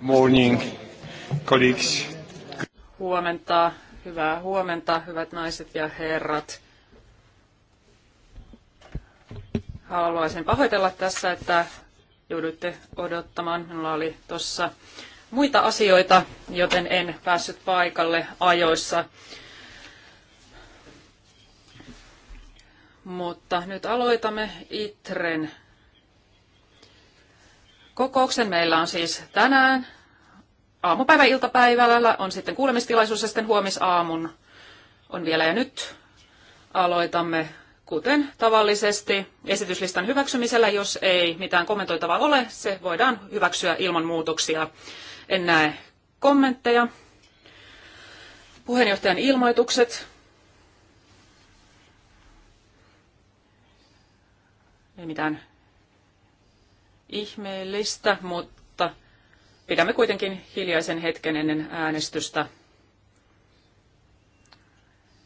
morning, colleagues. Huomenta, hyvää huomenta, hyvät naiset ja herrat. Haluaisin pahoitella tässä, että jouduitte odottamaan. Minulla oli tuossa muita asioita, joten en päässyt paikalle ajoissa. Mutta nyt aloitamme ITREN kokouksen. Meillä on siis tänään aamupäivä iltapäivällä, on sitten kuulemistilaisuus ja sitten huomisaamun on vielä ja nyt aloitamme kuten tavallisesti esityslistan hyväksymisellä. Jos ei mitään kommentoitavaa ole, se voidaan hyväksyä ilman muutoksia. En näe kommentteja. Puheenjohtajan ilmoitukset. Ei mitään ihmeellistä, mutta pidämme kuitenkin hiljaisen hetken ennen äänestystä.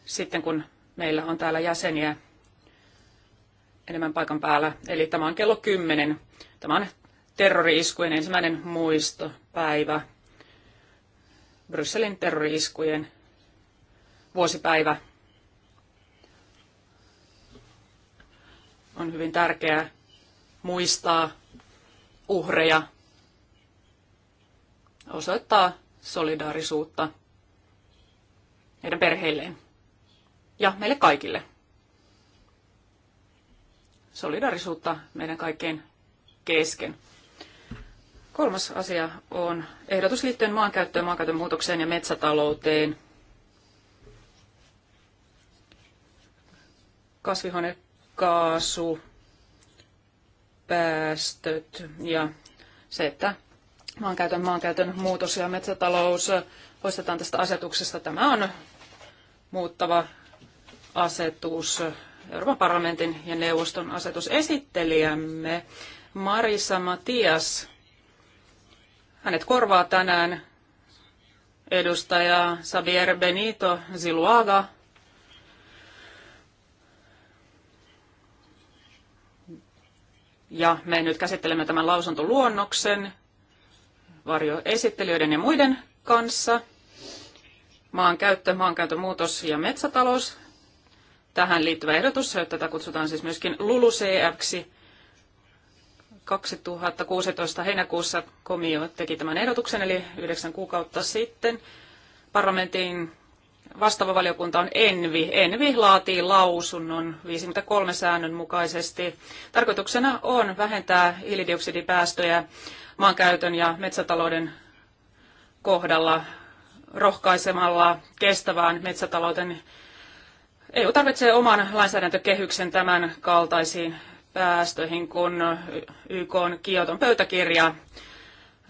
Sitten kun meillä on täällä jäseniä enemmän paikan päällä. Eli tämä on kello 10. Tämä on terroriiskujen ensimmäinen muistopäivä. Brysselin terroriiskujen vuosipäivä on hyvin tärkeää muistaa uhreja, osoittaa solidaarisuutta heidän perheilleen ja meille kaikille. Solidaarisuutta meidän kaikkien kesken. Kolmas asia on ehdotus liittyen maankäyttöön, maankäytön muutokseen ja metsätalouteen. Kasvihuonekaasu päästöt ja se, että maankäytön, maankäytön muutos ja metsätalous poistetaan tästä asetuksesta. Tämä on muuttava asetus, Euroopan parlamentin ja neuvoston asetus. Esittelijämme Marisa Matias, hänet korvaa tänään edustaja Xavier Benito Ziluaga – Ja me nyt käsittelemme tämän lausuntoluonnoksen varjoesittelijöiden ja muiden kanssa. Maankäyttö, maankäytön muutos ja metsätalous. Tähän liittyvä ehdotus, tätä kutsutaan siis myöskin LULUCFksi. 2016 heinäkuussa komio teki tämän ehdotuksen, eli yhdeksän kuukautta sitten. Parlamentin vastaava valiokunta on ENVI. ENVI laatii lausunnon 53 säännön mukaisesti. Tarkoituksena on vähentää hiilidioksidipäästöjä maankäytön ja metsätalouden kohdalla rohkaisemalla kestävään metsätalouden. EU tarvitsee oman lainsäädäntökehyksen tämän kaltaisiin päästöihin, kun YK on Kioton pöytäkirja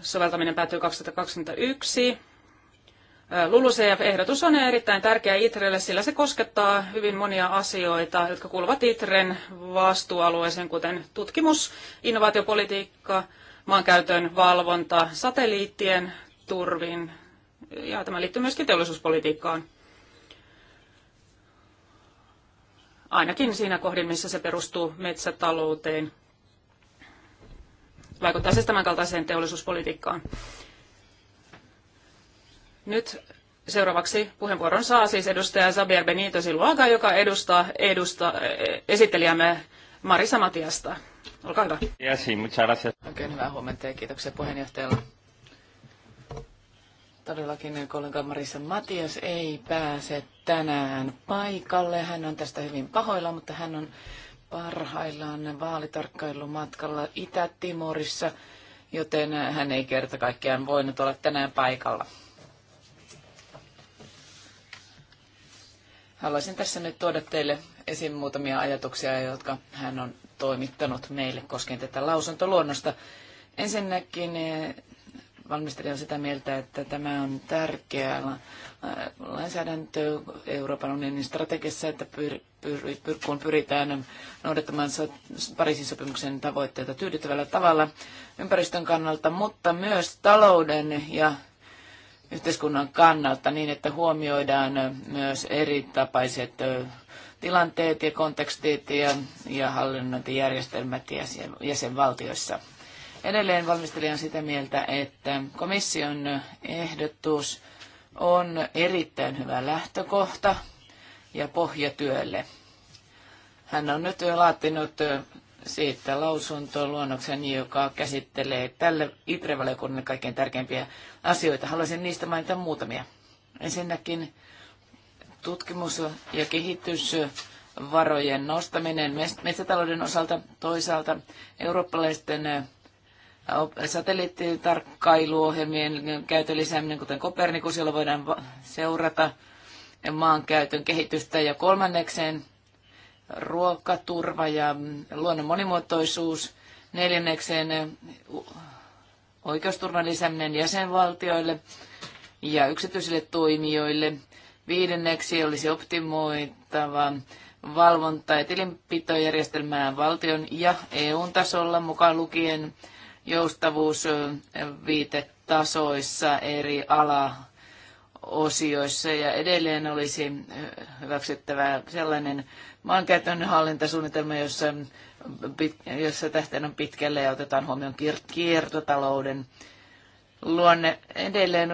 soveltaminen päättyy 2021 LULUCF-ehdotus on erittäin tärkeä ITRElle, sillä se koskettaa hyvin monia asioita, jotka kuuluvat ITREn vastuualueeseen, kuten tutkimus, innovaatiopolitiikka, maankäytön valvonta, satelliittien turvin, ja tämä liittyy myöskin teollisuuspolitiikkaan. Ainakin siinä kohdin, missä se perustuu metsätalouteen. Vaikuttaa siis tämänkaltaiseen teollisuuspolitiikkaan. Nyt seuraavaksi puheenvuoron saa siis edustaja Xavier Benito Siluaga, joka edustaa, edustaa esittelijämme Marisa Matiasta. Olkaa hyvä. Yes, muchas gracias. Oikein hyvää huomenta ja kiitoksia puheenjohtajalle. Todellakin kollega Marisa Matias ei pääse tänään paikalle. Hän on tästä hyvin pahoilla, mutta hän on parhaillaan vaalitarkkailumatkalla Itä-Timorissa, joten hän ei kerta kaikkiaan voinut olla tänään paikalla. Haluaisin tässä nyt tuoda teille esiin muutamia ajatuksia, jotka hän on toimittanut meille koskien tätä lausuntoluonnosta. Ensinnäkin eh, valmistelija on sitä mieltä, että tämä on tärkeä eh, lainsäädäntö Euroopan unionin strategiassa, että pyr, pyr, pyr, kun pyritään noudattamaan Pariisin sopimuksen tavoitteita tyydyttävällä tavalla ympäristön kannalta, mutta myös talouden ja yhteiskunnan kannalta niin, että huomioidaan myös eri tapaiset tilanteet ja kontekstit ja, ja hallinnointijärjestelmät jäsenvaltioissa. Edelleen valmistelija on sitä mieltä, että komission ehdotus on erittäin hyvä lähtökohta ja pohjatyölle. Hän on nyt laatinut siitä lausuntoluonnoksen, joka käsittelee tälle ITRE-valiokunnan kaikkein tärkeimpiä asioita. Haluaisin niistä mainita muutamia. Ensinnäkin tutkimus- ja kehitysvarojen nostaminen metsätalouden osalta, toisaalta eurooppalaisten satelliittitarkkailuohjelmien käytön lisääminen, kuten Kopernikus, jolla voidaan seurata maankäytön kehitystä. Ja kolmannekseen ruokaturva ja luonnon monimuotoisuus. Neljännekseen oikeusturvan lisääminen jäsenvaltioille ja yksityisille toimijoille. Viidenneksi olisi optimoitava valvonta- ja tilinpitojärjestelmää valtion ja eu tasolla mukaan lukien joustavuus viitetasoissa eri ala osioissa ja edelleen olisi eh, hyväksyttävä sellainen maankäytön hallintasuunnitelma, jossa, jossa tähtäin on pitkälle ja otetaan huomioon kiertotalouden luonne. Edelleen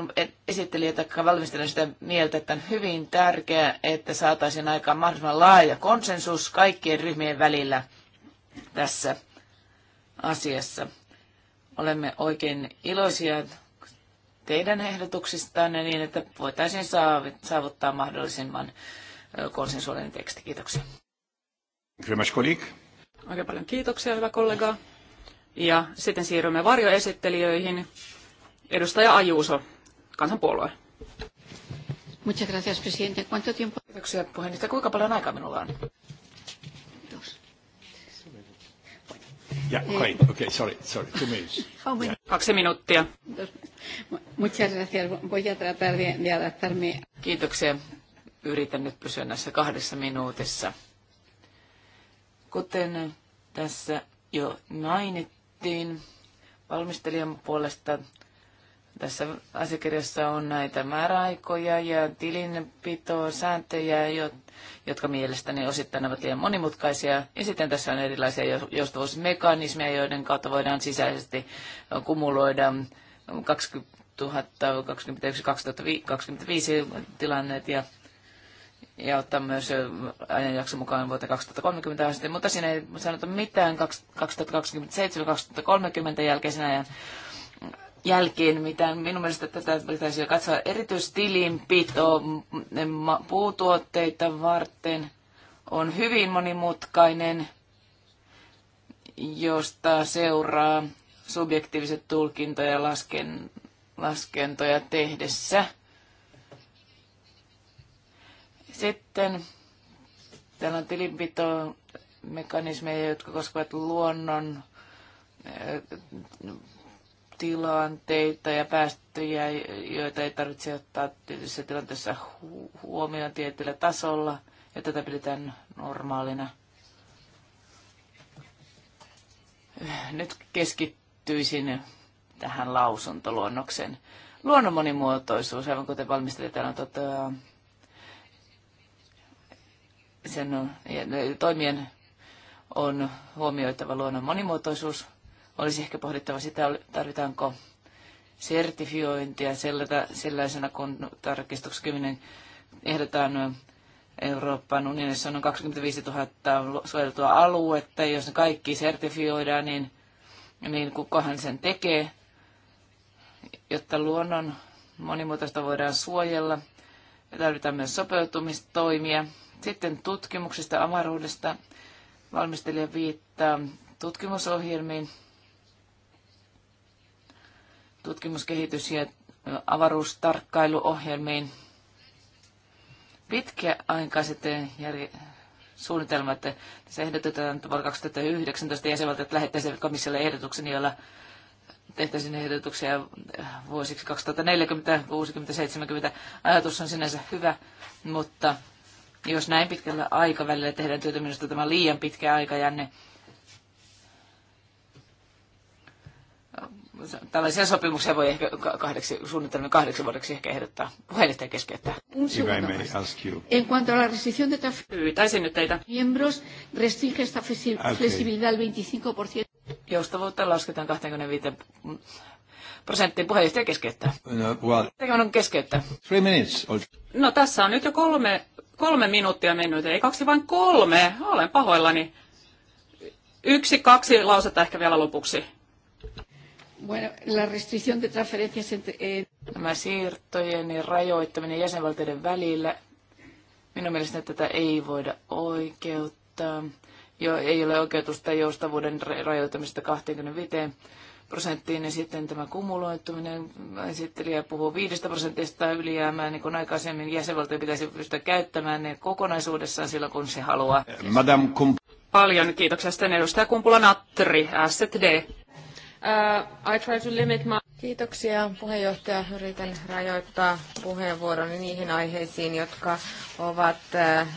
esittelijät valmistelen sitä mieltä, että on hyvin tärkeää, että saataisiin aikaan mahdollisimman laaja konsensus kaikkien ryhmien välillä tässä asiassa. Olemme oikein iloisia teidän ehdotuksistanne niin, että voitaisiin saavuttaa mahdollisimman konsensuaalinen teksti. Kiitoksia. Oikein paljon kiitoksia, hyvä kollega. Ja sitten siirrymme varjoesittelijöihin. Edustaja Ajuuso, kansanpuolue. Muchas gracias, presidente. ¿Cuánto tiempo? Kiitoksia, puheenjohtaja. Kuinka paljon aikaa minulla on? Eh. Okay, sorry, sorry. Two minutes. Oh, yeah. Kaksi minuuttia. Muchas gracias. Voy a tratar de, de adaptarme. Kiitoksia. Yritän nyt pysyä näissä kahdessa minuutissa. Kuten tässä jo mainittiin, valmistelijan puolesta tässä asiakirjassa on näitä määräaikoja ja tilinpitosääntöjä, jotka mielestäni osittain ovat liian monimutkaisia. Ja sitten tässä on erilaisia joustavuusmekanismeja, joiden kautta voidaan sisäisesti kumuloida 2021-2025 tilanneet ja, ja ottaa myös ajanjakson mukaan vuoteen 2030 asti, mutta siinä ei sanota mitään 2027-2030 jälkeisen ajan jälkeen mitä Minun mielestä tätä pitäisi katsoa erityistilinpito mm, mm, puutuotteita varten. On hyvin monimutkainen, josta seuraa subjektiiviset tulkintoja lasken, laskentoja tehdessä. Sitten täällä on tilinpitomekanismeja, jotka koskevat luonnon eh, tilanteita ja päästöjä, joita ei tarvitse ottaa tietyissä tilanteissa huomioon tietyllä tasolla, ja tätä pidetään normaalina. Nyt keskittyisin tähän lausuntoluonnoksen. Luonnon monimuotoisuus, aivan kuten valmistelija täällä toteaa, sen toimien on huomioitava luonnon monimuotoisuus – olisi ehkä pohdittava sitä, tarvitaanko sertifiointia sellaisena, kun tarkistuksessa 10 ehdotaan Euroopan unionissa on 25 000 suojeltua aluetta, ja jos ne kaikki sertifioidaan, niin, niin kukahan sen tekee, jotta luonnon monimuotoista voidaan suojella. Me tarvitaan myös sopeutumistoimia. Sitten tutkimuksista avaruudesta. Valmistelija viittaa tutkimusohjelmiin, tutkimuskehitys- ja avaruustarkkailuohjelmiin. Pitkäaikaiset järj- suunnitelmat, tässä ehdotetaan, vuonna 2019 jäsenvaltiot lähettäisivät komissiolle ehdotuksen, jolla tehtäisiin ehdotuksia vuosiksi 2040, 60, 70. Ajatus on sinänsä hyvä, mutta jos näin pitkällä aikavälillä tehdään työtä, minusta tämä on liian pitkä aikajänne. tällaisia sopimuksia voi ehkä kahdeksi, suunnitelmien kahdeksi vuodeksi ehkä ehdottaa puheenjohtaja keskeyttää. En cuanto a la restricción de Pyytäisin nyt teitä. Miembros restringe esta flexibilidad al 25%. Joustavuutta lasketaan 25 prosenttiin puheenjohtaja keskeyttää. No, well. Tekemään on keskeyttää. Three minutes. No tässä on nyt jo kolme, kolme minuuttia mennyt, ei kaksi vaan kolme. Olen pahoillani. Yksi, kaksi lausetta ehkä vielä lopuksi. Bueno, la restricción de transferencias entre... Eh... Tämä siirtojen ja rajoittaminen jäsenvaltioiden välillä. Minun mielestäni tätä ei voida oikeuttaa. Jo, ei ole oikeutusta joustavuuden rajoittamista 25 prosenttiin ja sitten tämä kumuloituminen. Esittelijä puhuu 5 prosentista ylijäämään, niin kuin aikaisemmin jäsenvaltio pitäisi pystyä käyttämään ne kokonaisuudessaan silloin, kun se haluaa. Madame Kump- Paljon kiitoksia sitten edustaja Kumpula Natri, STD. Uh, I try to limit my... Kiitoksia puheenjohtaja. Yritän rajoittaa puheenvuoroni niihin aiheisiin, jotka ovat uh,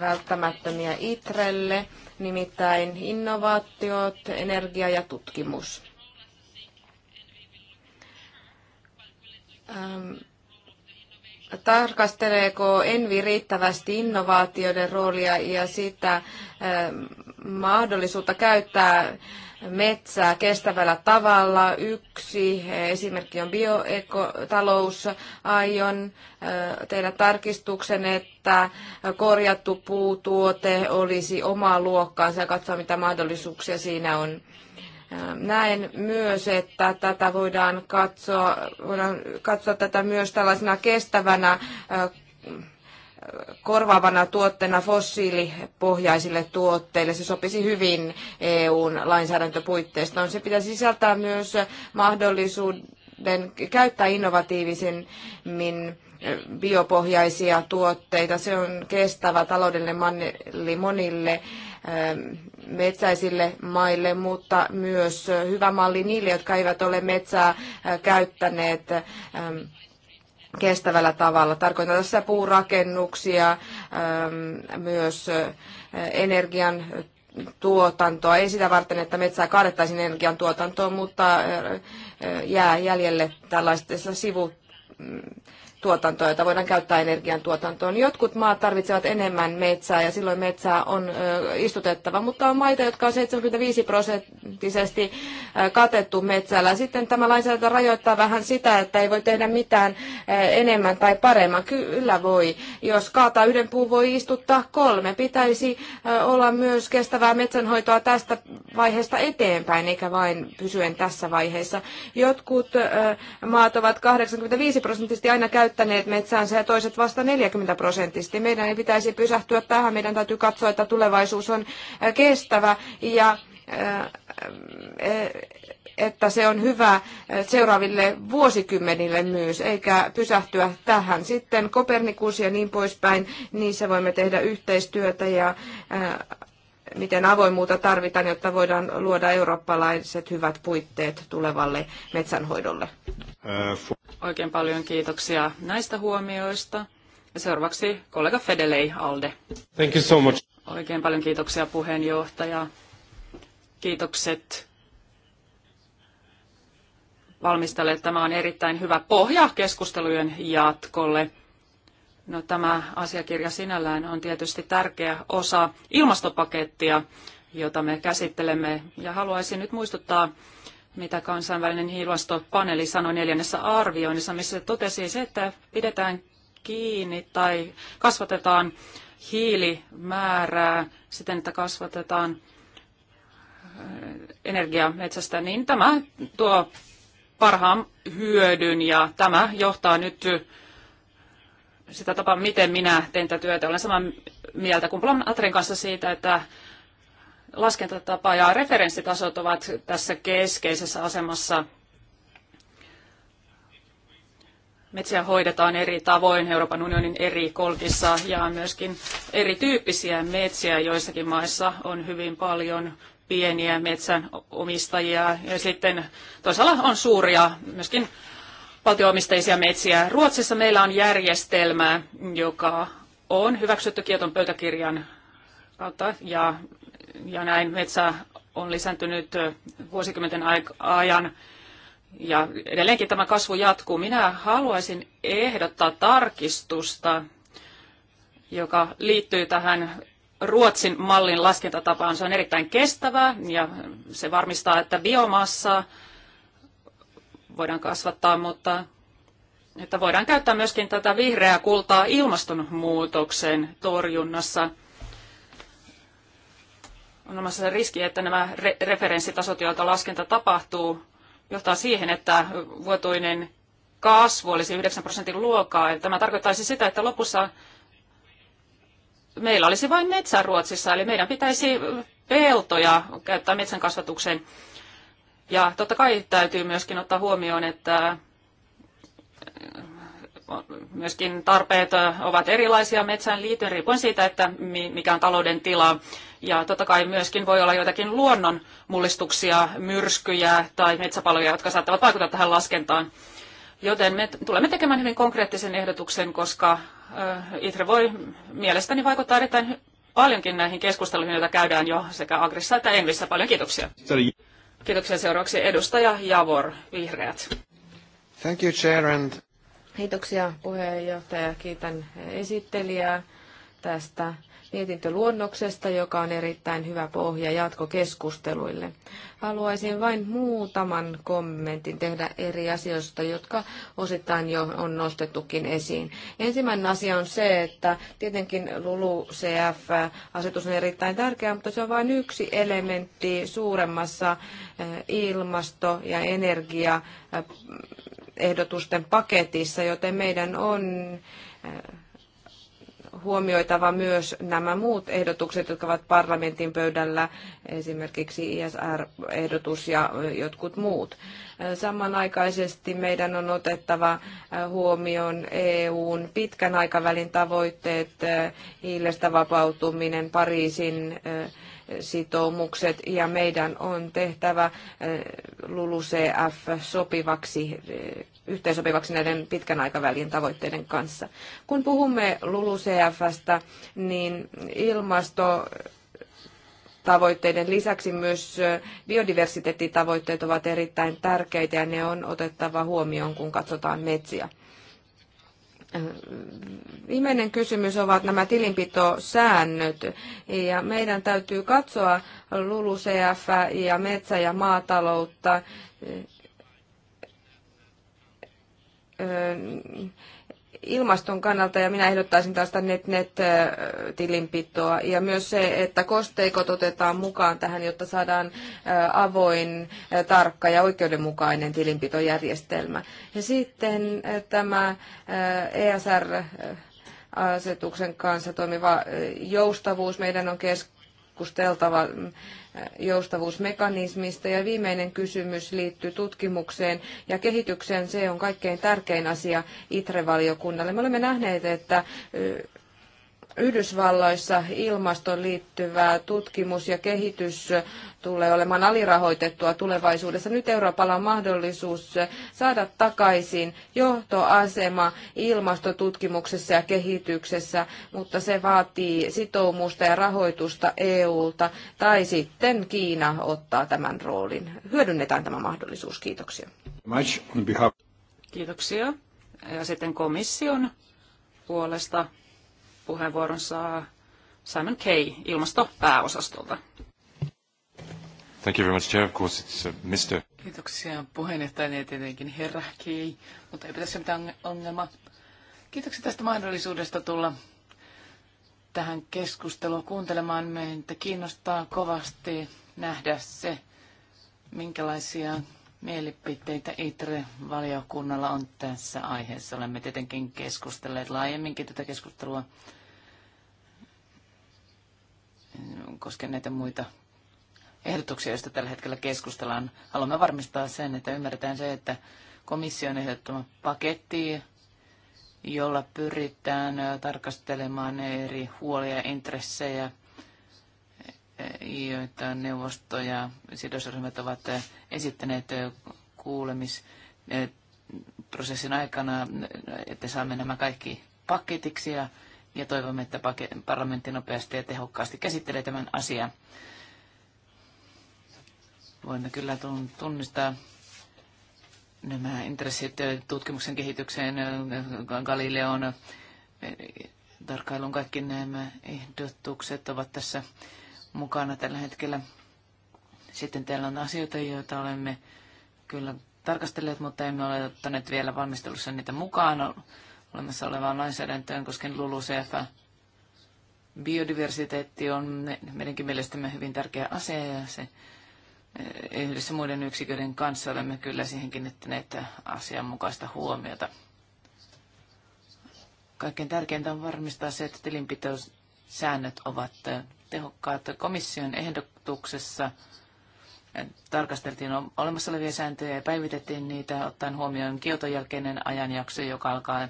välttämättömiä ITRElle, nimittäin innovaatiot, energia ja tutkimus. Ähm, tarkasteleeko Envi riittävästi innovaatioiden roolia ja sitä uh, mahdollisuutta käyttää metsää kestävällä tavalla. Yksi esimerkki on bioekotalous. Aion tehdä tarkistuksen, että korjattu puutuote olisi omaa luokkaansa ja katsoa, mitä mahdollisuuksia siinä on. Näen myös, että tätä voidaan katsoa, voidaan katsoa tätä myös tällaisena kestävänä korvaavana tuotteena fossiilipohjaisille tuotteille. Se sopisi hyvin EUn lainsäädäntöpuitteista. No, se pitäisi sisältää myös mahdollisuuden käyttää innovatiivisemmin biopohjaisia tuotteita. Se on kestävä taloudellinen malli monille ähm, metsäisille maille, mutta myös hyvä malli niille, jotka eivät ole metsää äh, käyttäneet ähm, kestävällä tavalla. Tarkoitan tässä puurakennuksia, ähm, myös äh, energian tuotantoa. Ei sitä varten, että metsää kaadettaisiin energian tuotantoon, mutta äh, äh, jää jäljelle tällaisessa sivu tuotantoa, jota voidaan käyttää energiantuotantoon. Jotkut maat tarvitsevat enemmän metsää ja silloin metsää on istutettava, mutta on maita, jotka on 75 prosenttisesti katettu metsällä. Sitten tämä lainsäädäntö rajoittaa vähän sitä, että ei voi tehdä mitään enemmän tai paremman. Kyllä voi. Jos kaataa yhden puun, voi istuttaa kolme. Pitäisi olla myös kestävää metsänhoitoa tästä vaiheesta eteenpäin, eikä vain pysyen tässä vaiheessa. Jotkut maat ovat 85 prosenttisesti aina käyttäneet käyttäneet metsäänsä ja toiset vasta 40 prosenttisesti. Meidän ei pitäisi pysähtyä tähän, meidän täytyy katsoa, että tulevaisuus on äh, kestävä ja äh, äh, että se on hyvä seuraaville vuosikymmenille myös, eikä pysähtyä tähän. Sitten Kopernikus ja niin poispäin, niissä voimme tehdä yhteistyötä ja miten avoimuutta tarvitaan, jotta voidaan luoda eurooppalaiset hyvät puitteet tulevalle metsänhoidolle. Oikein paljon kiitoksia näistä huomioista. Ja seuraavaksi kollega Fedelei Alde. Thank you so much. Oikein paljon kiitoksia puheenjohtaja. Kiitokset valmistelleet. Tämä on erittäin hyvä pohja keskustelujen jatkolle. No, tämä asiakirja sinällään on tietysti tärkeä osa ilmastopakettia, jota me käsittelemme. Ja haluaisin nyt muistuttaa, mitä kansainvälinen ilmastopaneeli sanoi neljännessä arvioinnissa, missä se totesi se, että pidetään kiinni tai kasvatetaan hiilimäärää siten, että kasvatetaan äh, energiaa metsästä, niin tämä tuo parhaan hyödyn ja tämä johtaa nyt sitä tapaa, miten minä teen tätä työtä. Olen samaa mieltä kuin Plan Atren kanssa siitä, että laskentatapa ja referenssitasot ovat tässä keskeisessä asemassa. Metsiä hoidetaan eri tavoin Euroopan unionin eri kolkissa ja myöskin erityyppisiä metsiä joissakin maissa on hyvin paljon pieniä metsänomistajia ja sitten toisaalla on suuria myöskin valtioomisteisia metsiä. Ruotsissa meillä on järjestelmä, joka on hyväksytty kieton pöytäkirjan kautta ja, ja näin metsä on lisääntynyt vuosikymmenten ajan ja edelleenkin tämä kasvu jatkuu. Minä haluaisin ehdottaa tarkistusta, joka liittyy tähän Ruotsin mallin laskentatapaan. Se on erittäin kestävää ja se varmistaa, että biomassa voidaan kasvattaa, mutta että voidaan käyttää myöskin tätä vihreää kultaa ilmastonmuutoksen torjunnassa. On olemassa se riski, että nämä re- referenssitasot, joilta laskenta tapahtuu, johtaa siihen, että vuotuinen kasvu olisi 9 prosentin luokkaa. Eli tämä tarkoittaisi sitä, että lopussa meillä olisi vain metsä Ruotsissa, eli meidän pitäisi peltoja käyttää metsän kasvatukseen. Ja totta kai täytyy myöskin ottaa huomioon, että myöskin tarpeet ovat erilaisia metsään liittyen riippuen siitä, että mikä on talouden tila. Ja totta kai myöskin voi olla joitakin luonnon mullistuksia, myrskyjä tai metsäpaloja, jotka saattavat vaikuttaa tähän laskentaan. Joten me tulemme tekemään hyvin konkreettisen ehdotuksen, koska ITRE voi mielestäni vaikuttaa erittäin paljonkin näihin keskusteluihin, joita käydään jo sekä Agrissa että Envissä. Paljon kiitoksia. Kiitoksia seuraavaksi edustaja Javor, Vihreät. Thank you, Chair, and... Kiitoksia puheenjohtaja. Kiitän esittelijää tästä mietintöluonnoksesta, joka on erittäin hyvä pohja jatkokeskusteluille. Haluaisin vain muutaman kommentin tehdä eri asioista, jotka osittain jo on nostettukin esiin. Ensimmäinen asia on se, että tietenkin LULU-CF-asetus on erittäin tärkeä, mutta se on vain yksi elementti suuremmassa eh, ilmasto- ja energia eh, ehdotusten paketissa, joten meidän on eh, huomioitava myös nämä muut ehdotukset, jotka ovat parlamentin pöydällä, esimerkiksi ISR-ehdotus ja jotkut muut. Samanaikaisesti meidän on otettava huomioon EUn pitkän aikavälin tavoitteet, hiilestä vapautuminen, Pariisin sitoumukset ja meidän on tehtävä LULUCF sopivaksi yhteensopivaksi näiden pitkän aikavälin tavoitteiden kanssa. Kun puhumme LULUCFstä, niin ilmasto tavoitteiden lisäksi myös biodiversiteettitavoitteet ovat erittäin tärkeitä ja ne on otettava huomioon, kun katsotaan metsiä. Viimeinen kysymys ovat nämä tilinpitosäännöt. Ja meidän täytyy katsoa LULUCF ja metsä- ja maataloutta ilmaston kannalta, ja minä ehdottaisin tällaista net-net-tilinpitoa, ja myös se, että kosteikot otetaan mukaan tähän, jotta saadaan avoin, tarkka ja oikeudenmukainen tilinpitojärjestelmä. Ja sitten tämä ESR asetuksen kanssa toimiva joustavuus. Meidän on keskusteltava joustavuusmekanismista. Ja viimeinen kysymys liittyy tutkimukseen ja kehitykseen. Se on kaikkein tärkein asia ITRE-valiokunnalle. Me olemme nähneet, että Yhdysvalloissa ilmastoon liittyvää tutkimus ja kehitys tulee olemaan alirahoitettua tulevaisuudessa. Nyt Euroopalla on mahdollisuus saada takaisin johtoasema ilmastotutkimuksessa ja kehityksessä, mutta se vaatii sitoumusta ja rahoitusta EUlta tai sitten Kiina ottaa tämän roolin. Hyödynnetään tämä mahdollisuus. Kiitoksia. Kiitoksia. Ja sitten komission puolesta puheenvuoron saa Simon Kay ilmastopääosastolta. Thank you very much, Chair. Of course, it's uh, Mr. Kiitoksia puheenjohtajana niin tietenkin herra Kay, mutta ei pitäisi mitään ongelmaa. Kiitoksia tästä mahdollisuudesta tulla tähän keskusteluun kuuntelemaan. Meitä kiinnostaa kovasti nähdä se, minkälaisia mielipiteitä ITRE-valiokunnalla on tässä aiheessa. Olemme tietenkin keskustelleet laajemminkin tätä keskustelua koskien näitä muita ehdotuksia, joista tällä hetkellä keskustellaan. Haluamme varmistaa sen, että ymmärretään se, että komission ehdottama paketti, jolla pyritään tarkastelemaan eri huolia ja intressejä, joita neuvosto ja sidosryhmät ovat esittäneet kuulemisprosessin aikana, että saamme nämä kaikki paketiksi ja ja toivomme, että parlamentti nopeasti ja tehokkaasti käsittelee tämän asian. Voimme kyllä tunnistaa nämä intressit tutkimuksen kehitykseen, Galileon tarkkailun kaikki nämä ehdotukset ovat tässä mukana tällä hetkellä. Sitten täällä on asioita, joita olemme kyllä tarkastelleet, mutta emme ole ottaneet vielä valmistelussa niitä mukaan olemassa olevaan lainsäädäntöön koskien LULUCF. Biodiversiteetti on meidänkin mielestämme hyvin tärkeä asia ja se eh, yhdessä muiden yksiköiden kanssa olemme kyllä siihen kiinnittäneet asianmukaista huomiota. Kaikkein tärkeintä on varmistaa se, että tilinpitosäännöt ovat tehokkaat. Komission ehdotuksessa tarkasteltiin olemassa olevia sääntöjä ja päivitettiin niitä ottaen huomioon kioton jälkeinen ajanjakso, joka alkaa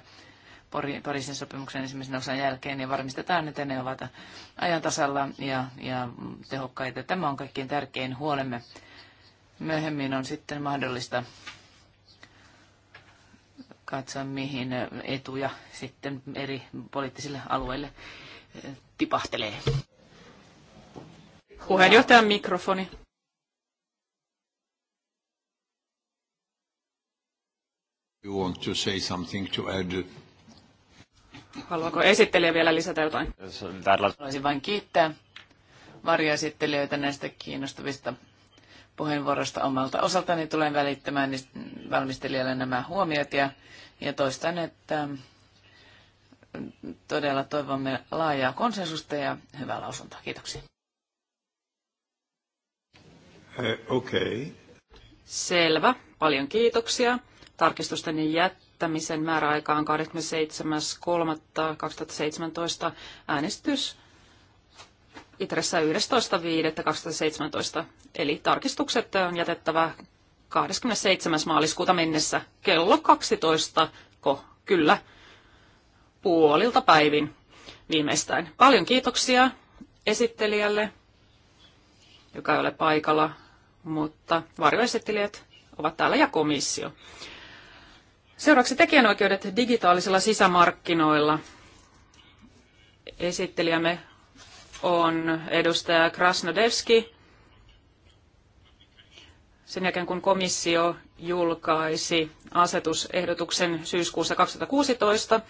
Pariisin sopimuksen ensimmäisen osan jälkeen ja niin varmistetaan, että ne ovat ajan tasalla ja, ja tehokkaita. Tämä on kaikkein tärkein huolemme. Myöhemmin on sitten mahdollista katsoa, mihin etuja sitten eri poliittisille alueille tipahtelee. Puheenjohtajan mikrofoni. You want to say something to add Haluaako esittelijä vielä lisätä jotain? Haluaisin vain kiittää varjoesittelijöitä näistä kiinnostavista puheenvuorosta omalta osaltani. Tulen välittämään valmistelijalle nämä huomiot ja, ja toistan, että todella toivomme laajaa konsensusta ja hyvää lausuntoa. Kiitoksia. Eh, okei. Okay. Selvä. Paljon kiitoksia. Tarkistusten jättää päättämisen määräaika on 27.3.2017 äänestys Itressä 11.5.2017. Eli tarkistukset on jätettävä 27. maaliskuuta mennessä kello 12. Ko, kyllä, puolilta päivin viimeistään. Paljon kiitoksia esittelijälle, joka ei ole paikalla, mutta varjoesittelijät ovat täällä ja komissio. Seuraavaksi tekijänoikeudet digitaalisilla sisämarkkinoilla. Esittelijämme on edustaja Krasnodevski. Sen jälkeen kun komissio julkaisi asetusehdotuksen syyskuussa 2016,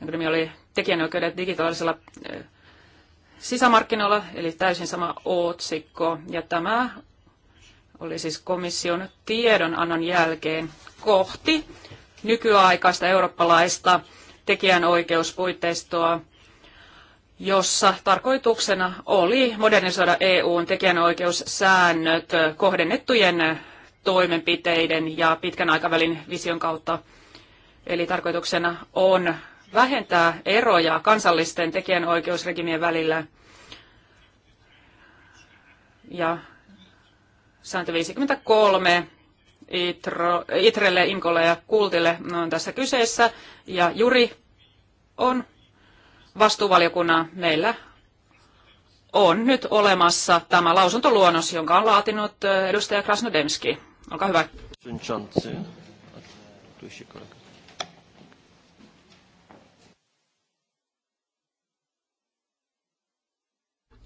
jonka nimi oli tekijänoikeudet digitaalisella eh, sisämarkkinoilla, eli täysin sama otsikko. Ja tämä oli siis komission tiedonannon jälkeen kohti nykyaikaista eurooppalaista tekijänoikeuspuitteistoa, jossa tarkoituksena oli modernisoida EUn tekijänoikeussäännöt kohdennettujen toimenpiteiden ja pitkän aikavälin vision kautta. Eli tarkoituksena on vähentää eroja kansallisten tekijänoikeusregimien välillä. Ja sääntö 53 Itro, Itrelle, Imkolle ja Kultille on tässä kyseessä. Ja Juri on vastuuvaliokunnan meillä on nyt olemassa tämä lausuntoluonnos, jonka on laatinut eh, edustaja Krasnodemski. Olkaa hyvä.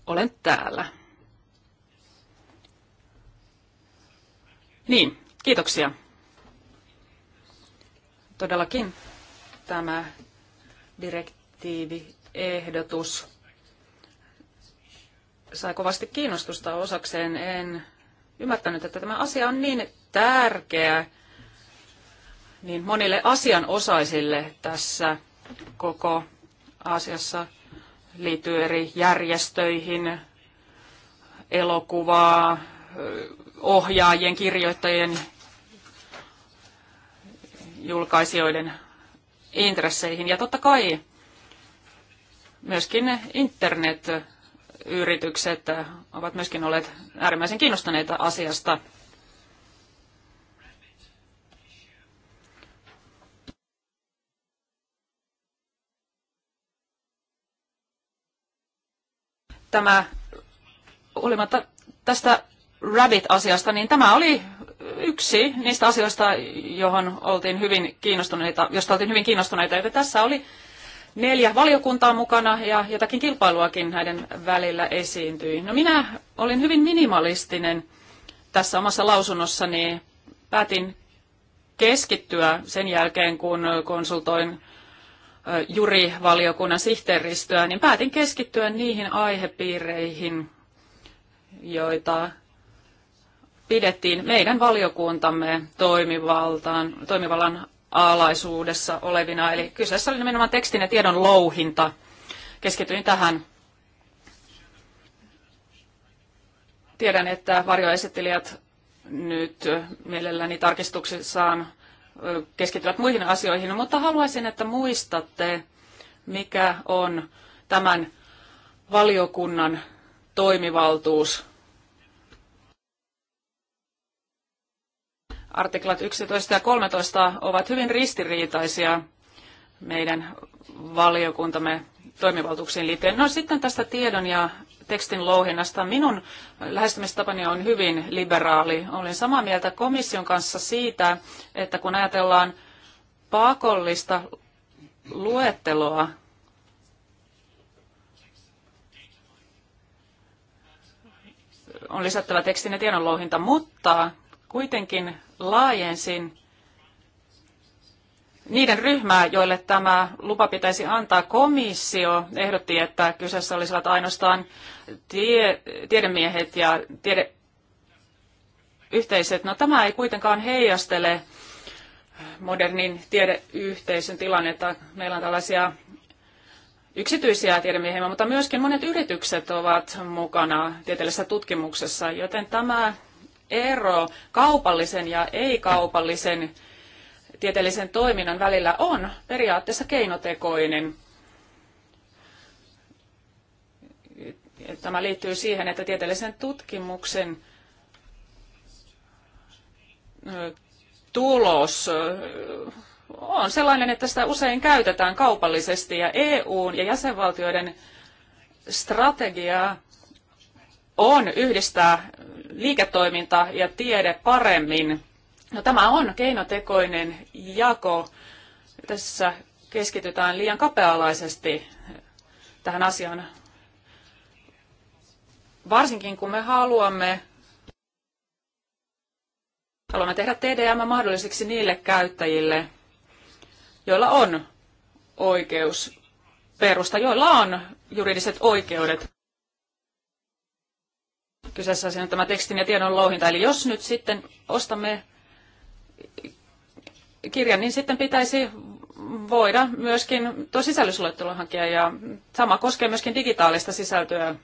Olen täällä. Niin, Kiitoksia. Todellakin tämä direktiiviehdotus sai kovasti kiinnostusta osakseen. En ymmärtänyt, että tämä asia on niin tärkeä niin monille asianosaisille tässä koko asiassa liittyy eri järjestöihin, elokuvaa, ohjaajien, kirjoittajien, julkaisijoiden intresseihin. Ja totta kai myöskin internetyritykset ovat myöskin olleet äärimmäisen kiinnostuneita asiasta. Tämä huolimatta tästä Rabbit-asiasta, niin tämä oli yksi niistä asioista, johon oltiin hyvin kiinnostuneita, josta oltiin hyvin kiinnostuneita. Joten tässä oli neljä valiokuntaa mukana ja jotakin kilpailuakin näiden välillä esiintyi. No minä olin hyvin minimalistinen tässä omassa lausunnossani. Päätin keskittyä sen jälkeen, kun konsultoin jurivaliokunnan sihteeristöä, niin päätin keskittyä niihin aihepiireihin, joita pidettiin meidän valiokuntamme toimivaltaan, toimivallan alaisuudessa olevina. Eli kyseessä oli nimenomaan tekstin ja tiedon louhinta. Keskityin tähän. Tiedän, että varjoesittelijät nyt mielelläni tarkistuksissaan keskittyvät muihin asioihin, mutta haluaisin, että muistatte, mikä on tämän valiokunnan toimivaltuus Artiklat 11 ja 13 ovat hyvin ristiriitaisia meidän valiokuntamme toimivaltuuksiin liittyen. No sitten tästä tiedon ja tekstin louhinnasta. Minun lähestymistapani on hyvin liberaali. Olen samaa mieltä komission kanssa siitä, että kun ajatellaan pakollista luetteloa, on lisättävä tekstin ja tiedon louhinta, mutta kuitenkin laajensin niiden ryhmää, joille tämä lupa pitäisi antaa. Komissio ehdotti, että kyseessä olisivat ainoastaan tie, tiedemiehet ja tiede, yhteiset. No tämä ei kuitenkaan heijastele modernin tiedeyhteisön tilannetta. Meillä on tällaisia yksityisiä tiedemiehiä, mutta myöskin monet yritykset ovat mukana tieteellisessä tutkimuksessa, joten tämä ero kaupallisen ja ei-kaupallisen tieteellisen toiminnan välillä on periaatteessa keinotekoinen. Tämä liittyy siihen, että tieteellisen tutkimuksen tulos on sellainen, että sitä usein käytetään kaupallisesti ja EUn ja jäsenvaltioiden strategiaa on yhdistää liiketoiminta ja tiede paremmin. No, tämä on keinotekoinen jako. Tässä keskitytään liian kapealaisesti tähän asiaan. Varsinkin kun me haluamme Haluamme tehdä TDM mahdolliseksi niille käyttäjille, joilla on oikeus perusta, joilla on juridiset oikeudet. Kyseessä on tämä tekstin ja tiedon louhinta. Eli jos nyt sitten ostamme kirjan, niin sitten pitäisi voida myöskin tuo sisällysluettelo hankkia. Ja sama koskee myöskin digitaalista sisältöä.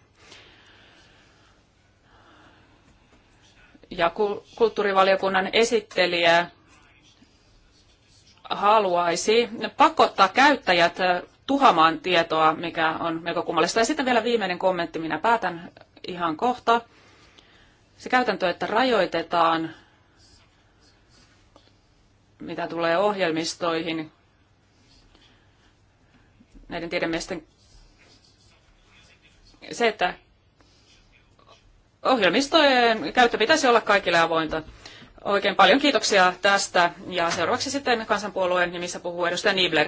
Ja kulttuurivaliokunnan esittelijä haluaisi pakottaa käyttäjät tuhamaan tietoa, mikä on melko kummallista. Ja sitten vielä viimeinen kommentti, minä päätän ihan kohta. Se käytäntö, että rajoitetaan, mitä tulee ohjelmistoihin, näiden tiedemiesten se, että ohjelmistojen käyttö pitäisi olla kaikille avointa. Oikein paljon kiitoksia tästä ja seuraavaksi sitten kansanpuolueen nimissä puhuu edustaja Niebler.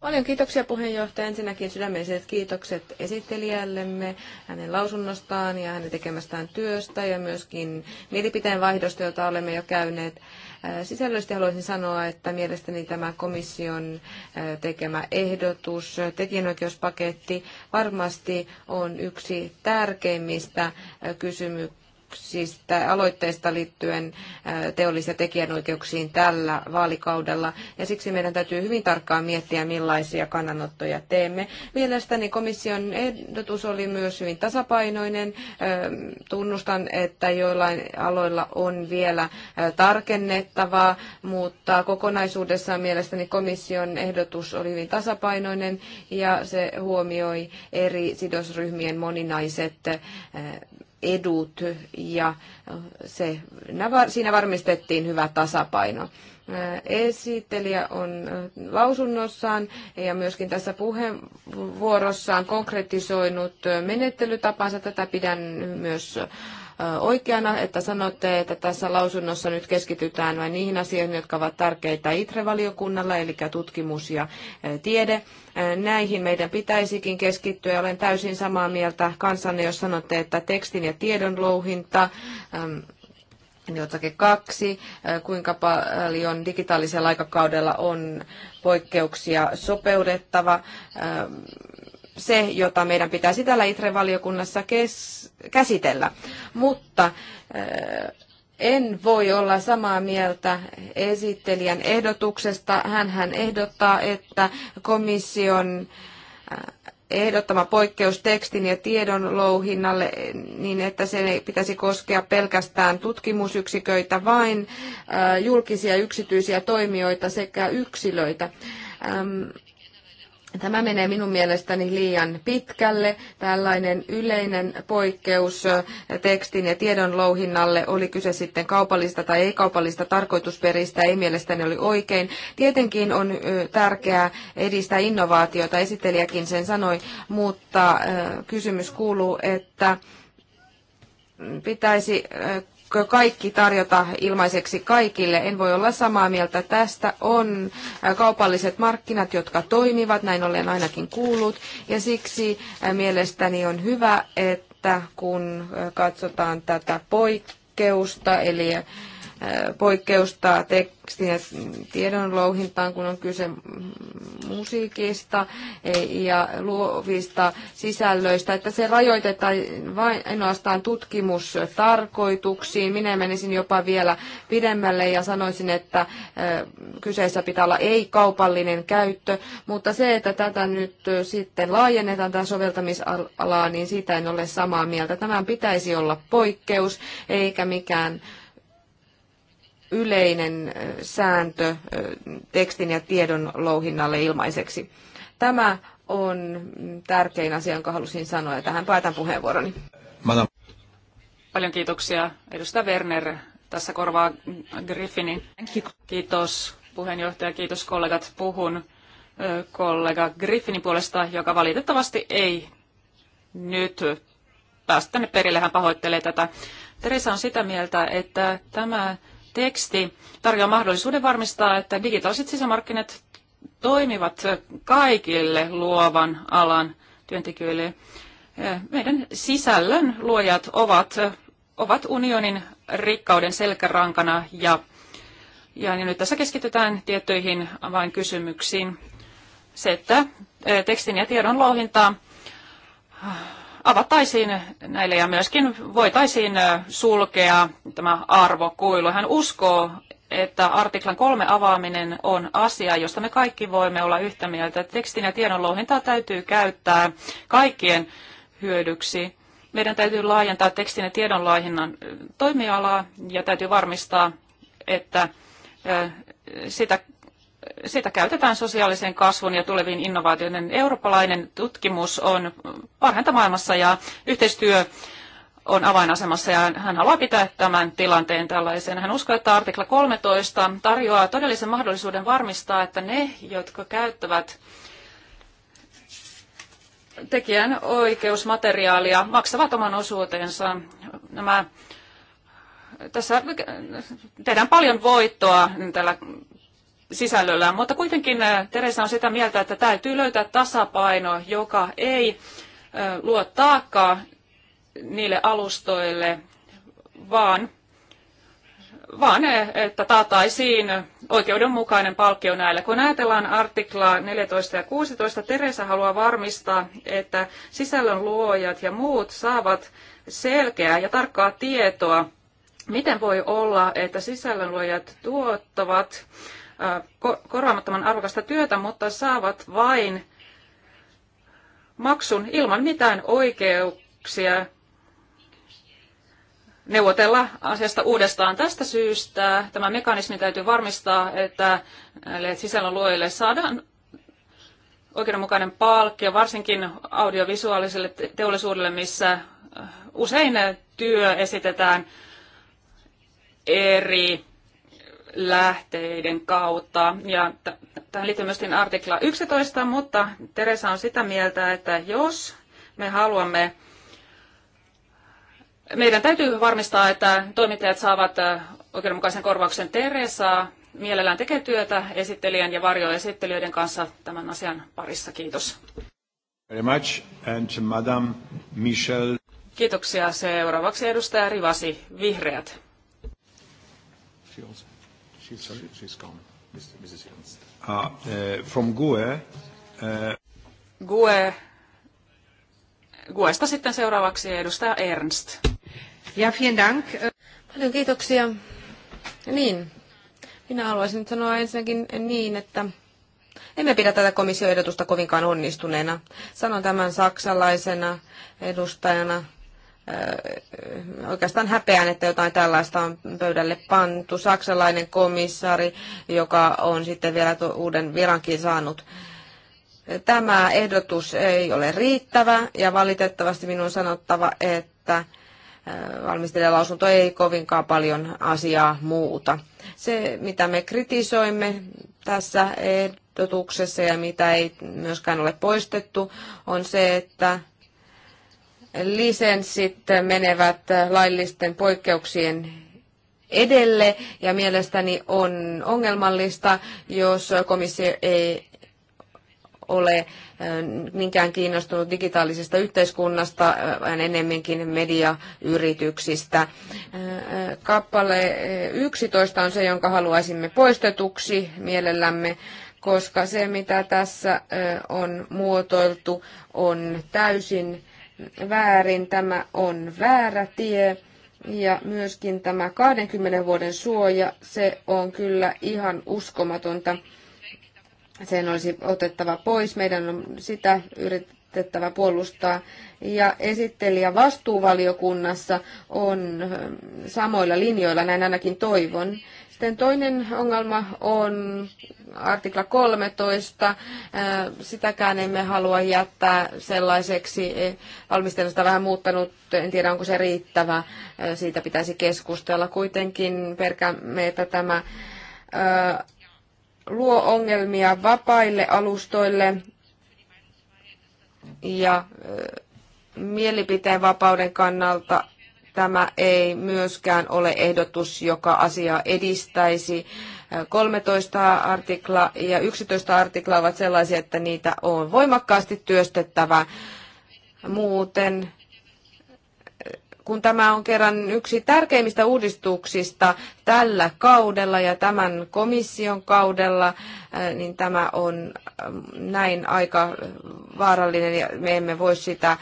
Paljon kiitoksia puheenjohtaja. Ensinnäkin sydämelliset kiitokset esittelijällemme hänen lausunnostaan ja hänen tekemästään työstä ja myöskin mielipiteen vaihdosta, jota olemme jo käyneet. Äh, sisällöllisesti haluaisin sanoa, että mielestäni tämä komission äh, tekemä ehdotus, tekijänoikeuspaketti, varmasti on yksi tärkeimmistä äh, kysymyksistä esityksistä, aloitteista liittyen teollis- ja tekijänoikeuksiin tällä vaalikaudella. Ja siksi meidän täytyy hyvin tarkkaan miettiä, millaisia kannanottoja teemme. Mielestäni komission ehdotus oli myös hyvin tasapainoinen. Tunnustan, että joillain aloilla on vielä tarkennettavaa, mutta kokonaisuudessaan mielestäni komission ehdotus oli hyvin tasapainoinen ja se huomioi eri sidosryhmien moninaiset edut ja se, siinä varmistettiin hyvä tasapaino. Esittelijä on lausunnossaan ja myöskin tässä puheenvuorossaan konkretisoinut menettelytapansa. Tätä pidän myös oikeana, että sanotte, että tässä lausunnossa nyt keskitytään vain niihin asioihin, jotka ovat tärkeitä ITRE-valiokunnalle, eli tutkimus ja tiede. Näihin meidän pitäisikin keskittyä. Olen täysin samaa mieltä kanssanne, jos sanotte, että tekstin ja tiedon louhinta, jotakin kaksi, kuinka paljon digitaalisella aikakaudella on poikkeuksia sopeudettava se, jota meidän pitäisi täällä ITRE-valiokunnassa käsitellä. Mutta eh, en voi olla samaa mieltä esittelijän ehdotuksesta. hän ehdottaa, että komission eh, ehdottama poikkeus tekstin ja tiedon louhinnalle niin, että sen ei pitäisi koskea pelkästään tutkimusyksiköitä, vain eh, julkisia yksityisiä toimijoita sekä yksilöitä. Ähm, Tämä menee minun mielestäni liian pitkälle. Tällainen yleinen poikkeus tekstin ja tiedon louhinnalle, oli kyse sitten kaupallista tai ei-kaupallista tarkoitusperistä, ei mielestäni oli oikein. Tietenkin on tärkeää edistää innovaatiota, esittelijäkin sen sanoi, mutta kysymys kuuluu, että pitäisi pitäisikö kaikki tarjota ilmaiseksi kaikille. En voi olla samaa mieltä tästä. On kaupalliset markkinat, jotka toimivat, näin olen ainakin kuullut. Ja siksi mielestäni on hyvä, että kun katsotaan tätä poikkeusta, eli poikkeusta tekstin ja tiedon louhintaan, kun on kyse musiikista e, ja luovista sisällöistä, että se rajoitetaan vain ainoastaan tutkimustarkoituksiin. Minä menisin jopa vielä pidemmälle ja sanoisin, että kyseessä pitää olla ei-kaupallinen käyttö, mutta se, että tätä nyt sitten laajennetaan tämä soveltamisalaa, niin siitä en ole samaa mieltä. Tämän pitäisi olla poikkeus eikä mikään yleinen sääntö tekstin ja tiedon louhinnalle ilmaiseksi. Tämä on tärkein asia, jonka halusin sanoa, ja tähän päätän puheenvuoroni. Paljon kiitoksia. Edustaja Werner tässä korvaa Griffinin. Kiitos puheenjohtaja, kiitos kollegat. Puhun kollega Griffinin puolesta, joka valitettavasti ei nyt päästä tänne perille. Hän pahoittelee tätä. Teresa on sitä mieltä, että tämä teksti tarjoaa mahdollisuuden varmistaa, että digitaaliset sisämarkkinat toimivat kaikille luovan alan työntekijöille. Meidän sisällön luojat ovat, ovat unionin rikkauden selkärankana ja, ja niin nyt tässä keskitytään tiettyihin avainkysymyksiin. Se, että eh, tekstin ja tiedon louhintaa avattaisiin näille ja myöskin voitaisiin sulkea tämä arvokuilu. Hän uskoo, että artiklan kolme avaaminen on asia, josta me kaikki voimme olla yhtä mieltä. Tekstin ja tiedon louhintaa täytyy käyttää kaikkien hyödyksi. Meidän täytyy laajentaa tekstin ja tiedon laajennan toimialaa ja täytyy varmistaa, että sitä sitä käytetään sosiaalisen kasvun ja tuleviin innovaatioiden. Eurooppalainen tutkimus on parhainta maailmassa ja yhteistyö on avainasemassa ja hän haluaa pitää tämän tilanteen tällaisen. Hän uskoo, että artikla 13 tarjoaa todellisen mahdollisuuden varmistaa, että ne, jotka käyttävät tekijän oikeusmateriaalia, maksavat oman osuutensa. Nämä, tässä tehdään paljon voittoa tällä sisällöllään, mutta kuitenkin äh, Teresa on sitä mieltä, että täytyy löytää tasapaino, joka ei äh, luo taakkaa niille alustoille, vaan, vaan äh, että taataisiin oikeudenmukainen palkkio näille. Kun ajatellaan artiklaa 14 ja 16, Teresa haluaa varmistaa, että sisällön luojat ja muut saavat selkeää ja tarkkaa tietoa, miten voi olla, että sisällönluojat tuottavat korvaamattoman arvokasta työtä, mutta saavat vain maksun ilman mitään oikeuksia neuvotella asiasta uudestaan. Tästä syystä tämä mekanismi täytyy varmistaa, että näille sisällön luojille saadaan oikeudenmukainen palkki, varsinkin audiovisuaaliselle teollisuudelle, missä äh, usein työ esitetään eri lähteiden kautta. Ja tähän liittyy myöskin artikla 11, mutta Teresa on sitä mieltä, että jos me haluamme, meidän täytyy varmistaa, että toimittajat saavat oikeudenmukaisen korvauksen Teresaa mielellään tekee työtä esittelijän ja varjoesittelijöiden kanssa tämän asian parissa. Kiitos. Very much. And Madame Michel. Kiitoksia. Seuraavaksi edustaja Rivasi, Vihreät. Kiitos. She's, she's gone, Mrs. Uh, uh, from GUE. Uh... GUE. GUEsta sitten seuraavaksi edustaja Ernst. Ja vielen dank. Paljon kiitoksia. Niin, minä haluaisin nyt sanoa ensinnäkin niin, että emme pidä tätä komissioehdotusta kovinkaan onnistuneena. Sanon tämän saksalaisena edustajana Äh, oikeastaan häpeän, että jotain tällaista on pöydälle pantu. Saksalainen komissaari, joka on sitten vielä uuden virankin saanut. Tämä ehdotus ei ole riittävä ja valitettavasti minun on sanottava, että äh, valmistelijalausunto ei kovinkaan paljon asiaa muuta. Se, mitä me kritisoimme tässä ehdotuksessa ja mitä ei myöskään ole poistettu, on se, että lisenssit menevät laillisten poikkeuksien edelle ja mielestäni on ongelmallista, jos komissio ei ole niinkään kiinnostunut digitaalisesta yhteiskunnasta, vaan enemmänkin mediayrityksistä. Kappale 11 on se, jonka haluaisimme poistetuksi mielellämme, koska se, mitä tässä on muotoiltu, on täysin väärin, tämä on väärä tie. Ja myöskin tämä 20 vuoden suoja, se on kyllä ihan uskomatonta. Sen olisi otettava pois, meidän on sitä yritettävä puolustaa. Ja esittelijä vastuuvaliokunnassa on samoilla linjoilla, näin ainakin toivon. Sitten toinen ongelma on artikla 13. Äh, sitäkään emme halua jättää sellaiseksi. Valmistelusta vähän muuttanut, en tiedä onko se riittävä. Äh, siitä pitäisi keskustella. Kuitenkin perkämme, että tämä äh, luo ongelmia vapaille alustoille ja mielipiteen vapauden kannalta Tämä ei myöskään ole ehdotus, joka asiaa edistäisi. 13 artikla ja 11 artikla ovat sellaisia, että niitä on voimakkaasti työstettävä. Muuten kun tämä on kerran yksi tärkeimmistä uudistuksista tällä kaudella ja tämän komission kaudella, niin tämä on näin aika vaarallinen ja me emme voi sitä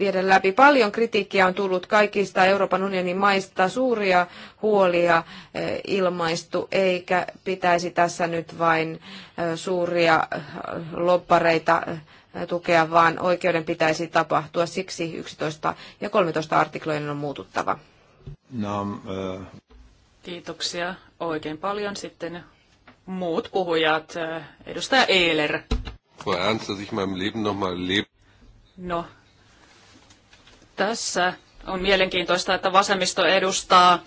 viedä läpi. Paljon kritiikkiä on tullut kaikista Euroopan unionin maista, suuria huolia eh, ilmaistu, eikä pitäisi tässä nyt vain eh, suuria eh, loppareita tukea, vaan oikeuden pitäisi tapahtua. Siksi 11 ja 13 artiklojen on muututtava. No, uh... Kiitoksia oikein paljon. Sitten muut puhujat. Edustaja Eeler. No, tässä on mielenkiintoista, että vasemmisto edustaa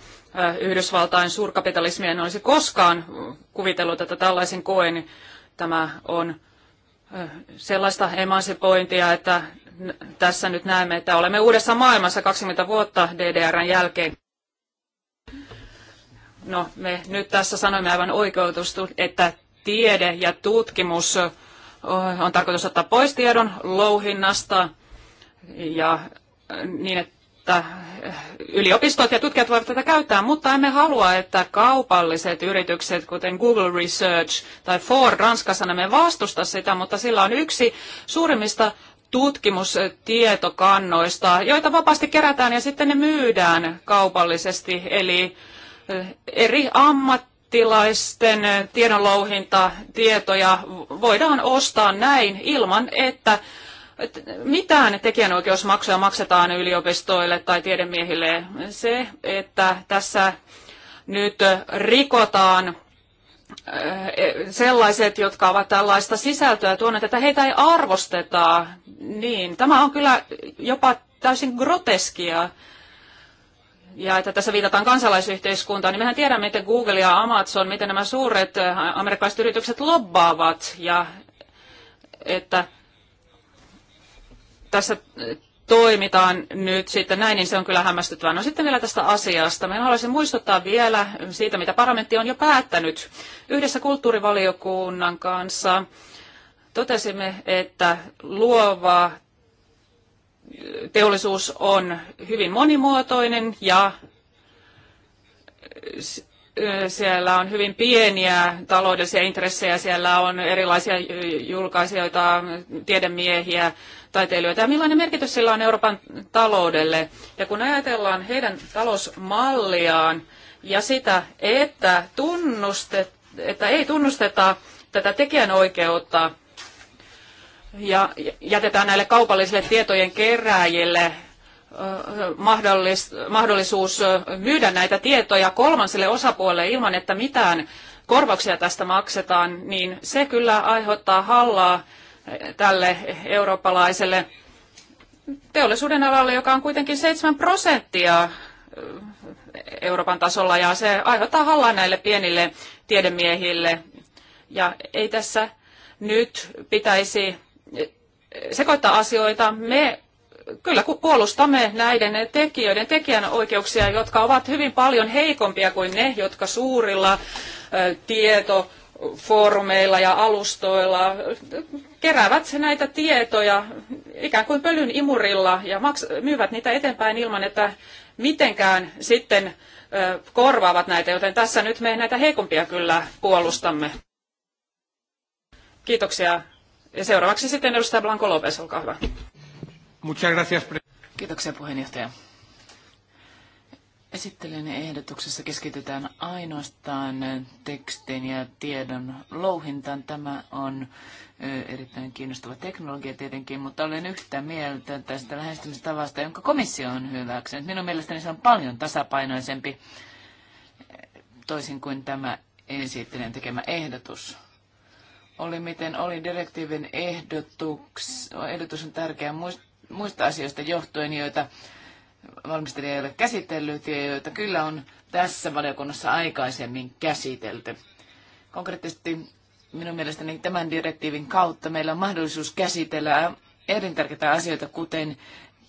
Yhdysvaltain suurkapitalismia. En olisi koskaan kuvitellut, että tällaisen koen tämä on sellaista emansipointia, että tässä nyt näemme, että olemme uudessa maailmassa 20 vuotta DDRn jälkeen. No, me nyt tässä sanoimme aivan oikeutustu, että tiede ja tutkimus on tarkoitus ottaa pois tiedon louhinnasta ja niin, että äh, yliopistot ja tutkijat voivat tätä käyttää, mutta emme halua, että kaupalliset yritykset, kuten Google Research tai Ford Ranskassa, me vastusta sitä, mutta sillä on yksi suurimmista tutkimustietokannoista, joita vapaasti kerätään ja sitten ne myydään kaupallisesti. Eli äh, eri ammattilaisten tiedonlouhinta tietoja voidaan ostaa näin ilman, että mitään tekijänoikeusmaksuja maksetaan yliopistoille tai tiedemiehille. Se, että tässä nyt rikotaan eh, sellaiset, jotka ovat tällaista sisältöä tuoneet, että heitä ei arvosteta. Niin, tämä on kyllä jopa täysin groteskia. Ja että tässä viitataan kansalaisyhteiskuntaan, niin mehän tiedämme, miten Google ja Amazon, miten nämä suuret eh, amerikkalaiset yritykset lobbaavat ja että tässä toimitaan nyt sitten näin, niin se on kyllä hämmästyttävää. No sitten vielä tästä asiasta. Mä haluaisin muistuttaa vielä siitä, mitä parlamentti on jo päättänyt yhdessä kulttuurivaliokunnan kanssa. Totesimme, että luova teollisuus on hyvin monimuotoinen ja siellä on hyvin pieniä taloudellisia intressejä, siellä on erilaisia julkaisijoita, tiedemiehiä, taiteilijoita, ja millainen merkitys sillä on Euroopan taloudelle. Ja kun ajatellaan heidän talousmalliaan ja sitä, että, että ei tunnusteta tätä tekijänoikeutta ja jätetään näille kaupallisille tietojen kerääjille mahdollisuus myydä näitä tietoja kolmanselle osapuolelle ilman, että mitään korvauksia tästä maksetaan, niin se kyllä aiheuttaa hallaa tälle eurooppalaiselle teollisuuden alalle, joka on kuitenkin 7 prosenttia Euroopan tasolla, ja se aiheuttaa hallaa näille pienille tiedemiehille. Ja ei tässä nyt pitäisi sekoittaa asioita. Me kyllä kun puolustamme näiden tekijöiden tekijänoikeuksia, jotka ovat hyvin paljon heikompia kuin ne, jotka suurilla tieto foorumeilla ja alustoilla keräävät näitä tietoja ikään kuin pölyn imurilla ja myyvät niitä eteenpäin ilman, että mitenkään sitten korvaavat näitä, joten tässä nyt me näitä heikompia kyllä puolustamme. Kiitoksia. Ja seuraavaksi sitten edustaja Blanco Lopes, olkaa hyvä. Muchas gracias. Kiitoksia puheenjohtaja. ehdotuksessa keskitytään ainoastaan tekstin ja tiedon louhintaan. Tämä on erittäin kiinnostava teknologia tietenkin, mutta olen yhtä mieltä tästä lähestymistavasta, jonka komissio on hyväksynyt. Minun mielestäni se on paljon tasapainoisempi toisin kuin tämä esittelijän tekemä ehdotus. Oli miten oli direktiivin ehdotus, ehdotus on tärkeä muistaa muista asioista johtuen, joita valmistelija ei ole käsitellyt ja joita kyllä on tässä valiokunnassa aikaisemmin käsitelty. Konkreettisesti minun mielestäni tämän direktiivin kautta meillä on mahdollisuus käsitellä erintärkeitä asioita, kuten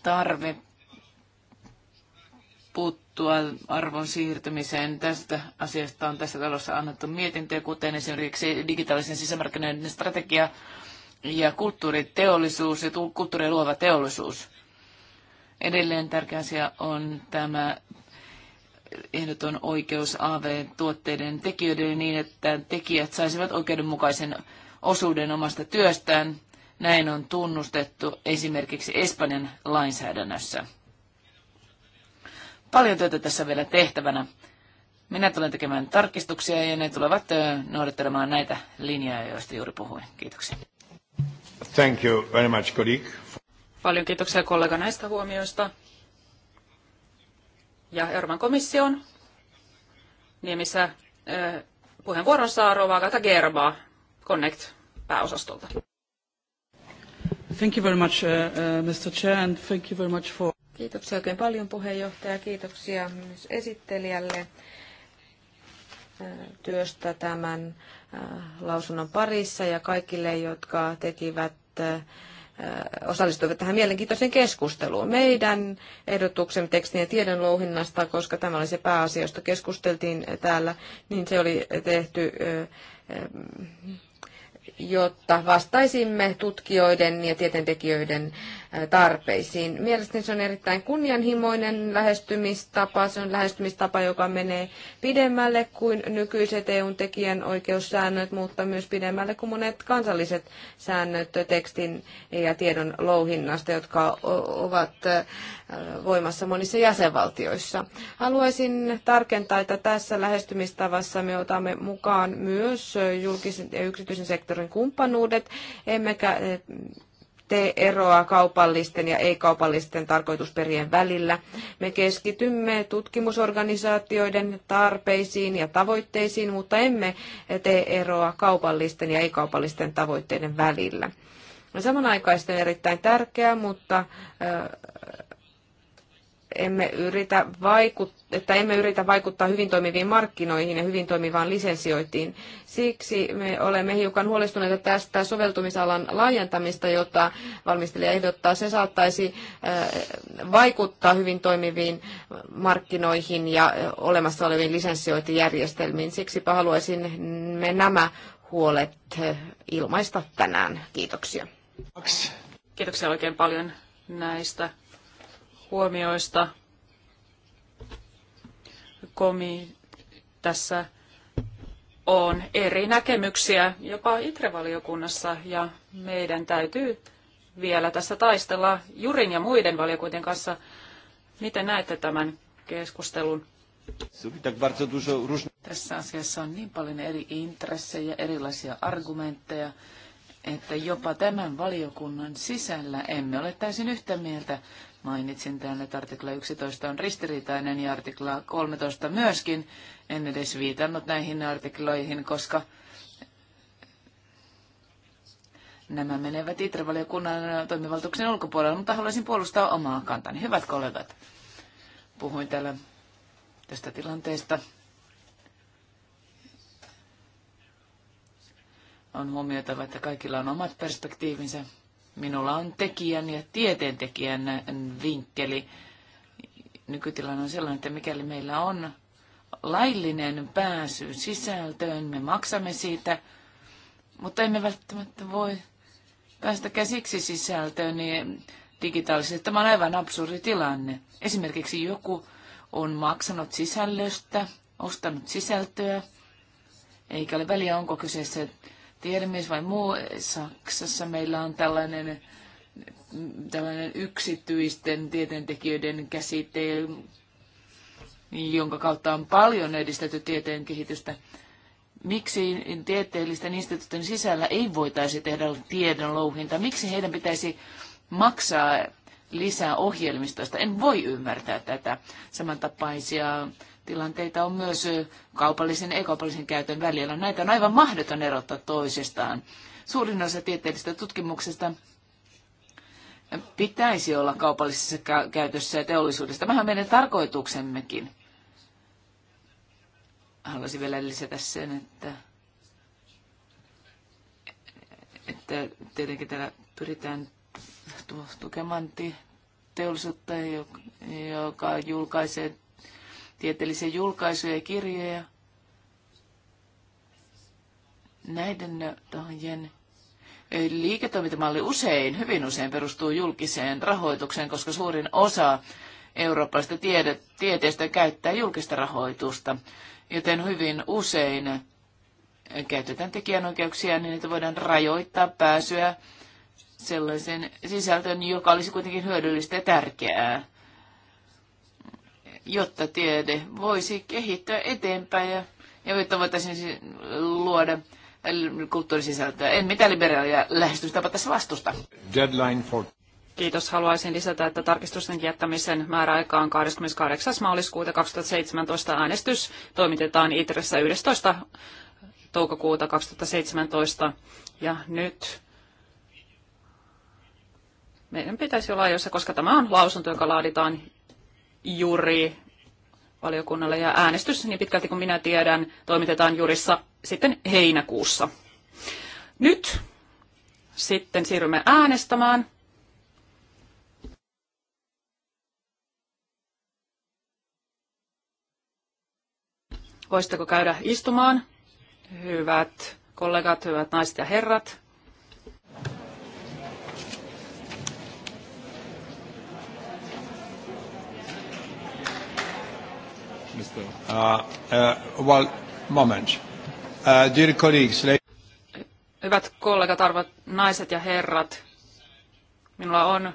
tarve puuttua arvon siirtymiseen. Tästä asiasta on tässä talossa annettu mietintö, kuten esimerkiksi digitaalisen sisämarkkinoiden strategia ja kulttuuriteollisuus ja kulttuuri luova teollisuus. Edelleen tärkeä asia on tämä ehdoton oikeus AV-tuotteiden tekijöiden niin, että tekijät saisivat oikeudenmukaisen osuuden omasta työstään. Näin on tunnustettu esimerkiksi Espanjan lainsäädännössä. Paljon työtä tässä vielä tehtävänä. Minä tulen tekemään tarkistuksia ja ne tulevat noudattelemaan näitä linjoja, joista juuri puhuin. Kiitoksia. Thank you very much, colleague. Paljon kiitoksia kollega näistä huomioista. Ja Euroopan komission nimissä puheenvuoron saa Rova Agata Gerba Connect pääosastolta. Thank you very much, uh, uh Mr. Chair, and thank you very much for... Kiitoksia oikein paljon puheenjohtaja, kiitoksia myös esittelijälle uh, työstä tämän uh, lausunnon parissa ja kaikille, jotka tekivät osallistuivat tähän mielenkiintoiseen keskusteluun. Meidän ehdotuksen tekstin ja tiedon louhinnasta, koska tämä oli se pääasia, josta keskusteltiin täällä, niin se oli tehty, jotta vastaisimme tutkijoiden ja tieteentekijöiden tarpeisiin. Mielestäni se on erittäin kunnianhimoinen lähestymistapa. Se on lähestymistapa, joka menee pidemmälle kuin nykyiset EUn tekijänoikeussäännöt, mutta myös pidemmälle kuin monet kansalliset säännöt tekstin ja tiedon louhinnasta, jotka ovat voimassa monissa jäsenvaltioissa. Haluaisin tarkentaa, että tässä lähestymistavassa me otamme mukaan myös julkisen ja yksityisen sektorin kumppanuudet, emmekä tee eroa kaupallisten ja ei-kaupallisten tarkoitusperien välillä. Me keskitymme tutkimusorganisaatioiden tarpeisiin ja tavoitteisiin, mutta emme tee eroa kaupallisten ja ei-kaupallisten tavoitteiden välillä. Samanaikaisesti erittäin tärkeää, mutta emme yritä vaikuttaa, että emme yritä vaikuttaa hyvin toimiviin markkinoihin ja hyvin toimivaan lisensioitiin. Siksi me olemme hiukan huolestuneita tästä soveltumisalan laajentamista, jota valmistelija ehdottaa. Se saattaisi äh, vaikuttaa hyvin toimiviin markkinoihin ja olemassa oleviin lisenssioitijärjestelmiin. Siksi haluaisin me nämä huolet äh, ilmaista tänään. Kiitoksia. Kiitoksia oikein paljon näistä huomioista komi tässä on eri näkemyksiä jopa ITRE-valiokunnassa ja meidän täytyy vielä tässä taistella Jurin ja muiden valiokuntien kanssa. Miten näette tämän keskustelun? Tässä asiassa on niin paljon eri intressejä, erilaisia argumentteja, että jopa tämän valiokunnan sisällä emme ole täysin yhtä mieltä Mainitsin tänne että artikla 11 on ristiriitainen ja artikla 13 myöskin. En edes viitannut näihin artikloihin, koska nämä menevät Itrevaliokunnan toimivaltuuksien ulkopuolelle, mutta haluaisin puolustaa omaa kantani. Hyvät kollegat, puhuin täällä tästä tilanteesta. On huomioitava, että kaikilla on omat perspektiivinsä Minulla on tekijän ja tieteentekijän vinkkeli. Nykytilanne on sellainen, että mikäli meillä on laillinen pääsy sisältöön, me maksamme siitä, mutta emme välttämättä voi päästä käsiksi sisältöön niin digitaalisesti. Tämä on aivan absurdi tilanne. Esimerkiksi joku on maksanut sisällöstä, ostanut sisältöä, eikä ole väliä, onko kyseessä tiedemies vai muu. Saksassa meillä on tällainen, tällainen yksityisten tieteentekijöiden käsite, jonka kautta on paljon edistetty tieteen kehitystä. Miksi tieteellisten instituutin sisällä ei voitaisi tehdä tiedon louhinta? Miksi heidän pitäisi maksaa lisää ohjelmistoista? En voi ymmärtää tätä samantapaisia tilanteita on myös kaupallisen ja ei-kaupallisen käytön välillä. Näitä on aivan mahdoton erottaa toisistaan. Suurin osa tieteellisestä tutkimuksesta pitäisi olla kaupallisessa käytössä ja teollisuudessa. Tämähän on meidän tarkoituksemmekin. Haluaisin vielä lisätä sen, että, että tietenkin täällä pyritään tukemaan teollisuutta, joka julkaisee tieteellisiä julkaisuja ja kirjoja. Näiden tahojen liiketoimintamalli usein, hyvin usein perustuu julkiseen rahoitukseen, koska suurin osa eurooppalaisesta tiede, tieteestä käyttää julkista rahoitusta, joten hyvin usein käytetään tekijänoikeuksia niin, että voidaan rajoittaa pääsyä sellaisen sisältöön, joka olisi kuitenkin hyödyllistä ja tärkeää jotta tiede voisi kehittyä eteenpäin ja, ja jotta voitaisiin luoda kulttuurisisältöä. En mitään liberaalia lähestystapa tässä vastusta. Deadline for... Kiitos. Haluaisin lisätä, että tarkistusten jättämisen määräaika on 28. maaliskuuta 2017. Äänestys toimitetaan Itressä 11. toukokuuta 2017. Ja nyt meidän pitäisi olla ajoissa, koska tämä on lausunto, joka laaditaan juri valiokunnalle ja äänestys, niin pitkälti kuin minä tiedän, toimitetaan jurissa sitten heinäkuussa. Nyt sitten siirrymme äänestämään. Voisitteko käydä istumaan? Hyvät kollegat, hyvät naiset ja herrat. Uh, uh, uh, Hyvät kollegat, arvot naiset ja herrat, minulla on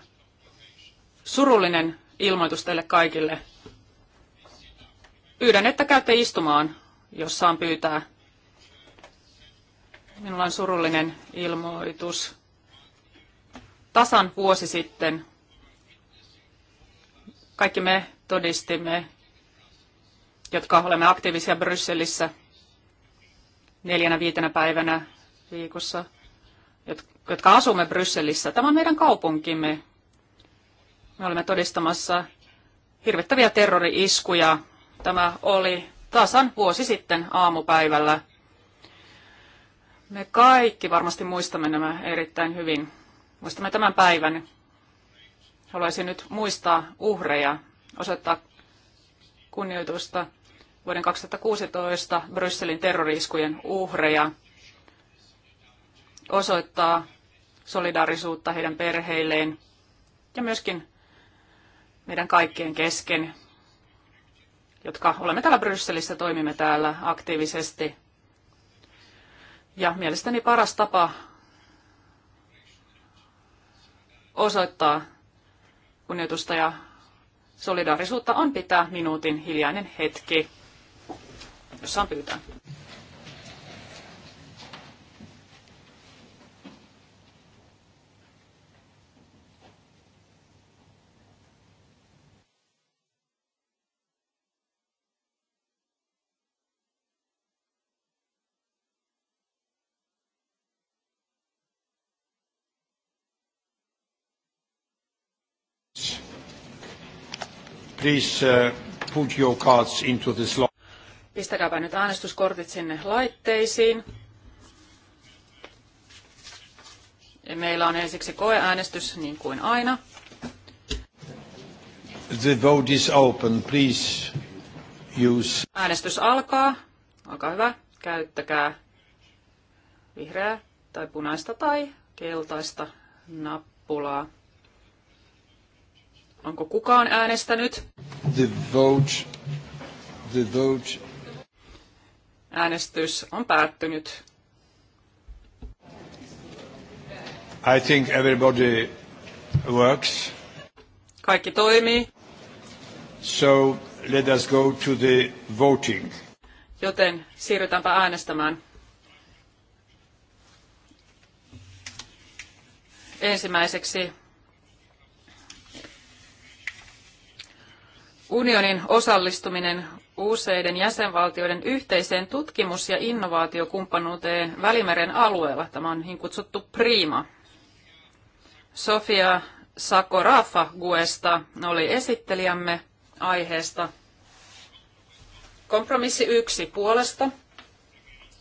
surullinen ilmoitus teille kaikille. Pyydän, että käytte istumaan, jos saan pyytää. Minulla on surullinen ilmoitus. Tasan vuosi sitten kaikki me todistimme jotka olemme aktiivisia Brysselissä neljänä viitenä päivänä viikossa, jotka asumme Brysselissä. Tämä on meidän kaupunkimme. Me olemme todistamassa hirvittäviä terrori-iskuja. Tämä oli tasan vuosi sitten aamupäivällä. Me kaikki varmasti muistamme nämä erittäin hyvin. Muistamme tämän päivän. Haluaisin nyt muistaa uhreja, osoittaa kunnioitusta vuoden 2016 Brysselin terroriskujen uhreja, osoittaa solidaarisuutta heidän perheilleen ja myöskin meidän kaikkien kesken, jotka olemme täällä Brysselissä, toimimme täällä aktiivisesti. Ja mielestäni paras tapa osoittaa kunnioitusta ja solidaarisuutta on pitää minuutin hiljainen hetki jos saan pyytää. Please uh, put your cards into the slot. Pistäkääpä nyt äänestyskortit sinne laitteisiin. Meillä on ensiksi koeäänestys, niin kuin aina. The vote is open. Please use... Äänestys alkaa. Olkaa hyvä. Käyttäkää vihreää tai punaista tai keltaista nappulaa. Onko kukaan äänestänyt? The vote, the vote Äänestys on päättynyt. I think everybody works. Kaikki toimii. So let us go to the voting. Joten siirrytäänpä äänestämään. Ensimmäiseksi unionin osallistuminen useiden jäsenvaltioiden yhteiseen tutkimus- ja innovaatiokumppanuuteen Välimeren alueella. Tämä on niin kutsuttu Prima. Sofia Sakorafa Guesta oli esittelijämme aiheesta. Kompromissi yksi puolesta,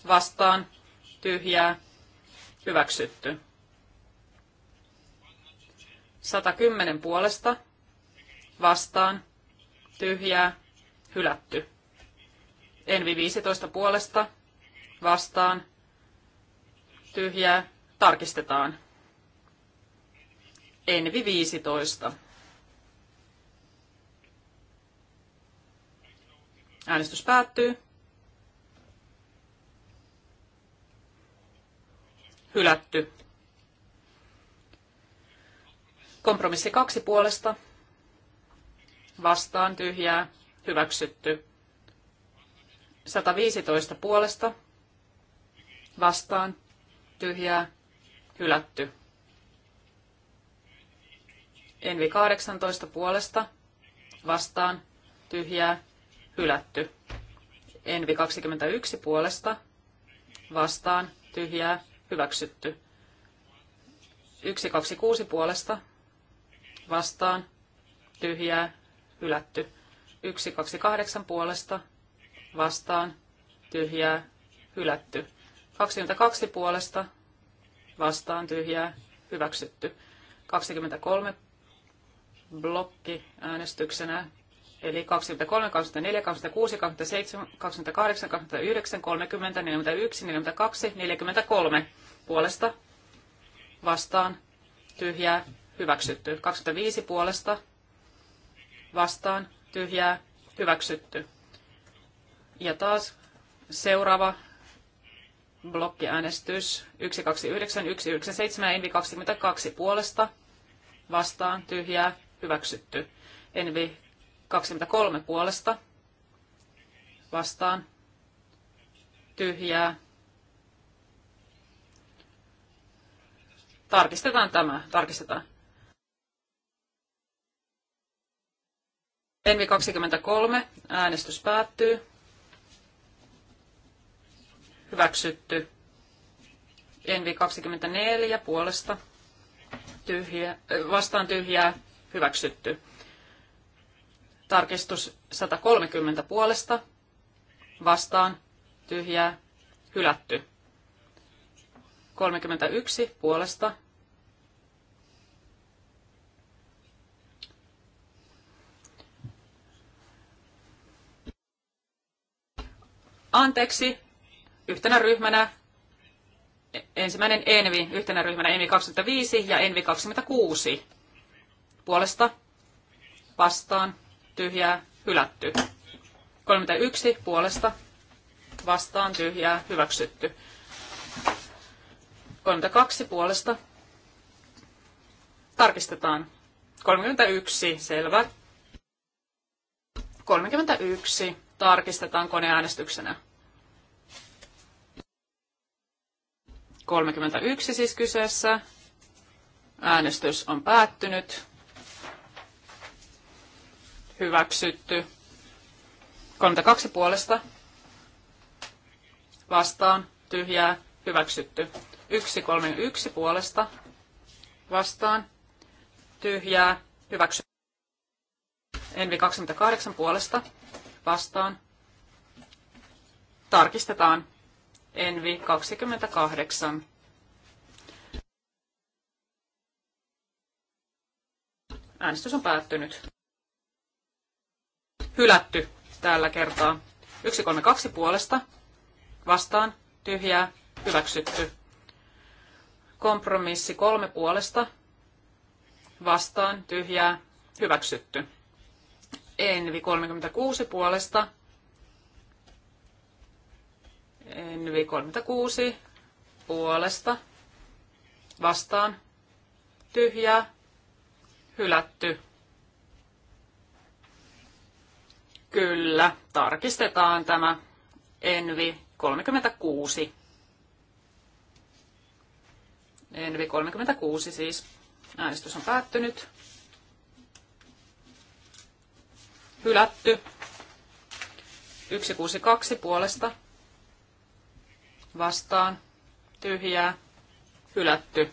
vastaan, tyhjää, hyväksytty. 110 puolesta, vastaan, tyhjää, hylätty. Envi 15 puolesta vastaan tyhjää tarkistetaan. Envi 15. Äänestys päättyy. Hylätty. Kompromissi kaksi puolesta. Vastaan tyhjää hyväksytty. 115 puolesta vastaan tyhjää hylätty. Envi 18 puolesta vastaan tyhjää hylätty. Envi 21 puolesta vastaan tyhjää hyväksytty. 126 puolesta vastaan tyhjää hylätty. 128 puolesta vastaan tyhjää hylätty. 22 puolesta vastaan tyhjää hyväksytty. 23 blokki äänestyksenä eli 23, 24, 26, 27, 28, 29, 30, 41, 42, 43 puolesta vastaan tyhjää hyväksytty. 25 puolesta vastaan tyhjää, hyväksytty. Ja taas seuraava blokkiäänestys 129, Envi 22 puolesta vastaan tyhjää hyväksytty. Envi 23 puolesta vastaan tyhjää. Tarkistetaan tämä, tarkistetaan. Envi 23. Äänestys päättyy. Hyväksytty. Envi 24 puolesta. Tyhjä, vastaan tyhjää. Hyväksytty. Tarkistus 130 puolesta. Vastaan tyhjää. Hylätty. 31 puolesta anteeksi yhtenä ryhmänä ensimmäinen Envi, yhtenä ryhmänä Envi 25 ja Envi 26. Puolesta vastaan tyhjää hylätty. 31 puolesta vastaan tyhjää hyväksytty. 32 puolesta tarkistetaan. 31 selvä. 31 tarkistetaan koneäänestyksenä. 31 siis kyseessä. Äänestys on päättynyt. Hyväksytty. 32 puolesta. Vastaan. Tyhjää. Hyväksytty. 131 puolesta. Vastaan. Tyhjää. Hyväksytty. Envi 28 puolesta vastaan. Tarkistetaan. Envi 28. Äänestys on päättynyt. Hylätty tällä kertaa. 132 puolesta. Vastaan. Tyhjää. Hyväksytty. Kompromissi kolme puolesta. Vastaan. Tyhjää. Hyväksytty. Envi 36 puolesta. Envi 36 puolesta. Vastaan. Tyhjää. Hylätty. Kyllä, tarkistetaan tämä Envi 36. Envi 36 siis. Äänestys on päättynyt. Hylätty. 162 puolesta. Vastaan. Tyhjää. Hylätty.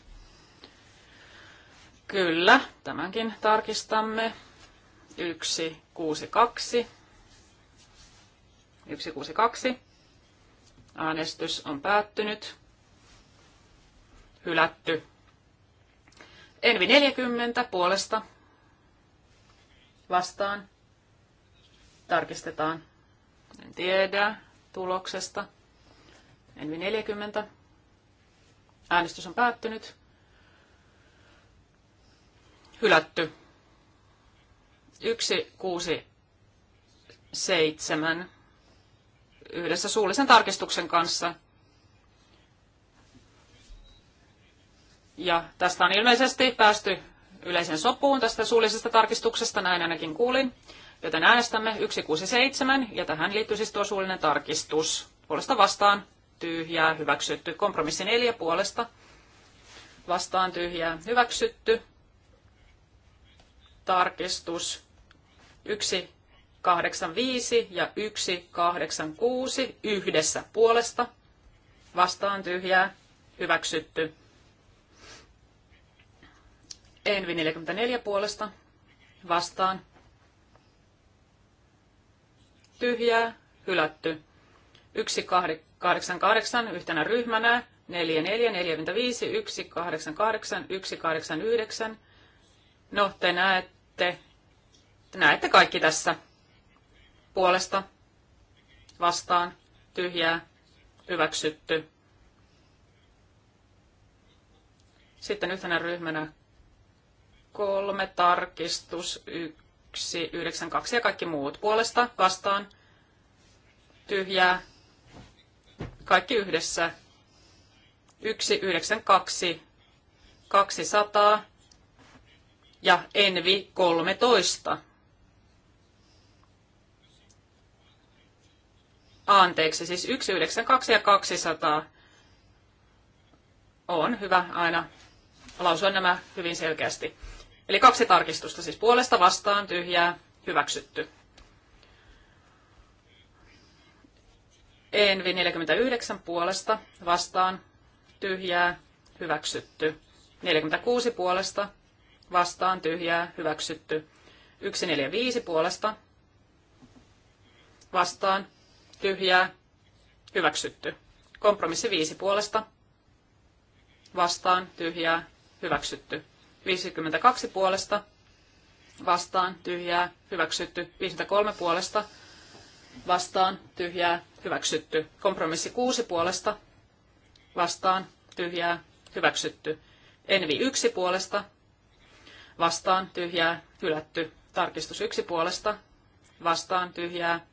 Kyllä, tämänkin tarkistamme. 162. 162. Äänestys on päättynyt. Hylätty. Envi 40 puolesta. Vastaan. Tarkistetaan. En tiedä tuloksesta. Envi 40. Äänestys on päättynyt. Hylätty. 7. yhdessä suullisen tarkistuksen kanssa. Ja tästä on ilmeisesti päästy yleisen sopuun tästä suullisesta tarkistuksesta, näin ainakin kuulin. Joten äänestämme 167 ja tähän liittyy siis tuo suullinen tarkistus. Puolesta vastaan tyhjää hyväksytty. Kompromissi 4 puolesta vastaan tyhjää hyväksytty. Tarkistus 185 ja 186 yhdessä puolesta vastaan tyhjää hyväksytty. Envi 44 puolesta vastaan tyhjää, hylätty. 188 yhtenä ryhmänä, 44, 188, 189. No, te näette, te näette kaikki tässä. Puolesta, vastaan, tyhjää, hyväksytty. Sitten yhtenä ryhmänä kolme tarkistus, yksi. 1, 9, 2 ja kaikki muut puolesta vastaan tyhjää kaikki yhdessä. 1, 9, 2, 200 ja Envi 13. Anteeksi, siis kaksi ja 200 on hyvä aina lausua nämä hyvin selkeästi. Eli kaksi tarkistusta, siis puolesta vastaan tyhjää hyväksytty. Envi 49 puolesta vastaan tyhjää hyväksytty. 46 puolesta vastaan tyhjää hyväksytty. 145 puolesta vastaan tyhjää hyväksytty. Kompromissi 5 puolesta vastaan tyhjää hyväksytty. 52 puolesta vastaan tyhjää hyväksytty. 53 puolesta vastaan tyhjää hyväksytty. Kompromissi 6 puolesta vastaan tyhjää hyväksytty. Envi 1 puolesta vastaan tyhjää hylätty. Tarkistus 1 puolesta vastaan tyhjää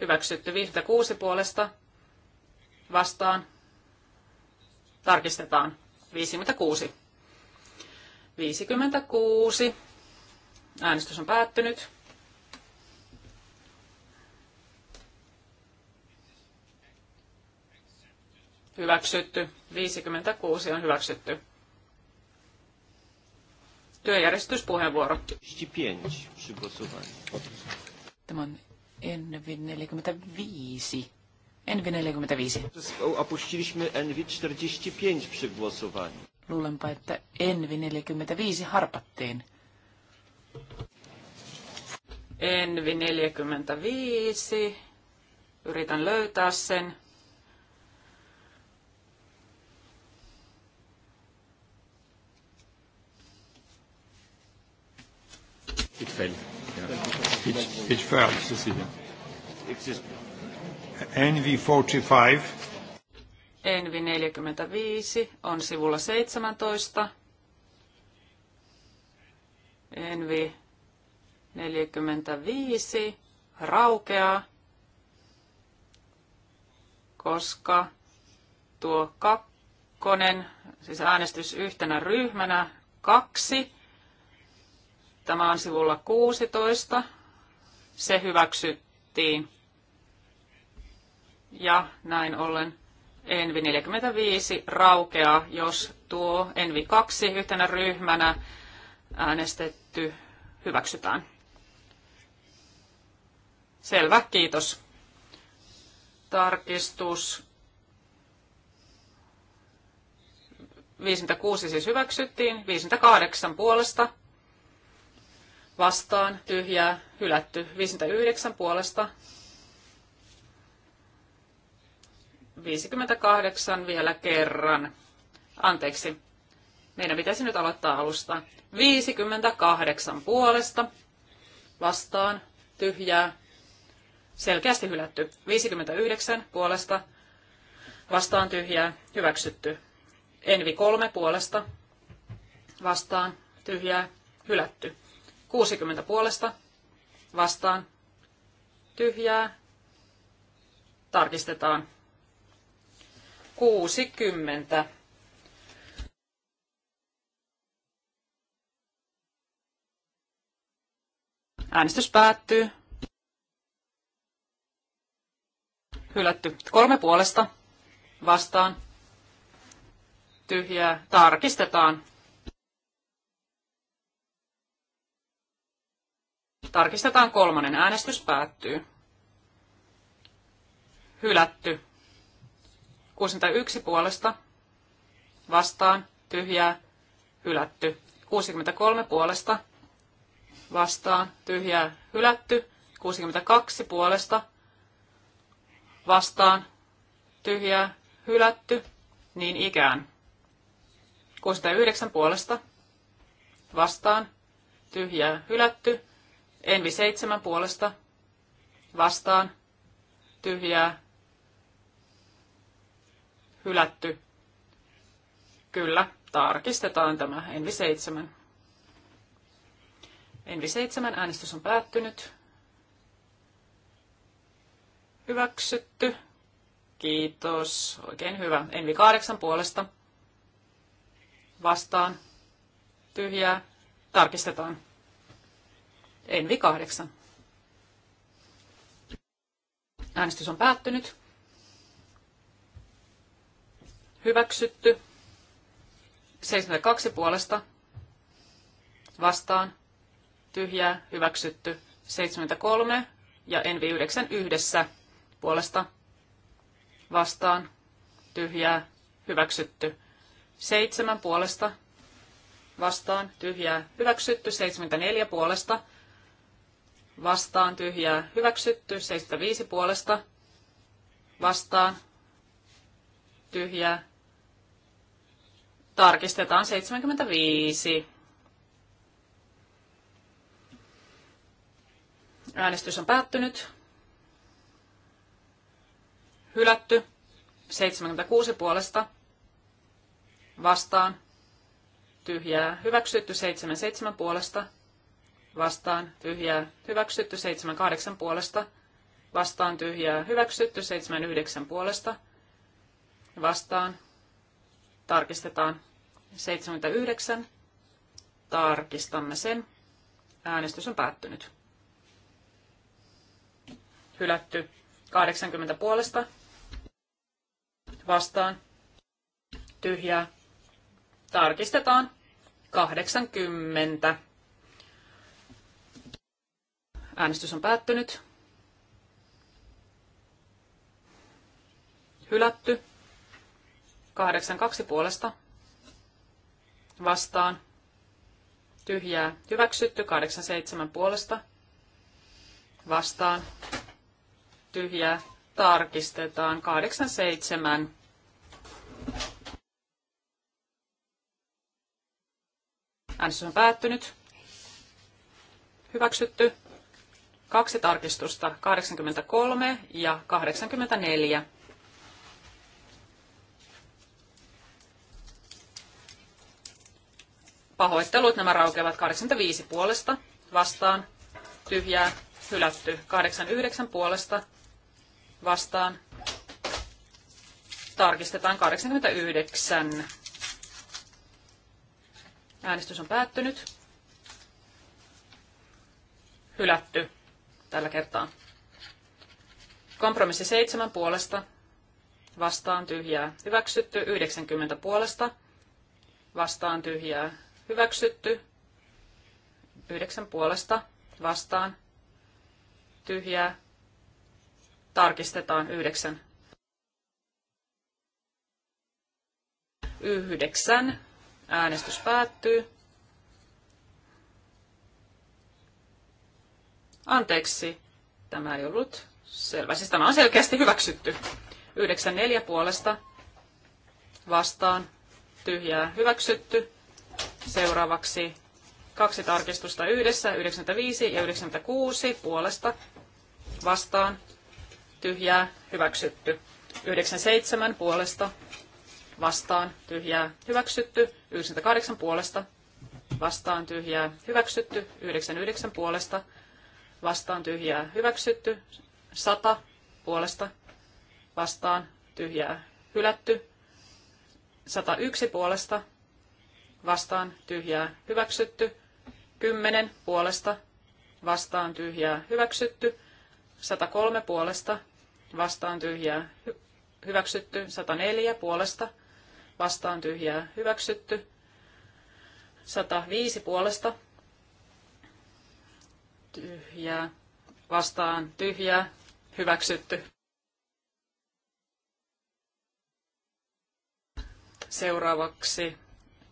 hyväksytty. 56 puolesta vastaan tarkistetaan 56. 56. Äänestys on päättynyt. Hyväksytty. 56 on hyväksytty. Työjärjestyspuheenvuoro. 45 Tämä on Envi 45. Envi 45. Opuściliśmy Envi 45 przy głosowaniu. Luulenpa, että Envi 45 harpattiin. Envi 45. Yritän löytää sen. It fell. Yeah. It, it fell, Cecilia. Envy 45. Envi 45 on sivulla 17. Envi 45 raukeaa, koska tuo kakkonen, siis äänestys yhtenä ryhmänä, kaksi, tämä on sivulla 16, se hyväksyttiin. Ja näin ollen Envi 45 raukea, jos tuo Envi 2 yhtenä ryhmänä äänestetty hyväksytään. Selvä, kiitos. Tarkistus 56 siis hyväksyttiin, 58 puolesta vastaan, tyhjää, hylätty, 59 puolesta 58 vielä kerran. Anteeksi. Meidän pitäisi nyt aloittaa alusta. 58 puolesta vastaan tyhjää. Selkeästi hylätty. 59 puolesta vastaan tyhjää. Hyväksytty. Envi 3 puolesta vastaan tyhjää. Hylätty. 60 puolesta vastaan tyhjää. Tarkistetaan. 60. Äänestys päättyy. Hylätty. Kolme puolesta. Vastaan. Tyhjää. Tarkistetaan. Tarkistetaan kolmannen. Äänestys päättyy. Hylätty. 61 puolesta vastaan tyhjää hylätty. 63 puolesta vastaan tyhjää hylätty. 62 puolesta vastaan tyhjää hylätty niin ikään. 69 puolesta vastaan tyhjää hylätty. Envi 7 puolesta vastaan tyhjää hylätty. Kyllä, tarkistetaan tämä Envi 7. Envi 7 äänestys on päättynyt. Hyväksytty. Kiitos. Oikein hyvä. Envi 8 puolesta. Vastaan. Tyhjää. Tarkistetaan. Envi 8. Äänestys on päättynyt. Hyväksytty. 72 puolesta. Vastaan. Tyhjää. Hyväksytty. 73 ja Envi 9 yhdessä. Puolesta. Vastaan. Tyhjää. Hyväksytty. 7 puolesta. Vastaan. Tyhjää. Hyväksytty. 74 puolesta. Vastaan. Tyhjää. Hyväksytty. 75 puolesta. Vastaan. Tyhjää Tarkistetaan 75. Äänestys on päättynyt. Hylätty. 76 puolesta. Vastaan. Tyhjää. Hyväksytty 77 puolesta. Vastaan. Tyhjää. Hyväksytty 78 puolesta. Vastaan. Tyhjää. Hyväksytty 79 puolesta. Vastaan. Tarkistetaan 79. Tarkistamme sen. Äänestys on päättynyt. Hylätty 80 puolesta. Vastaan. Tyhjää. Tarkistetaan 80. Äänestys on päättynyt. Hylätty Kahdeksankaksi puolesta vastaan. Tyhjää hyväksytty. seitsemän puolesta vastaan. Tyhjää tarkistetaan. kahdeksan seitsemän Äänestys on päättynyt. Hyväksytty. Kaksi tarkistusta, 83 ja 84. Pahoittelut nämä raukeavat 85 puolesta vastaan tyhjää hylätty 89 puolesta vastaan. Tarkistetaan 89. Äänestys on päättynyt. Hylätty tällä kertaa. Kompromissi 7 puolesta. Vastaan tyhjää. Hyväksytty 90 puolesta. Vastaan tyhjää hyväksytty. Yhdeksän puolesta vastaan tyhjää. Tarkistetaan yhdeksän. Yhdeksän. Äänestys päättyy. Anteeksi, tämä ei ollut selvä. Siis tämä on selkeästi hyväksytty. yhdeksän neljä puolesta vastaan tyhjää hyväksytty. Seuraavaksi kaksi tarkistusta yhdessä, 95 ja 96 puolesta vastaan, tyhjää, hyväksytty. 97 puolesta vastaan, tyhjää, hyväksytty. 98 puolesta vastaan, tyhjää, hyväksytty. 99 puolesta vastaan, tyhjää, hyväksytty. 100 puolesta vastaan, tyhjää, hylätty. 101 puolesta vastaan tyhjää hyväksytty. 10 puolesta vastaan tyhjää hyväksytty. 103 puolesta vastaan tyhjää hy- hyväksytty. 104 puolesta vastaan tyhjää hyväksytty. 105 puolesta tyhjää vastaan tyhjää hyväksytty. Seuraavaksi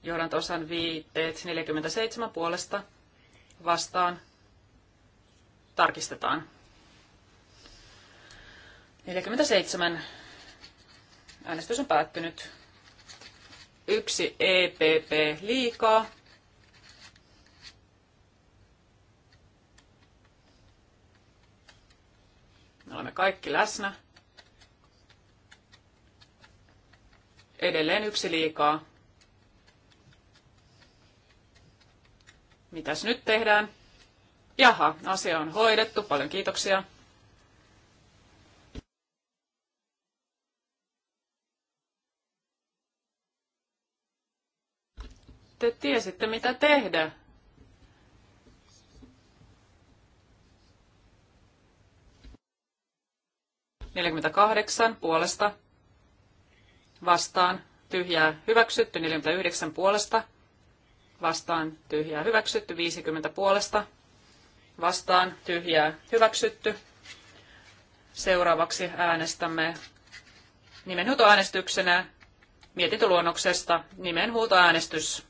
johdantosan viitteet 47 puolesta vastaan tarkistetaan. 47. Äänestys on päättynyt. Yksi EPP liikaa. Me olemme kaikki läsnä. Edelleen yksi liikaa. Mitäs nyt tehdään? Jaha, asia on hoidettu. Paljon kiitoksia. Te tiesitte, mitä tehdä. Neljäkymmentäkahdeksan puolesta vastaan tyhjää hyväksytty, 49 puolesta vastaan tyhjää hyväksytty, 50 puolesta vastaan tyhjää hyväksytty. Seuraavaksi äänestämme nimenhuutoäänestyksenä mietintöluonnoksesta nimenhuutoäänestys.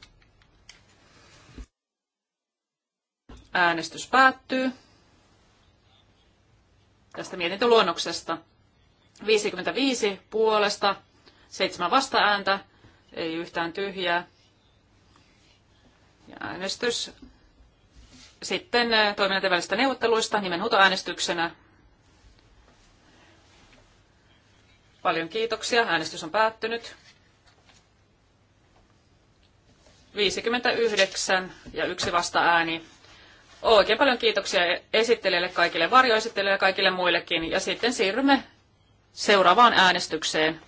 Äänestys päättyy tästä mietintöluonnoksesta. 55 puolesta, 7 vastaääntä, ei yhtään tyhjää. Ja äänestys sitten äh, toiminnan välistä neuvotteluista nimenhuutoäänestyksenä. Paljon kiitoksia. Äänestys on päättynyt. 59 ja yksi vasta-ääni. Oikein paljon kiitoksia esittelijälle kaikille, varjoesittelijälle ja kaikille muillekin. Ja sitten siirrymme seuraavaan äänestykseen.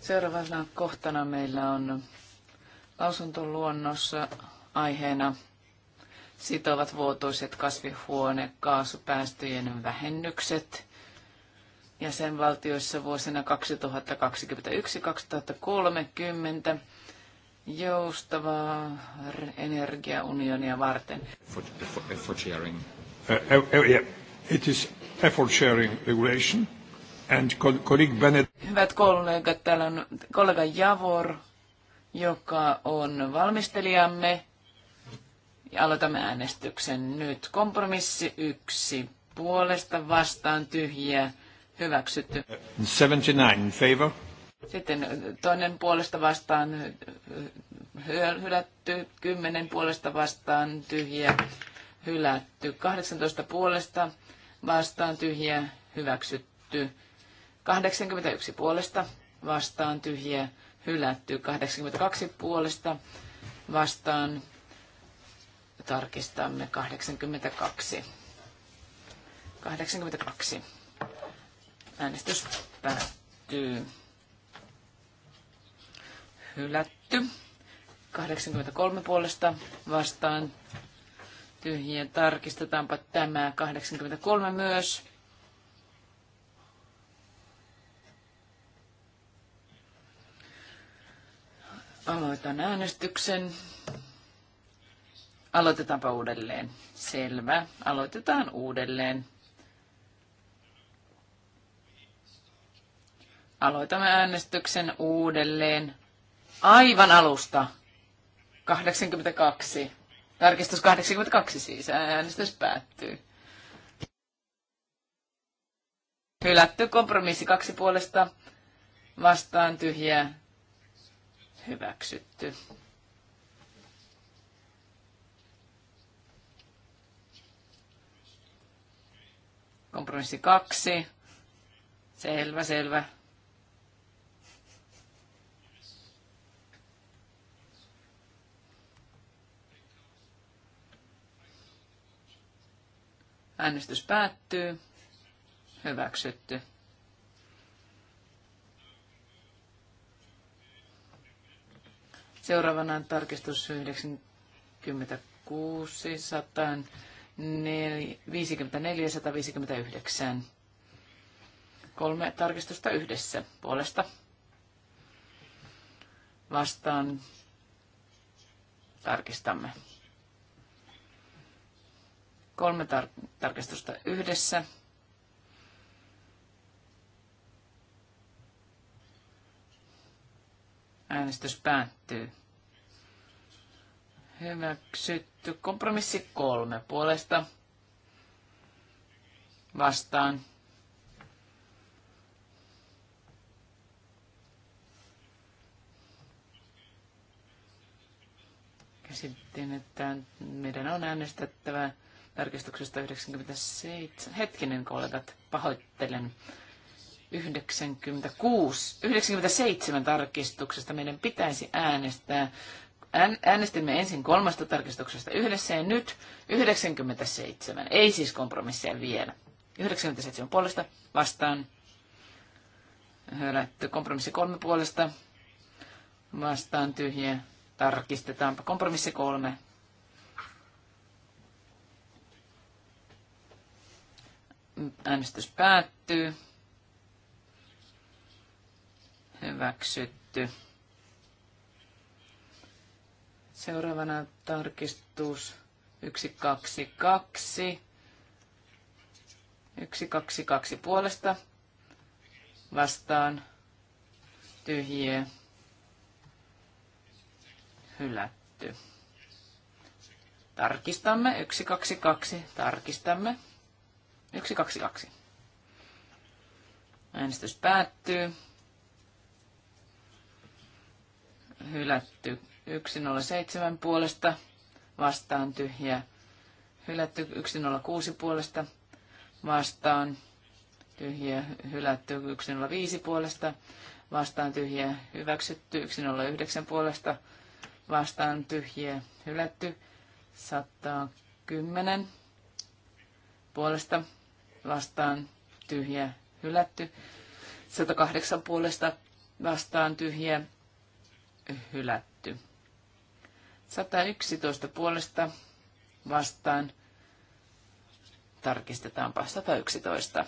Seuraavana kohtana meillä on Lausuntoluonnossa aiheena sitovat vuotuiset kasvihuonekaasupäästöjen vähennykset jäsenvaltioissa vuosina 2021-2030 joustavaa energiaunionia varten. Effort, effort, effort sharing. Uh, uh, uh yeah. It is effort sharing regulation and colleague Bennett. Hyvät kollegat, täällä on kollega Javor joka on valmistelijamme. Ja aloitamme äänestyksen nyt. Kompromissi yksi. Puolesta vastaan tyhjiä. Hyväksytty. 79 in favor. Sitten toinen puolesta vastaan hylätty, kymmenen puolesta vastaan tyhjiä, hylätty, 18 puolesta vastaan tyhjiä, hyväksytty, 81 puolesta vastaan tyhjiä, hylätty. 82 puolesta vastaan tarkistamme 82. 82. Äänestys päättyy. Hylätty. 83 puolesta vastaan tyhjiä. Tarkistetaanpa tämä 83 myös. Aloitan äänestyksen. Aloitetaanpa uudelleen. Selvä. Aloitetaan uudelleen. Aloitamme äänestyksen uudelleen. Aivan alusta. 82. Tarkistus 82 siis. Äänestys päättyy. Hylätty kompromissi kaksi puolesta vastaan tyhjää hyväksytty. Kompromissi kaksi. Selvä, selvä. Äänestys päättyy. Hyväksytty. Seuraavana on tarkistus 96, 54, 159. Kolme tarkistusta yhdessä puolesta. Vastaan tarkistamme. Kolme tar- tarkistusta yhdessä Äänestys päättyy. Hyväksytty. Kompromissi kolme puolesta. Vastaan. Käsittiin, että meidän on äänestettävä tarkistuksesta 97. Hetkinen kollegat, pahoittelen. 96, 97 tarkistuksesta meidän pitäisi äänestää. Äänestimme ensin kolmesta tarkistuksesta yhdessä ja nyt 97. Ei siis kompromisseja vielä. 97 puolesta vastaan. Hölätty kompromissi kolme puolesta. Vastaan tyhjä. Tarkistetaanpa kompromissi kolme. Äänestys päättyy hyväksytty. Seuraavana tarkistus 122. 122 puolesta vastaan tyhjiä hylätty. Tarkistamme 122. Tarkistamme 122. Äänestys päättyy hylätty 107 puolesta, vastaan tyhjä. hylätty 106 puolesta, vastaan tyhjä. hylätty 105 puolesta, vastaan tyhjä. hyväksytty 109 puolesta, vastaan tyhjä. hylätty 110 puolesta, vastaan tyhjä. hylätty 108 puolesta, vastaan tyhjä hylätty. 111 puolesta vastaan. Tarkistetaanpa 111.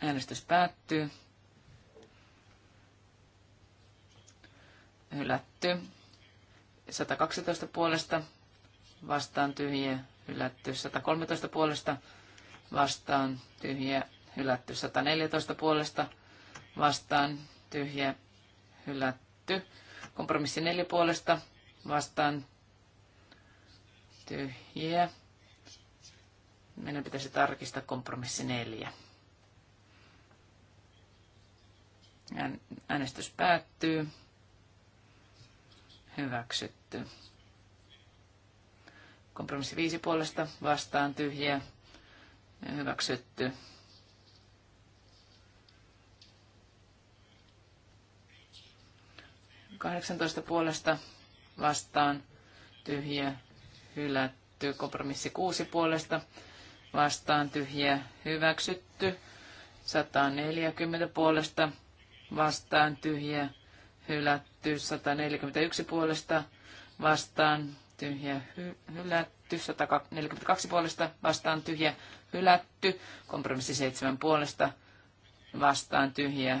Äänestys päättyy. Hylätty. 112 puolesta vastaan tyhjiä, hylätty. 113 puolesta vastaan tyhjiä, hylätty. 114 puolesta vastaan tyhjä hylätty. Kompromissi neljä puolesta vastaan tyhjä. Meidän pitäisi tarkistaa kompromissi neljä. Äänestys päättyy. Hyväksytty. Kompromissi viisi puolesta vastaan tyhjä. Hyväksytty. 18 puolesta vastaan tyhjä hylätty. Kompromissi 6 puolesta vastaan tyhjä hyväksytty. 140 puolesta vastaan tyhjä hylätty. 141 puolesta vastaan tyhjä hy- hylätty. 142 puolesta vastaan tyhjä hylätty. Kompromissi 7 puolesta vastaan tyhjä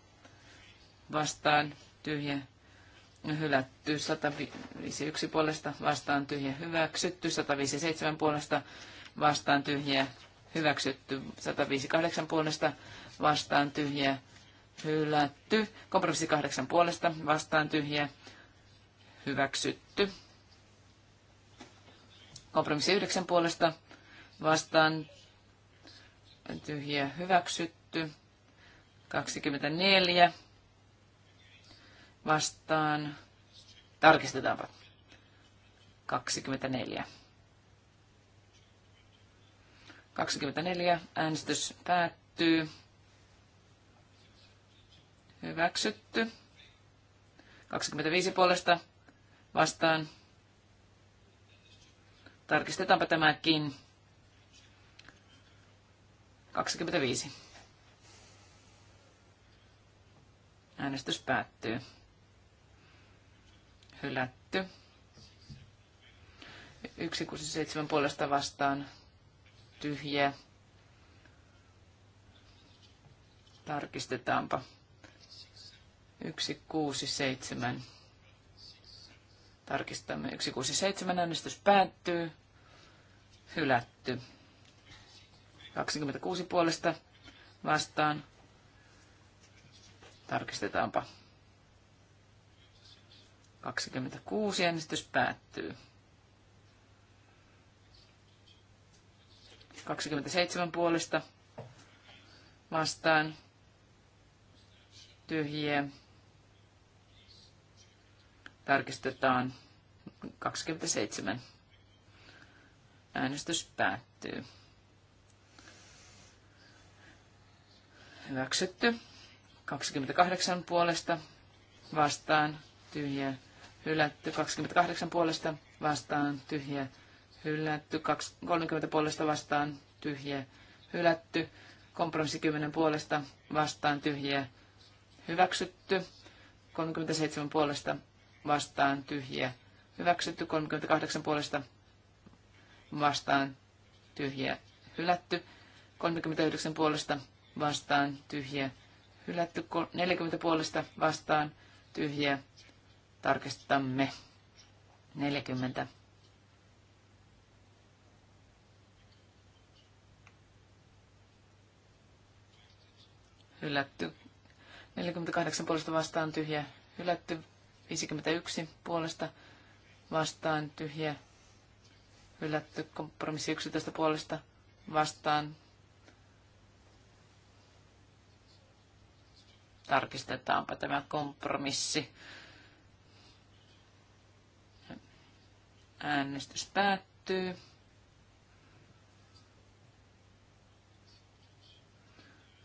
vastaan tyhjä hylätty, 151 puolesta vastaan tyhjä hyväksytty, 157 puolesta vastaan tyhjä hyväksytty, 158 puolesta vastaan tyhjä hylätty, kompromissi 8 puolesta vastaan tyhjä hyväksytty, kompromissi 9 puolesta vastaan tyhjä hyväksytty, 24 vastaan. Tarkistetaanpa. 24. 24. Äänestys päättyy. Hyväksytty. 25 puolesta vastaan. Tarkistetaanpa tämäkin. 25. Äänestys päättyy hylätty. 167 puolesta vastaan tyhjä. Tarkistetaanpa. 167. Tarkistamme. 167 äänestys päättyy. Hylätty. 26 puolesta vastaan. Tarkistetaanpa. 26 äänestys päättyy. 27 puolesta vastaan tyhjiä. Tarkistetaan 27. Äänestys päättyy. Hyväksytty. 28 puolesta vastaan tyhjiä hylätty 28 puolesta vastaan tyhjä, hylätty 30 puolesta vastaan tyhjä, hylätty kompromissi 10 puolesta vastaan tyhjä, hyväksytty 37 puolesta vastaan tyhjä, hyväksytty 38 puolesta vastaan tyhjä, hylätty 39 puolesta vastaan tyhjä, hylätty 40 puolesta vastaan tyhjä, tarkistamme 40. Hylätty. 48 puolesta vastaan tyhjä. Hylätty. 51 puolesta vastaan tyhjä. Hylätty. Kompromissi 11 puolesta vastaan tarkistetaanpa tämä kompromissi Äänestys päättyy.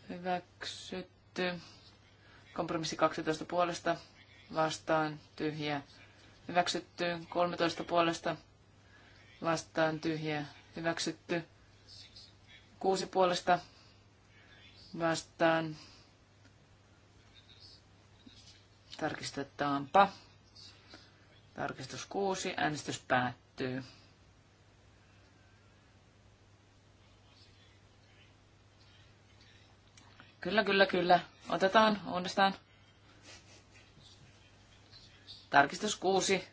Hyväksytty. Kompromissi 12 puolesta vastaan tyhjä. Hyväksytty 13 puolesta vastaan tyhjä. Hyväksytty 6 puolesta vastaan. Tarkistetaanpa. Tarkistus 6. Äänestys päättyy. Kyllä, kyllä, kyllä. Otetaan uudestaan. Tarkistus 6.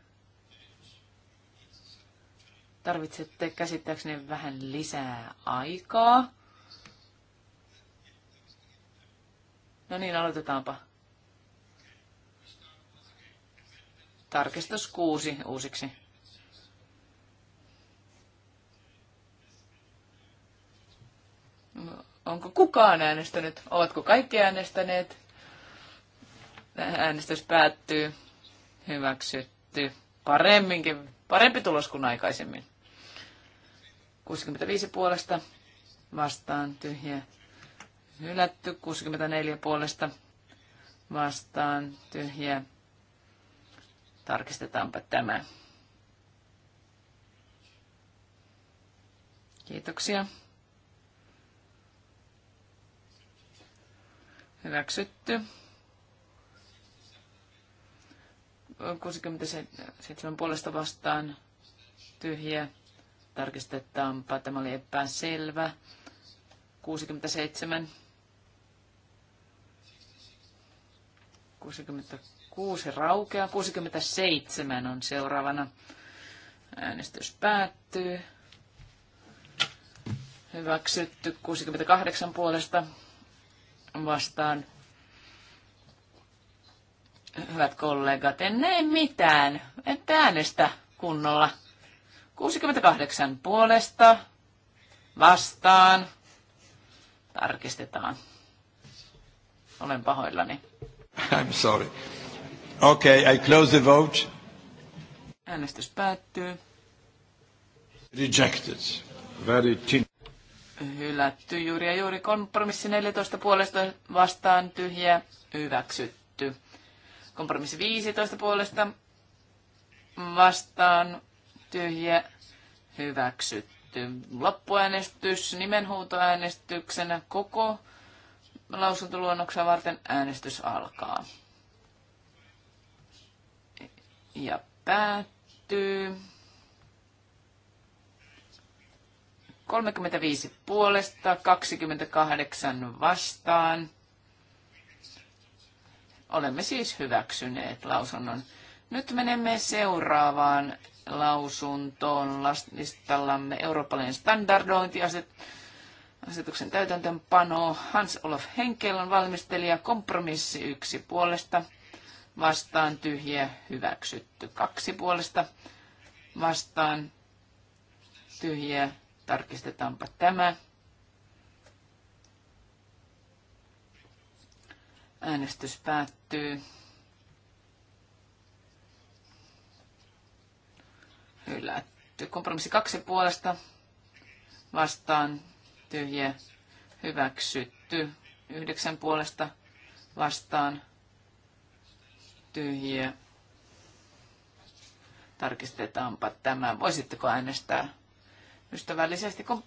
Tarvitsette käsittääkseni vähän lisää aikaa. No niin, aloitetaanpa. Tarkistus kuusi uusiksi. Onko kukaan äänestänyt? Ovatko kaikki äänestäneet? Äänestys päättyy. Hyväksytty. Paremminkin, parempi tulos kuin aikaisemmin. 65 puolesta vastaan tyhjä. Hylätty 64 puolesta vastaan tyhjä Tarkistetaanpa tämä. Kiitoksia. Hyväksytty. 67 puolesta vastaan tyhjä. Tarkistetaanpa. Tämä oli epäselvä. 67. 66 66 raukeaa. 67 on seuraavana. Äänestys päättyy. Hyväksytty 68 puolesta vastaan. Hyvät kollegat, en näe mitään. Ette äänestä kunnolla. 68 puolesta vastaan. Tarkistetaan. Olen pahoillani. I'm sorry. Okay, I close the vote. Äänestys päättyy. Rejected. Very thin. Hylätty juuri ja juuri. Kompromissi 14 puolesta vastaan tyhjä. Hyväksytty. Kompromissi 15 puolesta vastaan tyhjä. Hyväksytty. Loppuäänestys nimenhuutoäänestyksenä koko lausuntoluonnoksen varten äänestys alkaa ja päättyy. 35 puolesta, 28 vastaan. Olemme siis hyväksyneet lausunnon. Nyt menemme seuraavaan lausuntoon listallamme eurooppalainen standardointiasetuksen täytäntöönpano. Hans-Olof Henkel on valmistelija kompromissi yksi puolesta vastaan tyhjä hyväksytty. Kaksi puolesta vastaan tyhjä Tarkistetaanpa tämä. Äänestys päättyy. Hylätty. Kompromissi kaksi puolesta vastaan tyhjä hyväksytty. Yhdeksän puolesta vastaan tyhjiä. Tarkistetaanpa tämä. Voisitteko äänestää ystävällisesti, kun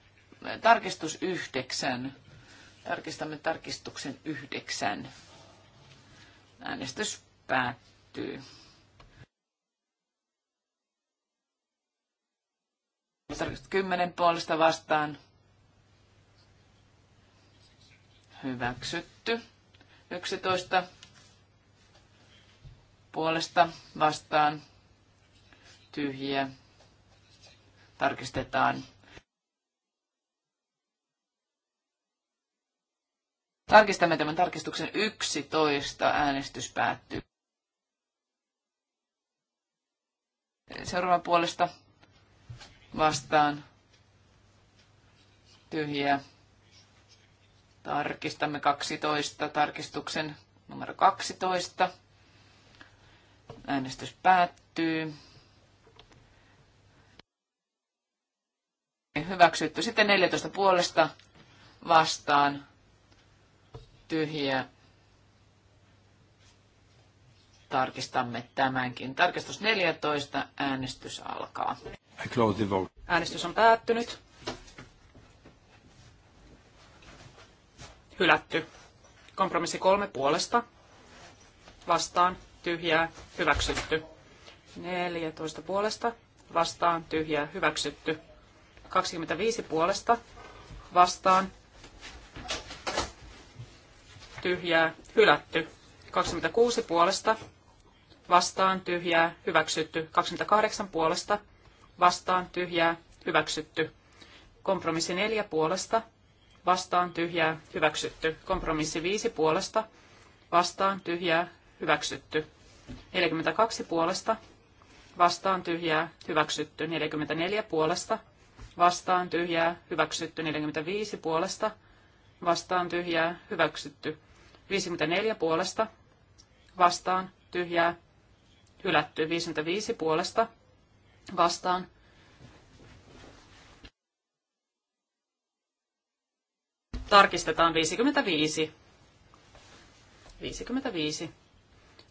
tarkistus yhdeksän. Tarkistamme tarkistuksen yhdeksän. Äänestys päättyy. Tarkistus kymmenen puolesta vastaan. Hyväksytty. 11 puolesta vastaan tyhjiä tarkistetaan. Tarkistamme tämän tarkistuksen 11. Äänestys päättyy. Seuraavan puolesta vastaan tyhjiä. Tarkistamme 12. Tarkistuksen numero 12. Äänestys päättyy. Hyväksytty. Sitten 14 puolesta vastaan. tyhjä. Tarkistamme tämänkin. Tarkistus 14. Äänestys alkaa. I close the vote. Äänestys on päättynyt. Hylätty. Kompromissi kolme puolesta. Vastaan tyhjää, hyväksytty. 14 puolesta, vastaan, tyhjää, hyväksytty. 25 puolesta, vastaan, tyhjää, hylätty. 26 puolesta, vastaan, tyhjää, hyväksytty. 28 puolesta, vastaan, tyhjää, hyväksytty. Kompromissi 4 puolesta, vastaan, tyhjää, hyväksytty. Kompromissi 5 puolesta, vastaan, tyhjää, hyväksytty. 42 puolesta vastaan tyhjää, hyväksytty. 44 puolesta vastaan tyhjää, hyväksytty. 45 puolesta vastaan tyhjää, hyväksytty. 54 puolesta vastaan tyhjää, hylätty. 55 puolesta vastaan Tarkistetaan 55. 55.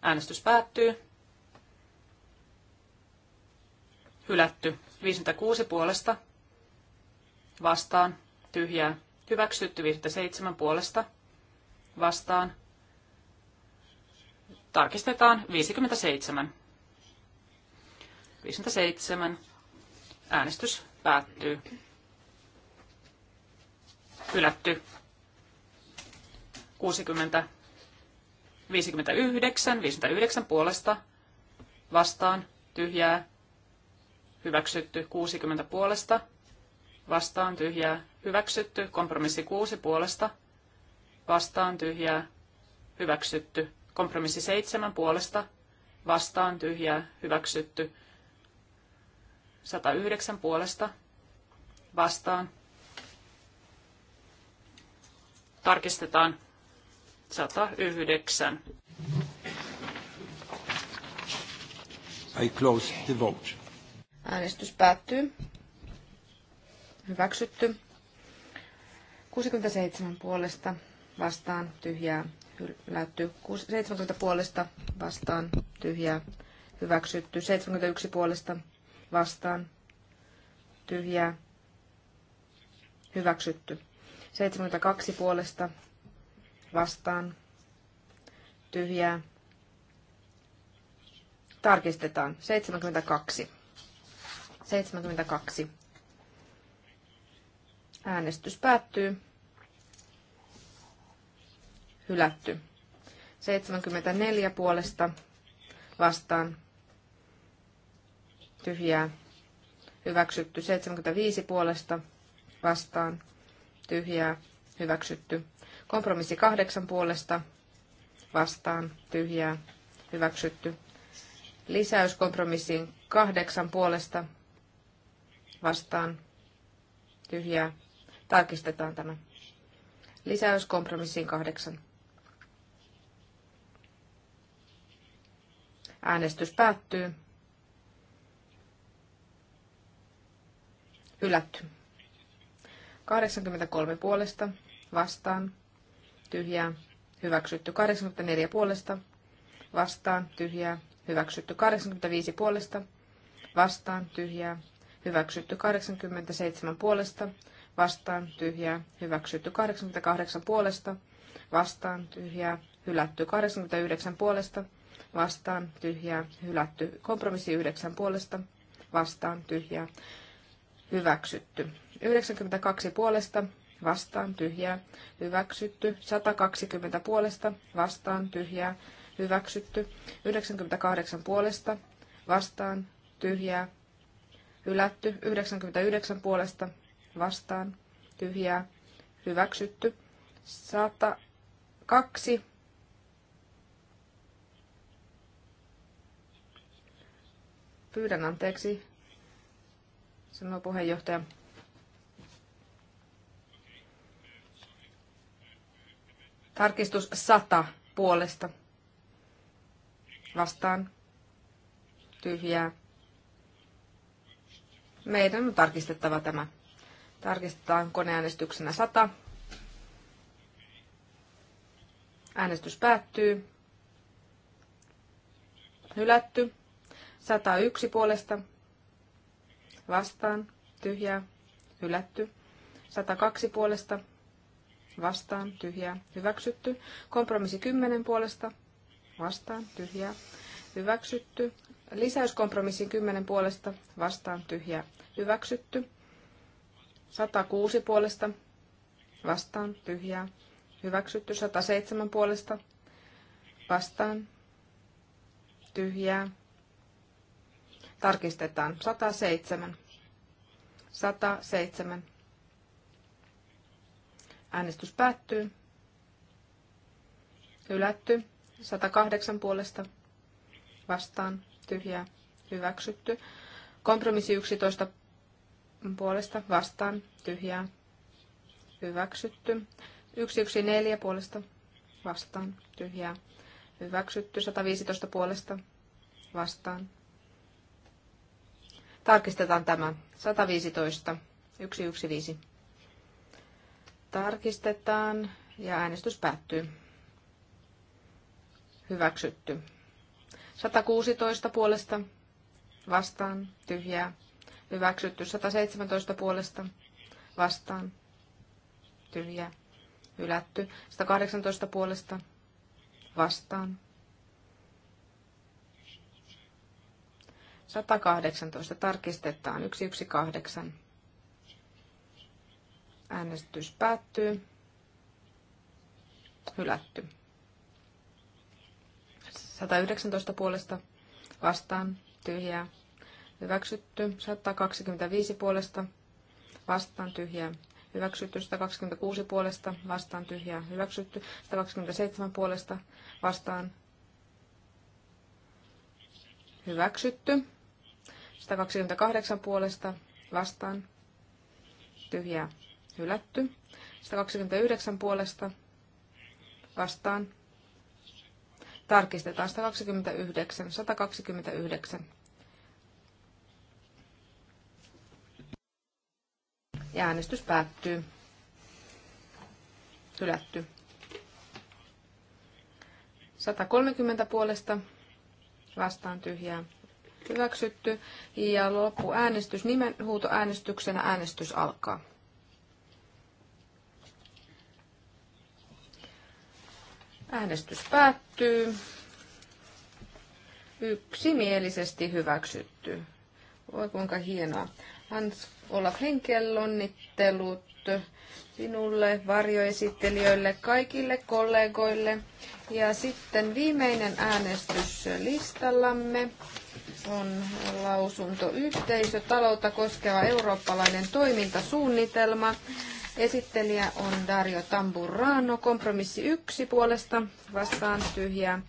Äänestys päättyy. Hylätty. 56 puolesta. Vastaan. Tyhjää. Hyväksytty. 57 puolesta. Vastaan. Tarkistetaan. 57. 57. Äänestys päättyy. Hylätty. 60 59, 59 puolesta vastaan, tyhjää, hyväksytty 60 puolesta, vastaan tyhjää, hyväksytty, kompromissi 6 puolesta, vastaan tyhjää, hyväksytty, kompromissi 7 puolesta, vastaan tyhjää, hyväksytty, 109 puolesta, vastaan, tarkistetaan 109. I close the vote. Äänestys päättyy. Hyväksytty. 67 puolesta vastaan tyhjää hylätty. 70 puolesta vastaan tyhjää hyväksytty. 71 puolesta vastaan tyhjää hyväksytty. 72 puolesta vastaan tyhjää. Tarkistetaan. 72. 72. Äänestys päättyy. Hylätty. 74 puolesta vastaan tyhjää. Hyväksytty 75 puolesta vastaan tyhjää. Hyväksytty Kompromissi kahdeksan puolesta vastaan tyhjää hyväksytty. Lisäys kompromissiin kahdeksan puolesta vastaan tyhjää. Tarkistetaan tämä. Lisäys kompromissiin kahdeksan. Äänestys päättyy. Hylätty. 83 puolesta vastaan tyhjää, hyväksytty 84 puolesta, vastaan, tyhjää, hyväksytty 85 puolesta, vastaan, tyhjää, hyväksytty 87 puolesta, vastaan, tyhjää, hyväksytty 88 puolesta, vastaan, tyhjää, hylätty 89 puolesta, vastaan, tyhjää, hylätty kompromissi 9 puolesta, vastaan, tyhjää, hyväksytty 92 puolesta, vastaan tyhjää, hyväksytty. 120 puolesta vastaan tyhjää, hyväksytty. 98 puolesta vastaan tyhjää, hylätty. 99 puolesta vastaan tyhjää, hyväksytty. 102 pyydän anteeksi, sanoo puheenjohtaja. Tarkistus 100 puolesta. Vastaan. Tyhjää. Meidän on tarkistettava tämä. Tarkistetaan koneäänestyksenä 100. Äänestys päättyy. Hylätty. 101 puolesta. Vastaan. Tyhjää. Hylätty. 102 puolesta vastaan, tyhjää, hyväksytty. Kompromissi 10 puolesta, vastaan, tyhjää, hyväksytty. Lisäyskompromissin 10 puolesta, vastaan, tyhjää, hyväksytty. 106 puolesta, vastaan, tyhjää, hyväksytty. 107 puolesta, vastaan, tyhjää. Tarkistetaan. 107. 107. Äänestys päättyy. Hylätty. 108 puolesta vastaan. Tyhjää. Hyväksytty. Kompromissi 11 puolesta vastaan. Tyhjää. Hyväksytty. 114 puolesta vastaan. Tyhjää. Hyväksytty. 115 puolesta vastaan. Tarkistetaan tämä. 115. 115. Tarkistetaan ja äänestys päättyy. Hyväksytty. 116 puolesta vastaan tyhjää. Hyväksytty. 117 puolesta vastaan tyhjää. Hylätty. 118 puolesta vastaan. 118 tarkistetaan. 118. Äänestys päättyy. Hylätty. 119 puolesta vastaan tyhjää. Hyväksytty. 125 puolesta vastaan tyhjää. Hyväksytty. 126 puolesta vastaan tyhjää. Hyväksytty. 127 puolesta vastaan hyväksytty. 128 puolesta vastaan tyhjää hylätty. 129 puolesta vastaan. Tarkistetaan 129, 129. Ja äänestys päättyy. Hylätty. 130 puolesta vastaan tyhjää hyväksytty. Ja loppu nimenhuuto nimenhuutoäänestyksenä äänestys alkaa. Äänestys päättyy. Yksimielisesti hyväksytty. Voi kuinka hienoa. Hans Olaf Henkel, onnittelut sinulle, varjoesittelijöille, kaikille kollegoille. Ja sitten viimeinen äänestys listallamme on lausunto yhteisö taloutta koskeva eurooppalainen toimintasuunnitelma. Esittelijä on Dario Tamburrano. Kompromissi yksi puolesta vastaan tyhjää.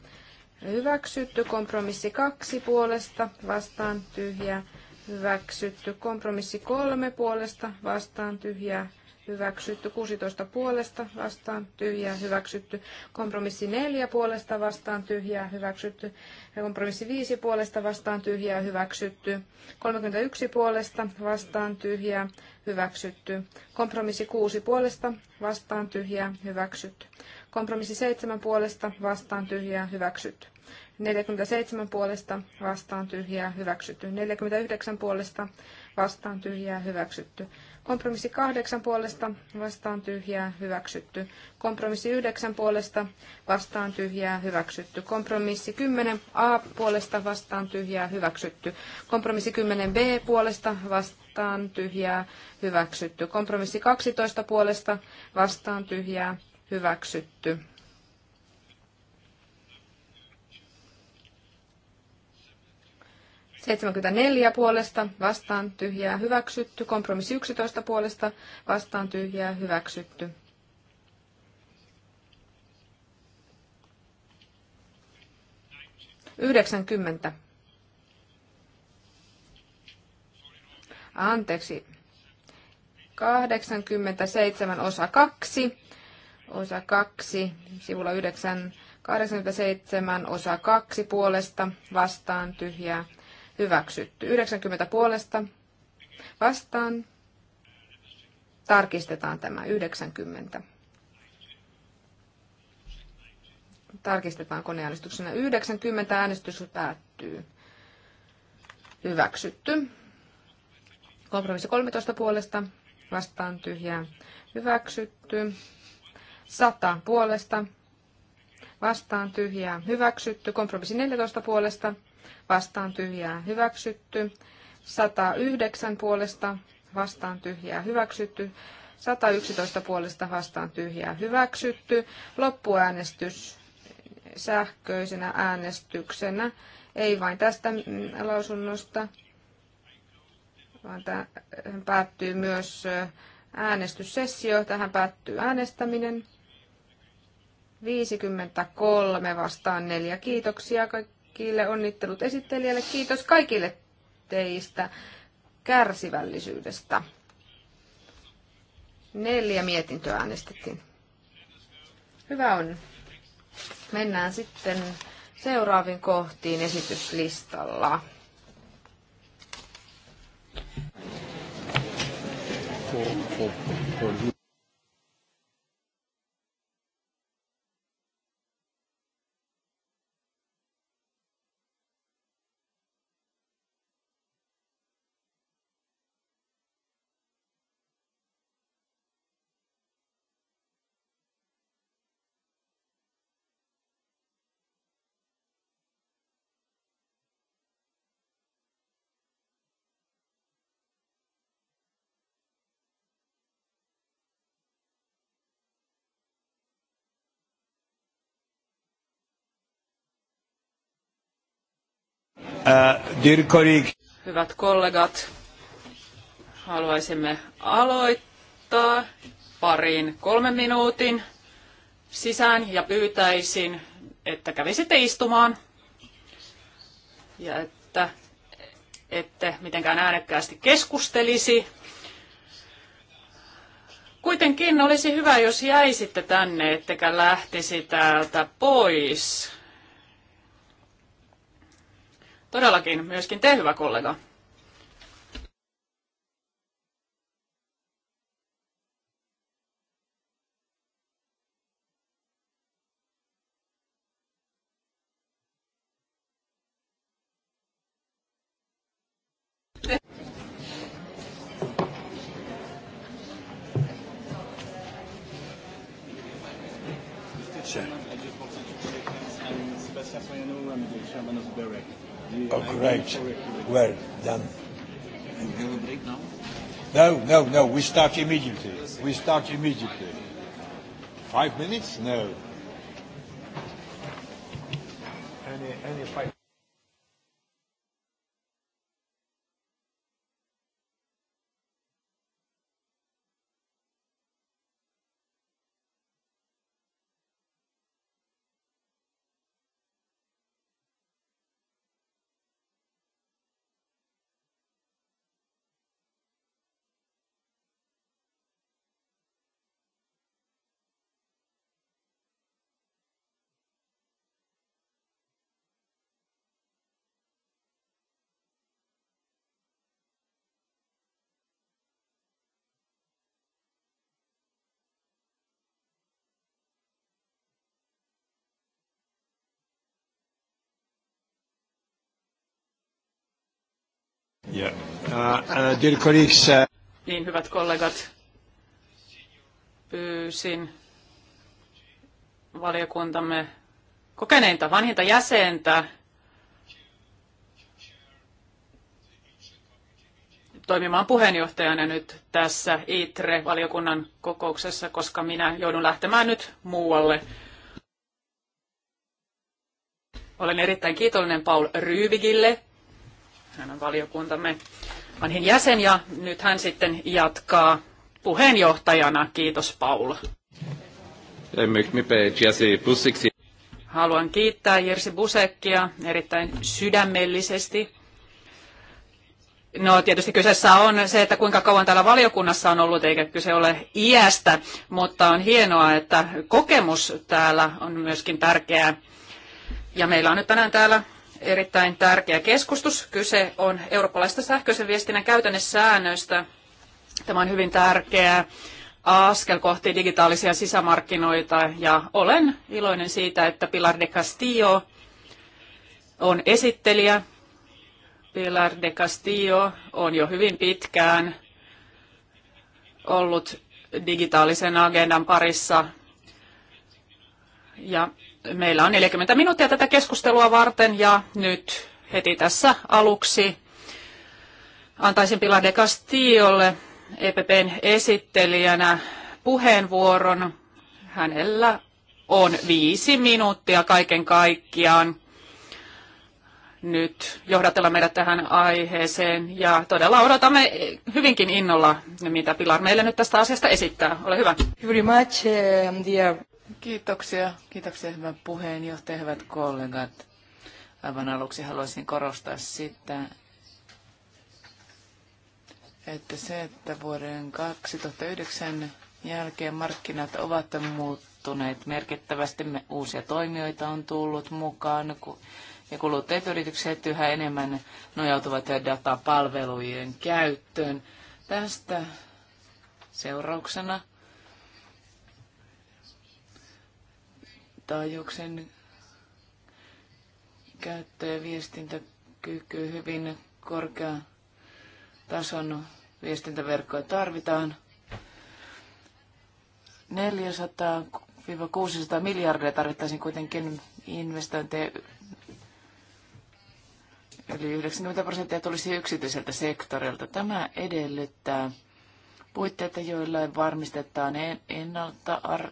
Hyväksytty. Kompromissi kaksi puolesta vastaan tyhjää. Hyväksytty. Kompromissi kolme puolesta vastaan tyhjää hyväksytty, 16 puolesta vastaan tyhjää, hyväksytty, kompromissi 4 puolesta vastaan tyhjää, hyväksytty, kompromissi 5 puolesta vastaan tyhjää, hyväksytty, 31 puolesta vastaan tyhjää, hyväksytty. Kompromissi 6 puolesta, vastaan tyhjää, hyväksytty. Kompromissi 7 puolesta, vastaan tyhjää, hyväksytty. 47 puolesta, vastaan tyhjää, hyväksytty. 49 puolesta, vastaan tyhjää, hyväksytty. Kompromissi kahdeksan puolesta vastaan tyhjää hyväksytty. Kompromissi yhdeksän puolesta vastaan tyhjää hyväksytty. Kompromissi 10 A puolesta vastaan tyhjää hyväksytty. Kompromissi 10 B puolesta vastaan tyhjää hyväksytty. Kompromissi 12 puolesta vastaan tyhjää hyväksytty. 74 puolesta vastaan tyhjää hyväksytty. Kompromissi 11 puolesta vastaan tyhjää hyväksytty. Yhdeksänkymmentä. Anteeksi. 87 osa 2. Osa 2, sivulla 9. 87 osa 2 puolesta vastaan tyhjää hyväksytty. 90 puolesta vastaan. Tarkistetaan tämä 90. Tarkistetaan koneäänestyksenä 90. Äänestys päättyy. Hyväksytty. Kompromissi 13 puolesta vastaan tyhjää. Hyväksytty. 100 puolesta vastaan tyhjää. Hyväksytty. Kompromissi 14 puolesta vastaan tyhjää hyväksytty. 109 puolesta vastaan tyhjää hyväksytty. 111 puolesta vastaan tyhjää hyväksytty. Loppuäänestys sähköisenä äänestyksenä, ei vain tästä lausunnosta, vaan tähän päättyy myös äänestyssessio. Tähän päättyy äänestäminen. 53 vastaan 4. Kiitoksia kaikki kaikille, onnittelut esittelijälle, kiitos kaikille teistä kärsivällisyydestä. Neljä mietintöä äänestettiin. Hyvä on. Mennään sitten seuraaviin kohtiin esityslistalla. For, for, Äh, Hyvät kollegat, haluaisimme aloittaa parin kolmen minuutin sisään ja pyytäisin, että kävisitte istumaan ja että ette mitenkään äänekkäästi keskustelisi. Kuitenkin olisi hyvä, jos jäisitte tänne, ettekä lähtisi täältä pois Todellakin, myöskin te, hyvä kollega. No, no, we start immediately. We start immediately. Five minutes? No. Any, any five Yeah. Uh, uh, uh, niin, hyvät kollegat, pyysin valiokuntamme kokeneinta vanhinta jäsentä toimimaan puheenjohtajana nyt tässä ITRE-valiokunnan kokouksessa, koska minä joudun lähtemään nyt muualle. Olen erittäin kiitollinen Paul Ryyvigille hän on valiokuntamme vanhin jäsen ja nyt hän sitten jatkaa puheenjohtajana. Kiitos Paul. Haluan kiittää Jirsi Busekkia erittäin sydämellisesti. No tietysti kyseessä on se, että kuinka kauan täällä valiokunnassa on ollut, eikä kyse ole iästä, mutta on hienoa, että kokemus täällä on myöskin tärkeää. Ja meillä on nyt tänään täällä erittäin tärkeä keskustus. Kyse on eurooppalaista sähköisen viestinnän säännöistä. Tämä on hyvin tärkeä askel kohti digitaalisia sisämarkkinoita ja olen iloinen siitä, että Pilar de Castillo on esittelijä. Pilar de Castillo on jo hyvin pitkään ollut digitaalisen agendan parissa ja meillä on 40 minuuttia tätä keskustelua varten ja nyt heti tässä aluksi antaisin Pilar de Castillolle EPPn esittelijänä puheenvuoron. Hänellä on viisi minuuttia kaiken kaikkiaan nyt johdatella meidät tähän aiheeseen. Ja todella odotamme hyvinkin innolla, mitä Pilar meille nyt tästä asiasta esittää. Ole hyvä. Very much, eh, dear. Kiitoksia, kiitoksia hyvä puheenjohtaja, hyvät kollegat. Aivan aluksi haluaisin korostaa sitä, että se, että vuoden 2009 jälkeen markkinat ovat muuttuneet merkittävästi. Uusia toimijoita on tullut mukaan ja kuluttajat yritykset yhä enemmän nojautuvat datapalvelujen käyttöön. Tästä seurauksena taajuuksen käyttö- ja viestintäkyky hyvin korkea tason viestintäverkkoja tarvitaan. 400-600 miljardia tarvittaisiin kuitenkin investointeja. Eli 90 prosenttia tulisi yksityiseltä sektorilta. Tämä edellyttää puitteita, joilla varmistetaan ennalta ar-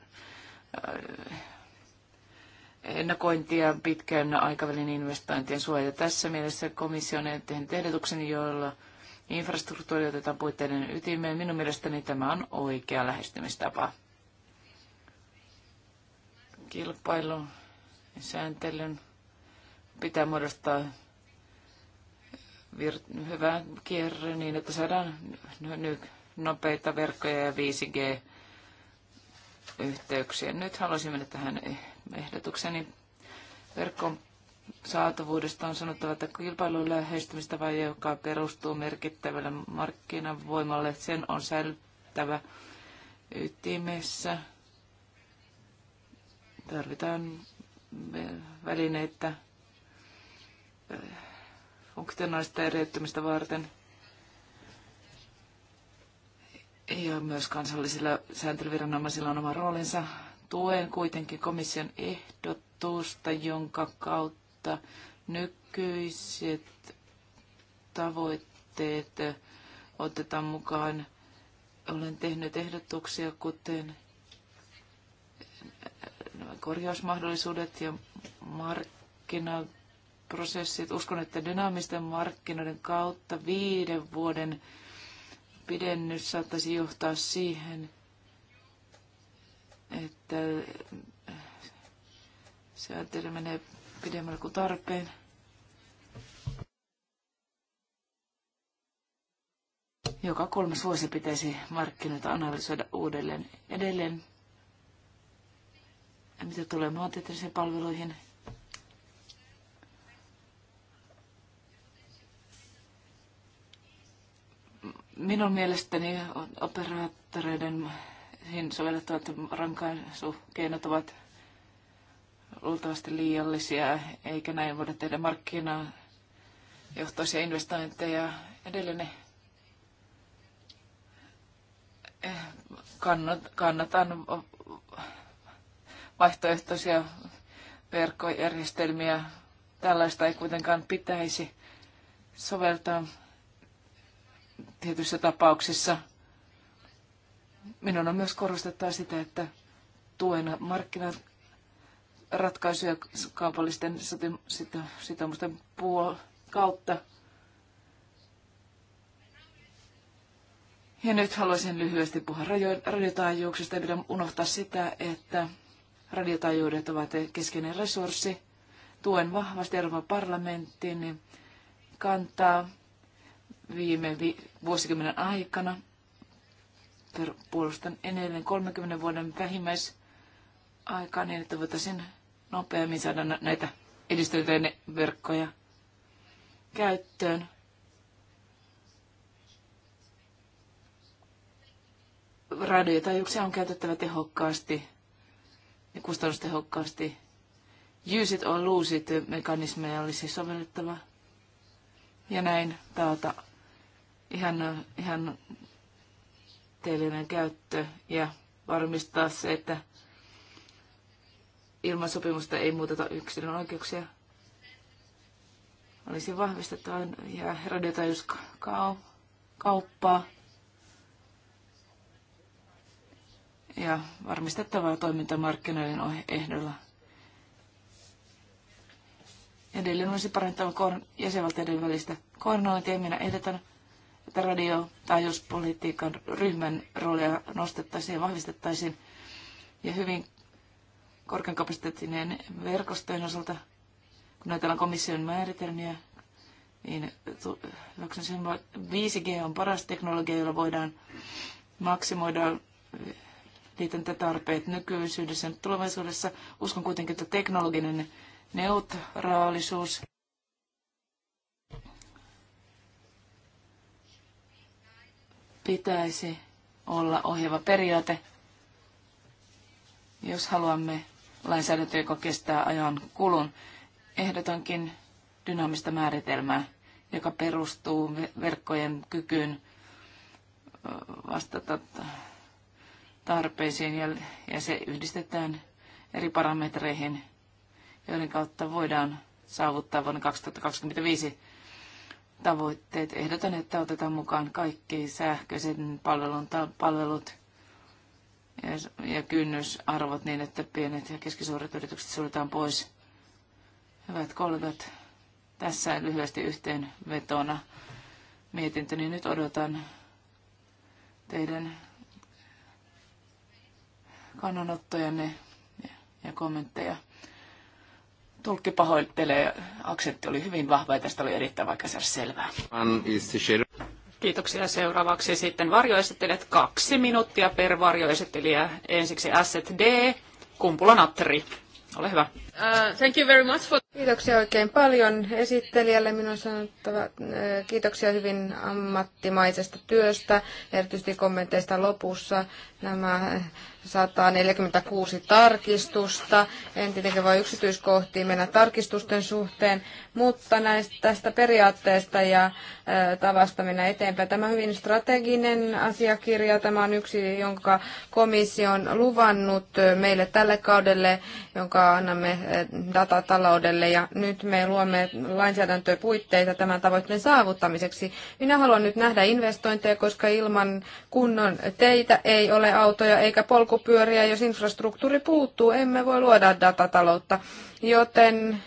ennakointia pitkän aikavälin investointien suoja. Tässä mielessä komissio on tehnyt ehdotuksen, jolla infrastruktuuri otetaan puitteiden ytimeen. Minun mielestäni tämä on oikea lähestymistapa. Kilpailun ja sääntelyn pitää muodostaa vir- hyvä kierre niin, että saadaan nopeita verkkoja ja 5G-yhteyksiä. Nyt haluaisin mennä tähän ehdotukseni verkon saatavuudesta on sanottava, että kilpailun lähestymistapa, joka perustuu merkittävälle markkinavoimalle, sen on säilyttävä ytimessä. Tarvitaan välineitä eh, funktionaalista eriyttämistä varten. Ja myös kansallisilla sääntelyviranomaisilla on oma roolinsa Tuen kuitenkin komission ehdotusta, jonka kautta nykyiset tavoitteet otetaan mukaan. Olen tehnyt ehdotuksia, kuten eh, korjausmahdollisuudet ja markkinaprosessit. Uskon, että dynaamisten markkinoiden kautta viiden vuoden pidennys saattaisi johtaa siihen, että äh, säätely menee pidemmälle kuin tarpeen. Joka kolmas vuosi pitäisi markkinoita analysoida uudelleen edelleen. Ja mitä tulee maantieteellisiin palveluihin, minun mielestäni operaattoreiden Siihen sovellettavat rankaisukeinot ovat luultavasti liiallisia, eikä näin voida tehdä markkinajohtoisia investointeja. Edellinen eh, kannatan vaihtoehtoisia verkkojärjestelmiä. Tällaista ei kuitenkaan pitäisi soveltaa tietyissä tapauksissa – Minun on myös korostettava sitä, että tuen markkinat ratkaisuja kaupallisten sitoumusten puol- kautta. Ja nyt haluaisin lyhyesti puhua radio- radiotaajuuksista. Ei pidä unohtaa sitä, että radiotaajuudet ovat keskeinen resurssi. Tuen vahvasti Euroopan parlamenttiin kantaa viime vi- vuosikymmenen aikana puolustan edelleen 30 vuoden vähimmäisaikaa niin, että voitaisiin nopeammin saada näitä edistetyitä verkkoja käyttöön. Radiotajuuksia on käytettävä tehokkaasti ja kustannustehokkaasti. Use it or lose it mekanismeja olisi sovellettava. Ja näin taata ihan, ihan tieteellinen käyttö ja varmistaa se, että ilman sopimusta ei muuteta yksilön oikeuksia. Olisi vahvistettava ja kauppaa. ja varmistettavaa toimintamarkkinoiden ehdolla. Edelleen olisi parantava jäsenvaltioiden välistä koordinointia. Minä ehdotan että politiikan ryhmän roolia nostettaisiin ja vahvistettaisiin. Ja hyvin korkean kapasiteettinen verkostojen osalta, kun ajatellaan komission määritelmiä, niin sen, 5G on paras teknologia, jolla voidaan maksimoida liitäntätarpeet nykyisyydessä ja tulevaisuudessa. Uskon kuitenkin, että teknologinen neutraalisuus pitäisi olla ohjeva periaate, jos haluamme lainsäädäntö, joka kestää ajan kulun. Ehdotankin dynaamista määritelmää, joka perustuu verkkojen kykyyn vastata tarpeisiin ja, ja se yhdistetään eri parametreihin, joiden kautta voidaan saavuttaa vuonna 2025 tavoitteet. Ehdotan, että otetaan mukaan kaikki sähköiset palvelun, palvelut ja, ja kynnysarvot niin, että pienet ja keskisuuret yritykset suljetaan pois. Hyvät kollegat, tässä lyhyesti yhteenvetona mietintöni. Niin nyt odotan teidän kannanottojanne ja kommentteja. Tulkki pahoittelee, aksentti oli hyvin vahva ja tästä oli erittäin vaikea saada selvää. Kiitoksia. Seuraavaksi sitten varjoesittelijät. Kaksi minuuttia per varjoesittelijä. Ensiksi D, Kumpula Natteri. Ole hyvä. Uh, thank you very much for... Kiitoksia oikein paljon esittelijälle. Minun on sanottava äh, kiitoksia hyvin ammattimaisesta työstä, erityisesti kommenteista lopussa. Nämä 146 tarkistusta. En tietenkään voi yksityiskohtiin mennä tarkistusten suhteen, mutta näistä, tästä periaatteesta ja tavasta mennä eteenpäin. Tämä on hyvin strateginen asiakirja. Tämä on yksi, jonka komissio on luvannut meille tälle kaudelle, jonka annamme datataloudelle. Ja nyt me luomme puitteita tämän tavoitteen saavuttamiseksi. Minä haluan nyt nähdä investointeja, koska ilman kunnon teitä ei ole autoja eikä polku polkupyöriä, jos infrastruktuuri puuttuu. Emme voi luoda datataloutta, joten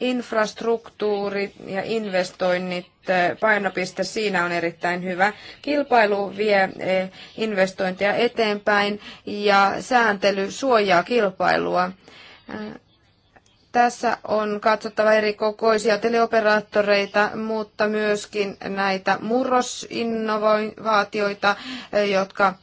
infrastruktuuri ja investoinnit, painopiste siinä on erittäin hyvä. Kilpailu vie eh, investointia eteenpäin ja sääntely suojaa kilpailua. Eh, tässä on katsottava eri kokoisia teleoperaattoreita, mutta myöskin näitä murrosinnovaatioita, eh, jotka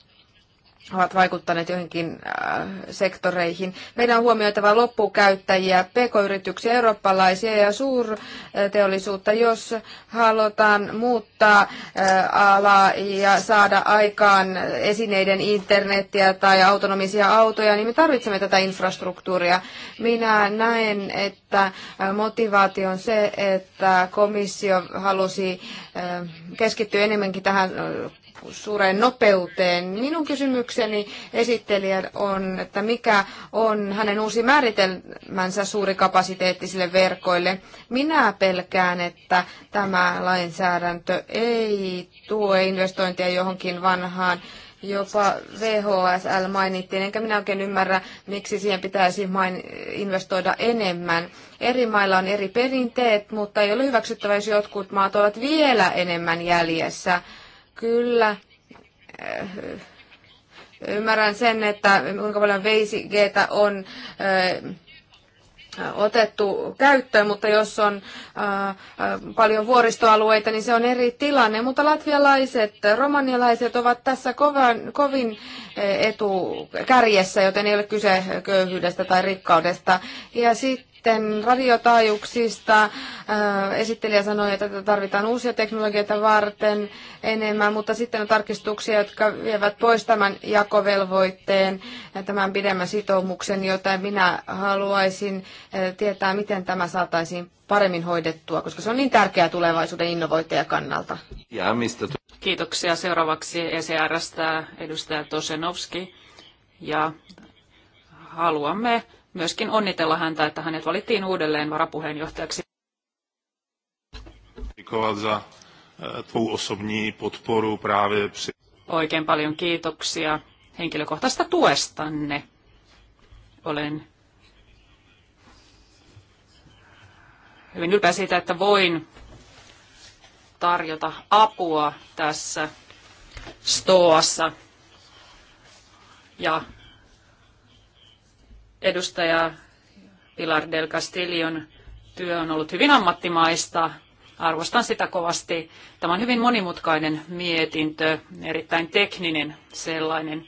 ovat vaikuttaneet joihinkin äh, sektoreihin. Meidän on huomioitava loppukäyttäjiä, pk-yrityksiä, eurooppalaisia ja suurteollisuutta, jos halutaan muuttaa äh, alaa ja saada aikaan esineiden internettiä tai autonomisia autoja, niin me tarvitsemme tätä infrastruktuuria. Minä näen, että äh, motivaatio on se, että komissio halusi keskittyä enemmänkin tähän suureen nopeuteen. Minun kysymykseni esittelijä on, että mikä on hänen uusi määritelmänsä suuri kapasiteetti sille verkoille. Minä pelkään, että tämä lainsäädäntö ei tue investointia johonkin vanhaan. Jopa VHSL mainittiin, enkä minä oikein ymmärrä, miksi siihen pitäisi investoida enemmän. Eri mailla on eri perinteet, mutta ei ole hyväksyttävä, jos jotkut maat ovat vielä enemmän jäljessä Kyllä. Äh, ymmärrän sen, että kuinka paljon 5G on äh, otettu käyttöön, mutta jos on äh, paljon vuoristoalueita, niin se on eri tilanne. Mutta latvialaiset, romanialaiset ovat tässä kovan, kovin etukärjessä, joten ei ole kyse köyhyydestä tai rikkaudesta. Ja sitten sitten radiotaajuuksista äh, esittelijä sanoi, että tarvitaan uusia teknologioita varten enemmän, mutta sitten on tarkistuksia, jotka vievät pois tämän jakovelvoitteen, tämän pidemmän sitoumuksen, jota minä haluaisin äh, tietää, miten tämä saataisiin paremmin hoidettua, koska se on niin tärkeää tulevaisuuden innovoittajan kannalta. Ja mistä Kiitoksia. Seuraavaksi ECRstä edustaja Tosenovski. Ja haluamme myöskin onnitella häntä, että hänet valittiin uudelleen varapuheenjohtajaksi. Za eh, právě při... Oikein paljon kiitoksia henkilökohtaista tuestanne. Olen hyvin ylpeä siitä, että voin tarjota apua tässä stoassa ja edustaja Pilar del Castillon työ on ollut hyvin ammattimaista. Arvostan sitä kovasti. Tämä on hyvin monimutkainen mietintö, erittäin tekninen sellainen.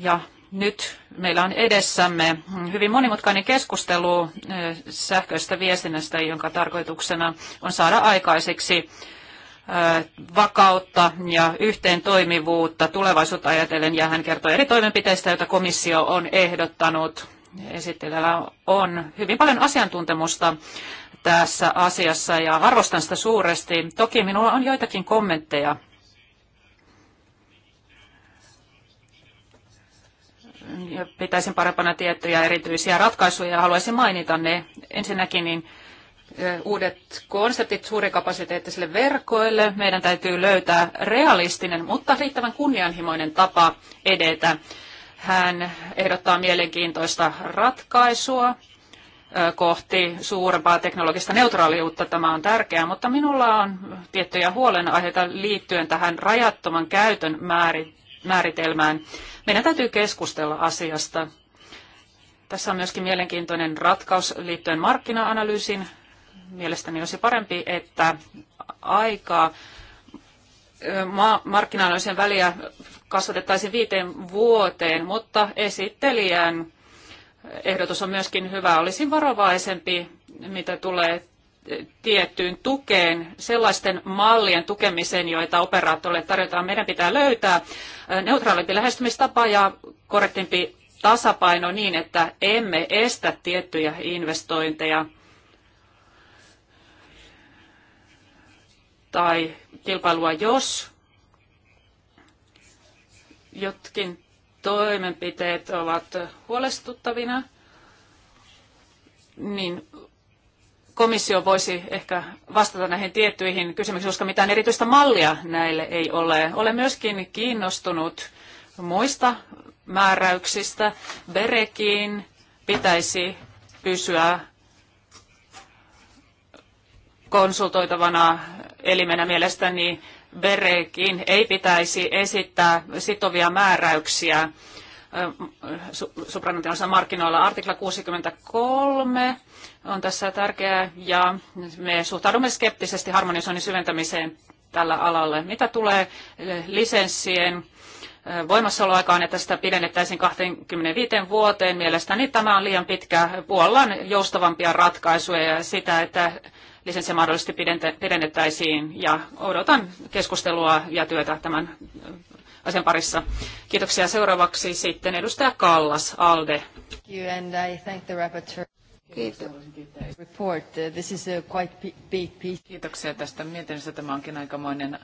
Ja nyt meillä on edessämme hyvin monimutkainen keskustelu sähköistä viestinnästä, jonka tarkoituksena on saada aikaiseksi vakautta ja yhteen toimivuutta tulevaisuutta ajatellen, ja hän kertoi eri toimenpiteistä, joita komissio on ehdottanut. Esittelijällä on hyvin paljon asiantuntemusta tässä asiassa, ja arvostan sitä suuresti. Toki minulla on joitakin kommentteja pitäisin parempana tiettyjä erityisiä ratkaisuja ja haluaisin mainita ne. Ensinnäkin niin uudet konseptit suurikapasiteettisille verkoille. Meidän täytyy löytää realistinen, mutta riittävän kunnianhimoinen tapa edetä. Hän ehdottaa mielenkiintoista ratkaisua kohti suurempaa teknologista neutraaliutta. Tämä on tärkeää, mutta minulla on tiettyjä huolenaiheita liittyen tähän rajattoman käytön määritelmään. Meidän täytyy keskustella asiasta. Tässä on myöskin mielenkiintoinen ratkaus liittyen markkina-analyysin mielestäni olisi parempi, että aikaa markkinaanalyysin väliä kasvatettaisiin viiteen vuoteen, mutta esittelijän ehdotus on myöskin hyvä. Olisi varovaisempi, mitä tulee tiettyyn tukeen, sellaisten mallien tukemiseen, joita operaattoreille tarjotaan. Meidän pitää löytää neutraalimpi lähestymistapa ja korrektimpi tasapaino niin, että emme estä tiettyjä investointeja tai kilpailua, jos jotkin toimenpiteet ovat huolestuttavina, niin komissio voisi ehkä vastata näihin tiettyihin kysymyksiin, koska mitään erityistä mallia näille ei ole. Olen myöskin kiinnostunut muista määräyksistä. Berekin pitäisi pysyä konsultoitavana elimenä mielestäni Berekin ei pitäisi esittää sitovia määräyksiä supranationaalisilla markkinoilla. Artikla 63 on tässä tärkeä, ja me suhtaudumme skeptisesti harmonisoinnin syventämiseen tällä alalla. Mitä tulee lisenssien voimassaoloaikaan, että sitä pidennettäisiin 25 vuoteen, mielestäni tämä on liian pitkä. Puollan joustavampia ratkaisuja ja sitä, että lisenssiä mahdollisesti pidennettäisiin ja odotan keskustelua ja työtä tämän asian parissa. Kiitoksia seuraavaksi sitten edustaja Kallas, ALDE. Kiitos. Uh, Kiitoksia tästä mietinnöstä. Tämä onkin aikamoinen äh,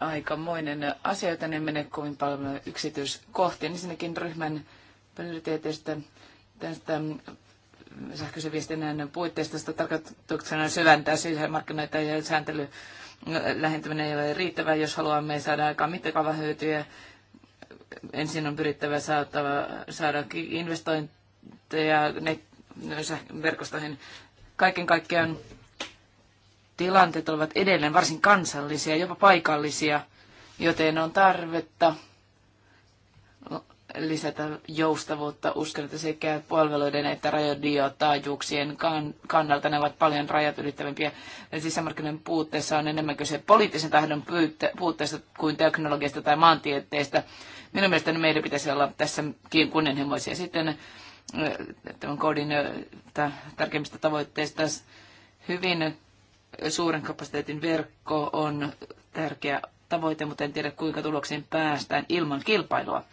aikamoinen asia, joten en mene kovin paljon yksityiskohtiin. Ensinnäkin ryhmän prioriteeteista tästä sähköisen viestinnän puitteista tarkoituksena syventää sisämarkkinoita ja sääntely no, lähentäminen ei ole riittävää, jos haluamme saada aikaan mittakaavan hyötyjä. Ensin on pyrittävä saattava saada investointeja net, no, verkostoihin. Kaiken kaikkiaan tilanteet ovat edelleen varsin kansallisia, jopa paikallisia, joten on tarvetta lisätä joustavuutta. Uskon, että sekä palveluiden että kan- kannalta ne ovat paljon rajat ylittävimpiä. Sisämarkkinoiden puutteessa on enemmän kyse poliittisen tahdon puutteesta kuin teknologiasta tai maantieteestä. Minun mielestäni meidän pitäisi olla tässä kunnianhimoisia. Sitten eh, tämän koodin eh, tärkeimmistä tavoitteista hyvin suuren kapasiteetin verkko on tärkeä tavoite, mutta en tiedä kuinka tuloksiin päästään ilman kilpailua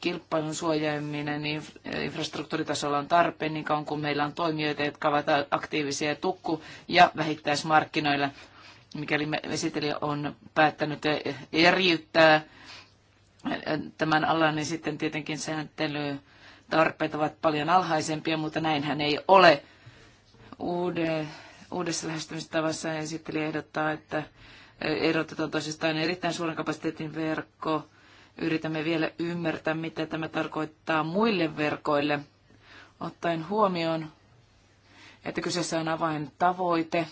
kilpailun suojaaminen infrastruktuuritasolla on tarpeen niin kauan kuin meillä on toimijoita, jotka ovat aktiivisia tukku- ja vähittäismarkkinoilla. Mikäli esittelijä on päättänyt eriyttää tämän alan, niin sitten tietenkin sääntelytarpeet ovat paljon alhaisempia, mutta näinhän ei ole. Uudessa lähestymistavassa esittelijä ehdottaa, että erotetaan toisistaan erittäin suuren kapasiteetin verkko Yritämme vielä ymmärtää, mitä tämä tarkoittaa muille verkoille, ottaen huomioon, että kyseessä on avain tavoite,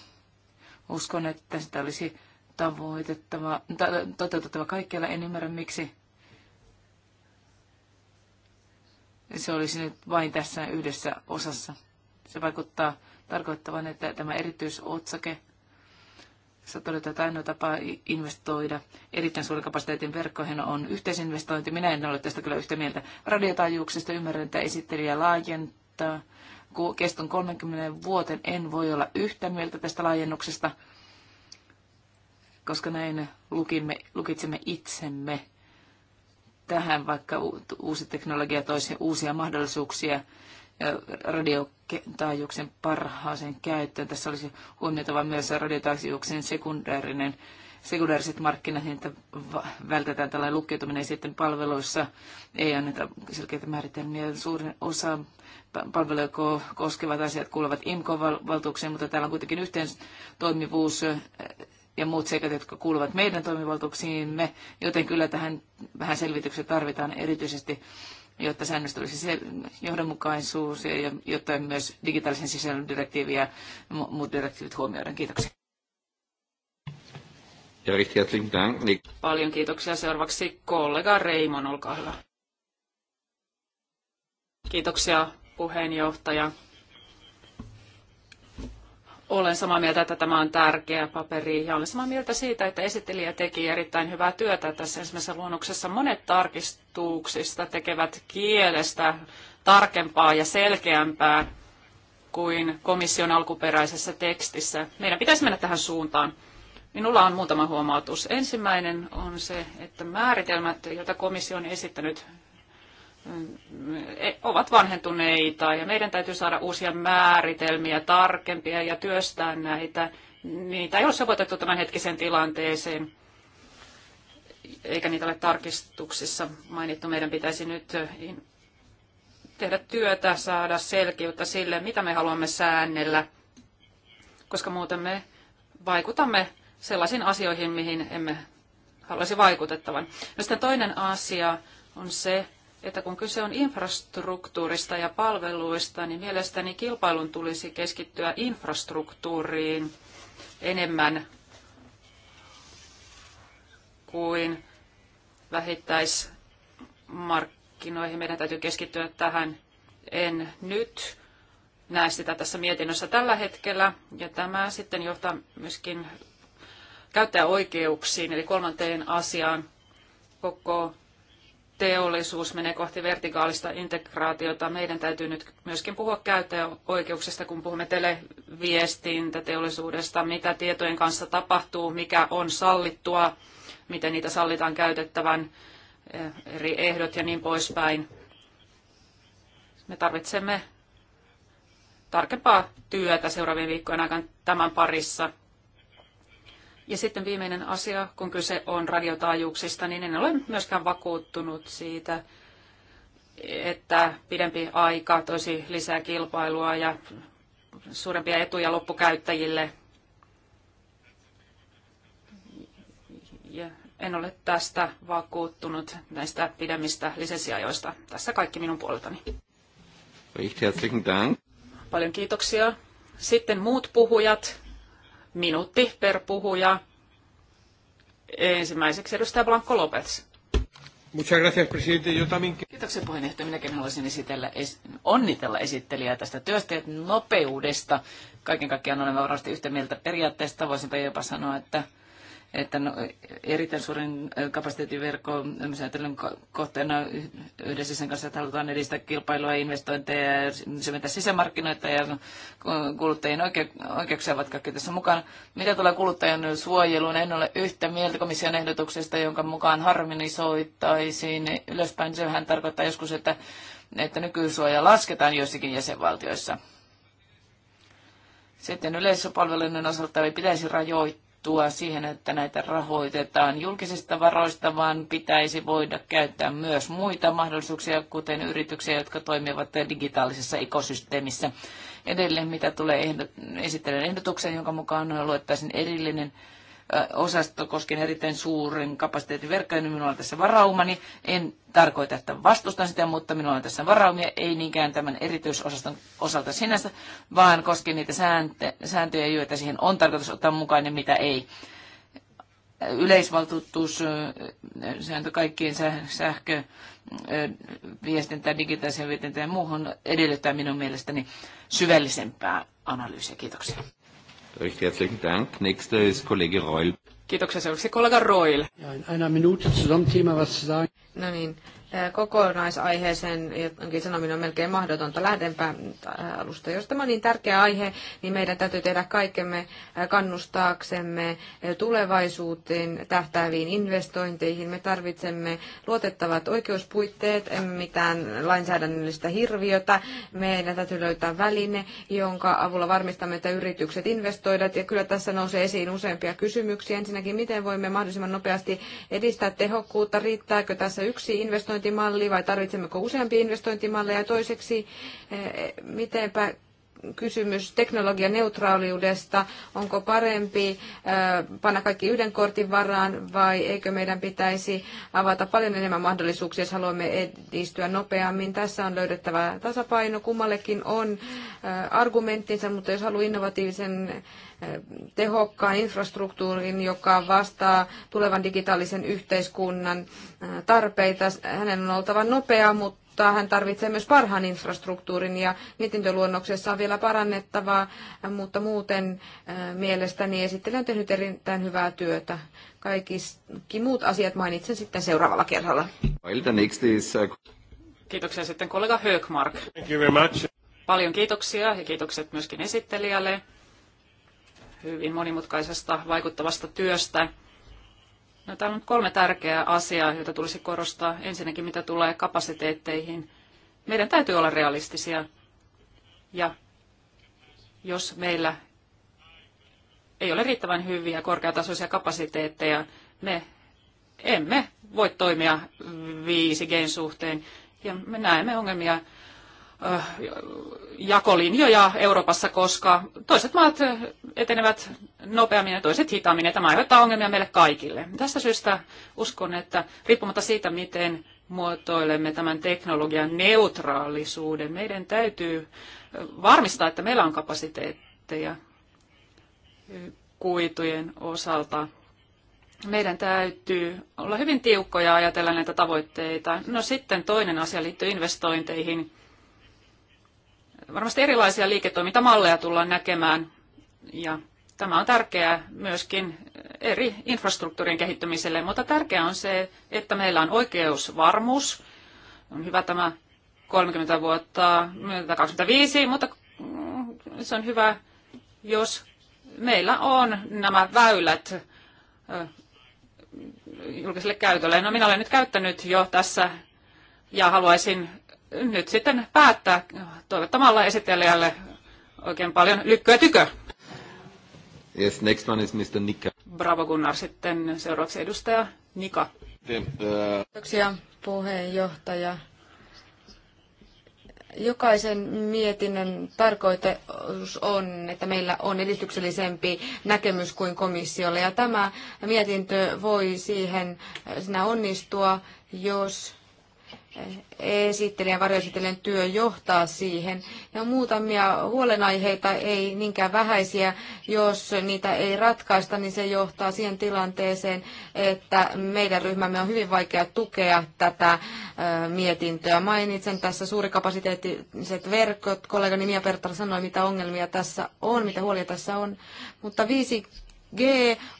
Uskon, että sitä olisi tavoitettava, toteutettava kaikkialla. En ymmärrä, miksi se olisi nyt vain tässä yhdessä osassa. Se vaikuttaa tarkoittavan, että tämä erityisotsake Sä todetaan, että ainoa tapa investoida erittäin suuren kapasiteetin verkkoihin on yhteisinvestointi. Minä en ole tästä kyllä yhtä mieltä. Radiotaajuuksista ymmärrän, että esittelijä laajentaa. Keston 30 vuoten en voi olla yhtä mieltä tästä laajennuksesta, koska näin lukimme, lukitsemme itsemme tähän, vaikka uusi teknologia toisi uusia mahdollisuuksia radiotaajuuksien parhaaseen käyttöön. Tässä olisi huomioitava myös radiotaajuuksien sekundäärinen sekundaariset markkinat, niin että vältetään tällainen lukkeutuminen sitten palveluissa. Ei anneta selkeitä määritelmiä. Suurin osa palveluja koskevat asiat kuuluvat IMCO-valtuuksiin, mutta täällä on kuitenkin yhteen toimivuus ja muut seikat, jotka kuuluvat meidän toimivaltuuksiimme, joten kyllä tähän vähän selvityksiä tarvitaan erityisesti jotta säännöstä olisi se johdonmukaisuus ja jotta myös digitaalisen sisällön direktiivi ja muut direktiivit huomioidaan. Kiitoksia. Ja Paljon kiitoksia. Seuraavaksi kollega Reimon, olkaa hyvä. Kiitoksia puheenjohtaja. Olen samaa mieltä, että tämä on tärkeä paperi ja olen samaa mieltä siitä, että esittelijä teki erittäin hyvää työtä tässä ensimmäisessä luonnoksessa. Monet tarkistuksista tekevät kielestä tarkempaa ja selkeämpää kuin komission alkuperäisessä tekstissä. Meidän pitäisi mennä tähän suuntaan. Minulla on muutama huomautus. Ensimmäinen on se, että määritelmät, joita komissio on esittänyt, Mm, e, ovat vanhentuneita ja meidän täytyy saada uusia määritelmiä, tarkempia ja työstää näitä. Niitä ei ole tämän hetkisen tilanteeseen, eikä niitä ole tarkistuksissa mainittu. Meidän pitäisi nyt tehdä työtä, saada selkeyttä sille, mitä me haluamme säännellä, koska muuten me vaikutamme sellaisiin asioihin, mihin emme haluaisi vaikutettavan. No sitten toinen asia on se, että kun kyse on infrastruktuurista ja palveluista, niin mielestäni kilpailun tulisi keskittyä infrastruktuuriin enemmän kuin vähittäismarkkinoihin. Meidän täytyy keskittyä tähän. En nyt näe sitä tässä mietinnössä tällä hetkellä. Ja tämä sitten johtaa myöskin käyttäjäoikeuksiin, eli kolmanteen asiaan koko teollisuus menee kohti vertikaalista integraatiota. Meidän täytyy nyt myöskin puhua käyttäjäoikeuksista, kun puhumme televiestintäteollisuudesta, mitä tietojen kanssa tapahtuu, mikä on sallittua, miten niitä sallitaan käytettävän, eh, eri ehdot ja niin poispäin. Me tarvitsemme tarkempaa työtä seuraavien viikkojen aikana tämän parissa. Ja sitten viimeinen asia, kun kyse on radiotaajuuksista, niin en ole myöskään vakuuttunut siitä, että pidempi aika toisi lisää kilpailua ja suurempia etuja loppukäyttäjille. Ja en ole tästä vakuuttunut näistä pidemmistä lisenssiajoista. Tässä kaikki minun puoleltani. Paljon kiitoksia. Sitten muut puhujat. Minuutti per puhuja. Ensimmäiseksi edustaja Blanco Lopez. Muchas gracias, presidente. Yo también... Kiitoksia puheenjohtaja. Minäkin haluaisin esitellä, es, onnitella esittelijää tästä työstä ja nopeudesta. Kaiken kaikkiaan olemme varmasti yhtä mieltä periaatteesta. Voisinpa jopa sanoa, että että no, erittäin suurin kapasiteettiverkko säätelyn kohteena yhdessä sen kanssa, että halutaan edistää kilpailua, investointeja ja syventää sisämarkkinoita ja kuluttajien oikeuksia ovat kaikki tässä mukana. Mitä tulee kuluttajan suojeluun, en ole yhtä mieltä komission ehdotuksesta, jonka mukaan harmonisoitaisiin ylöspäin. Sehän tarkoittaa joskus, että, että nykysuoja lasketaan joissakin jäsenvaltioissa. Sitten yleisöpalvelujen osalta ei pitäisi rajoittaa sidottua siihen, että näitä rahoitetaan julkisista varoista, vaan pitäisi voida käyttää myös muita mahdollisuuksia, kuten yrityksiä, jotka toimivat digitaalisessa ekosysteemissä. Edelleen, mitä tulee ehdot, esittelen ehdotuksen, jonka mukaan luettaisiin erillinen osasto koskien erittäin suuren kapasiteetin verkkoja, niin minulla on tässä varaumani. En tarkoita, että vastustan sitä, mutta minulla on tässä varaumia, ei niinkään tämän erityisosaston osalta sinänsä, vaan koskien niitä sääntöjä, joita siihen on tarkoitus ottaa mukaan ja mitä ei yleisvaltuutus, sääntö kaikkien sähkö, viestintää, digitaaliseen viestintään ja muuhun edellyttää minun mielestäni syvällisempää analyysiä. Kiitoksia. Recht herzlichen Dank. Nächster ist Kollege Reul. Kiitoksia seuraavaksi kollega Roil. Aina minuutin zusammen Thema was sagen. No niin, Äh, kokonaisaiheeseen, jonkin sanominen on melkein mahdotonta. Lähdenpä äh, alusta. Jos tämä on niin tärkeä aihe, niin meidän täytyy tehdä kaikkemme äh, kannustaaksemme tulevaisuuteen tähtääviin investointeihin. Me tarvitsemme luotettavat oikeuspuitteet, emme mitään lainsäädännöllistä hirviötä. Meidän täytyy löytää väline, jonka avulla varmistamme, että yritykset investoivat. Ja kyllä tässä nousee esiin useampia kysymyksiä. Ensinnäkin, miten voimme mahdollisimman nopeasti edistää tehokkuutta? Riittääkö tässä yksi investointi? investointimalli vai tarvitsemmeko useampia investointimalleja? Toiseksi, eh, mitenpä kysymys teknologianeutraaliudesta. Onko parempi panna kaikki yhden kortin varaan vai eikö meidän pitäisi avata paljon enemmän mahdollisuuksia, jos haluamme edistyä nopeammin? Tässä on löydettävä tasapaino. Kummallekin on argumenttinsa, mutta jos haluaa innovatiivisen tehokkaan infrastruktuurin, joka vastaa tulevan digitaalisen yhteiskunnan tarpeita. Hänen on oltava nopea, mutta mutta hän tarvitsee myös parhaan infrastruktuurin ja mietintöluonnoksessa on vielä parannettavaa, mutta muuten mielestäni esittelijä on tehnyt erittäin hyvää työtä. Kaikki muut asiat mainitsen sitten seuraavalla kerralla. Kiitoksia sitten kollega Högmark. Thank you very much. Paljon kiitoksia ja kiitokset myöskin esittelijälle hyvin monimutkaisesta vaikuttavasta työstä. No, täällä on kolme tärkeää asiaa, joita tulisi korostaa. Ensinnäkin, mitä tulee kapasiteetteihin. Meidän täytyy olla realistisia. Ja jos meillä ei ole riittävän hyviä korkeatasoisia kapasiteetteja, me emme voi toimia 5Gn suhteen. Ja me näemme ongelmia Äh, jakolinjoja Euroopassa, koska toiset maat etenevät nopeammin ja toiset hitaammin, ja tämä aiheuttaa ongelmia meille kaikille. Tästä syystä uskon, että riippumatta siitä, miten muotoilemme tämän teknologian neutraalisuuden, meidän täytyy äh, varmistaa, että meillä on kapasiteetteja äh, kuitujen osalta. Meidän täytyy olla hyvin tiukkoja ajatella näitä tavoitteita. No sitten toinen asia liittyy investointeihin varmasti erilaisia liiketoimintamalleja tullaan näkemään ja tämä on tärkeää myöskin eri infrastruktuurien kehittymiselle, mutta tärkeää on se, että meillä on oikeusvarmuus. On hyvä tämä 30 vuotta, 25, mutta se on hyvä, jos meillä on nämä väylät julkiselle käytölle. No minä olen nyt käyttänyt jo tässä ja haluaisin nyt sitten päättää toivottamalla esittelijälle oikein paljon lykkyä tykö. Yes, next one is Mr. Nika. Bravo Gunnar. Sitten seuraavaksi edustaja Nika. Kiitoksia puheenjohtaja. Jokaisen mietinnön tarkoitus on, että meillä on edistyksellisempi näkemys kuin komissiolle. Ja tämä mietintö voi siihen sinä onnistua, jos esittelijän, varjoesittelijän työ johtaa siihen. Ja muutamia huolenaiheita, ei niinkään vähäisiä, jos niitä ei ratkaista, niin se johtaa siihen tilanteeseen, että meidän ryhmämme on hyvin vaikea tukea tätä mietintöä. Mainitsen tässä suurikapasiteettiset verkot, kollegani Mia Pertala sanoi, mitä ongelmia tässä on, mitä huolia tässä on, mutta viisi G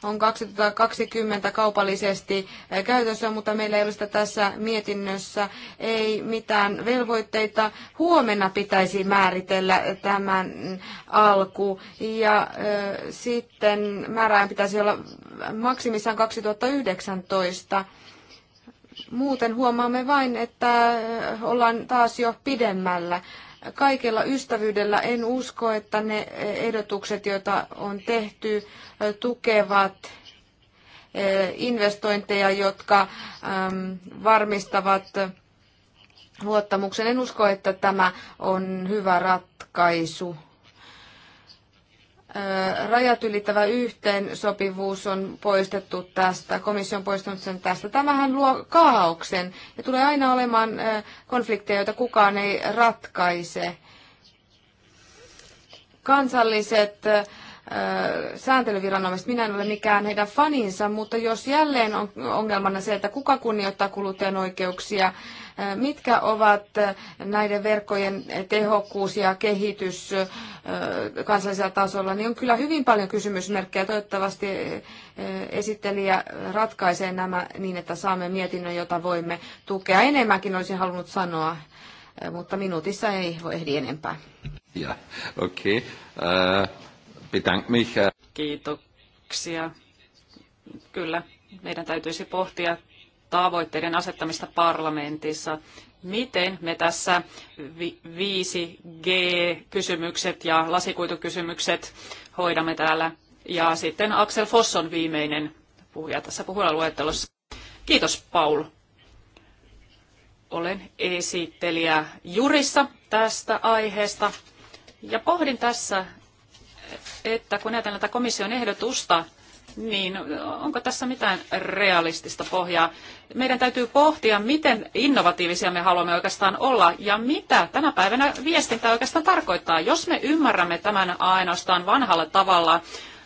on 2020 kaupallisesti eh, käytössä, mutta meillä ei ole sitä tässä mietinnössä. Ei mitään velvoitteita. Huomenna pitäisi määritellä eh, tämän mm, alku. Ja äh, sitten määrään pitäisi olla maksimissaan 2019. Muuten huomaamme vain, että ollaan taas jo pidemmällä kaikella ystävyydellä en usko, että ne ehdotukset, joita on tehty, tukevat e, investointeja, jotka varmistavat luottamuksen. En usko, että tämä on hyvä ratkaisu rajat ylittävä yhteensopivuus on poistettu tästä, komissio on poistanut sen tästä. Tämähän luo kaauksen ja tulee aina olemaan konflikteja, joita kukaan ei ratkaise. Kansalliset sääntelyviranomaiset, minä en ole mikään heidän faninsa, mutta jos jälleen on ongelmana se, että kuka kunnioittaa kuluttajan oikeuksia, Mitkä ovat näiden verkkojen tehokkuus ja kehitys kansallisella tasolla, niin on kyllä hyvin paljon kysymysmerkkejä. Toivottavasti esittelijä ratkaisee nämä niin, että saamme mietinnön, jota voimme tukea. Enemmänkin olisin halunnut sanoa, mutta minuutissa ei voi ehdi enempää. Ja, okei. Okay. Uh, bedank mich. Kiitoksia. Kyllä, meidän täytyisi pohtia tavoitteiden asettamista parlamentissa. Miten me tässä 5G-kysymykset ja lasikuitukysymykset hoidamme täällä? Ja sitten Axel Fosson viimeinen puhuja tässä puhujaluettelossa. Kiitos Paul. Olen esittelijä Jurissa tästä aiheesta. Ja pohdin tässä, että kun näytän tätä komission ehdotusta, niin, onko tässä mitään realistista pohjaa? Meidän täytyy pohtia, miten innovatiivisia me haluamme oikeastaan olla ja mitä tänä päivänä viestintä oikeastaan tarkoittaa. Jos me ymmärrämme tämän ainoastaan vanhalla tavalla,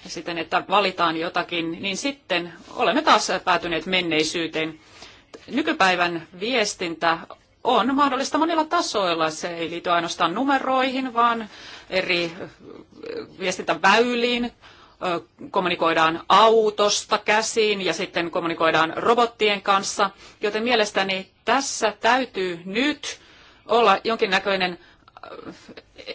siten että valitaan jotakin, niin sitten olemme taas päätyneet menneisyyteen. Nykypäivän viestintä on mahdollista monilla tasoilla. Se ei liity ainoastaan numeroihin, vaan eri viestintäväyliin, kommunikoidaan autosta käsiin ja sitten kommunikoidaan robottien kanssa, joten mielestäni tässä täytyy nyt olla jonkinnäköinen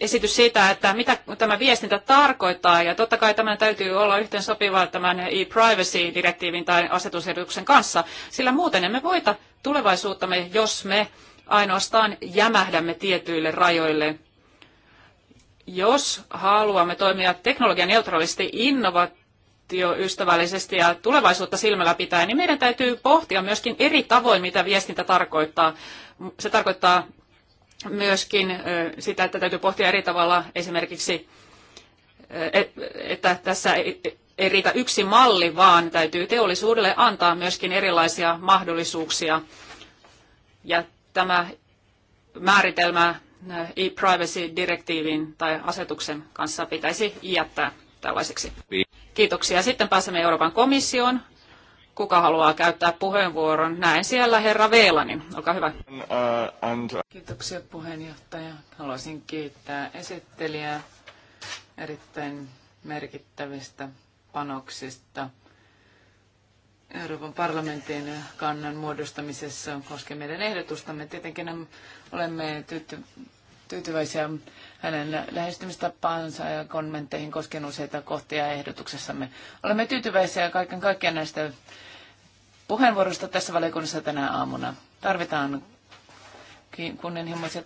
esitys siitä, että mitä tämä viestintä tarkoittaa, ja totta kai tämän täytyy olla yhteen sopivaa tämän e-privacy-direktiivin tai asetusehdotuksen kanssa, sillä muuten emme voita tulevaisuuttamme, jos me ainoastaan jämähdämme tietyille rajoille jos haluamme toimia teknologianeutraalisti, innovaatioystävällisesti ja tulevaisuutta silmällä pitää, niin meidän täytyy pohtia myöskin eri tavoin, mitä viestintä tarkoittaa. Se tarkoittaa myöskin sitä, että täytyy pohtia eri tavalla esimerkiksi, että tässä ei riitä yksi malli, vaan täytyy teollisuudelle antaa myöskin erilaisia mahdollisuuksia. Ja tämä määritelmä e-privacy-direktiivin tai asetuksen kanssa pitäisi jättää tällaiseksi. Kiitoksia. Sitten pääsemme Euroopan komissioon. Kuka haluaa käyttää puheenvuoron? Näen siellä herra Veelanin. Olkaa hyvä. Kiitoksia puheenjohtaja. Haluaisin kiittää esittelijää erittäin merkittävistä panoksista Euroopan parlamentin kannan muodostamisessa koskien meidän ehdotustamme. Tietenkin olemme tyyty, tyytyväisiä hänen lähestymistapaansa ja kommentteihin koskien useita kohtia ehdotuksessamme. Olemme tyytyväisiä kaiken kaikkiaan näistä puheenvuoroista tässä valiokunnassa tänä aamuna. Tarvitaan kunnianhimoisia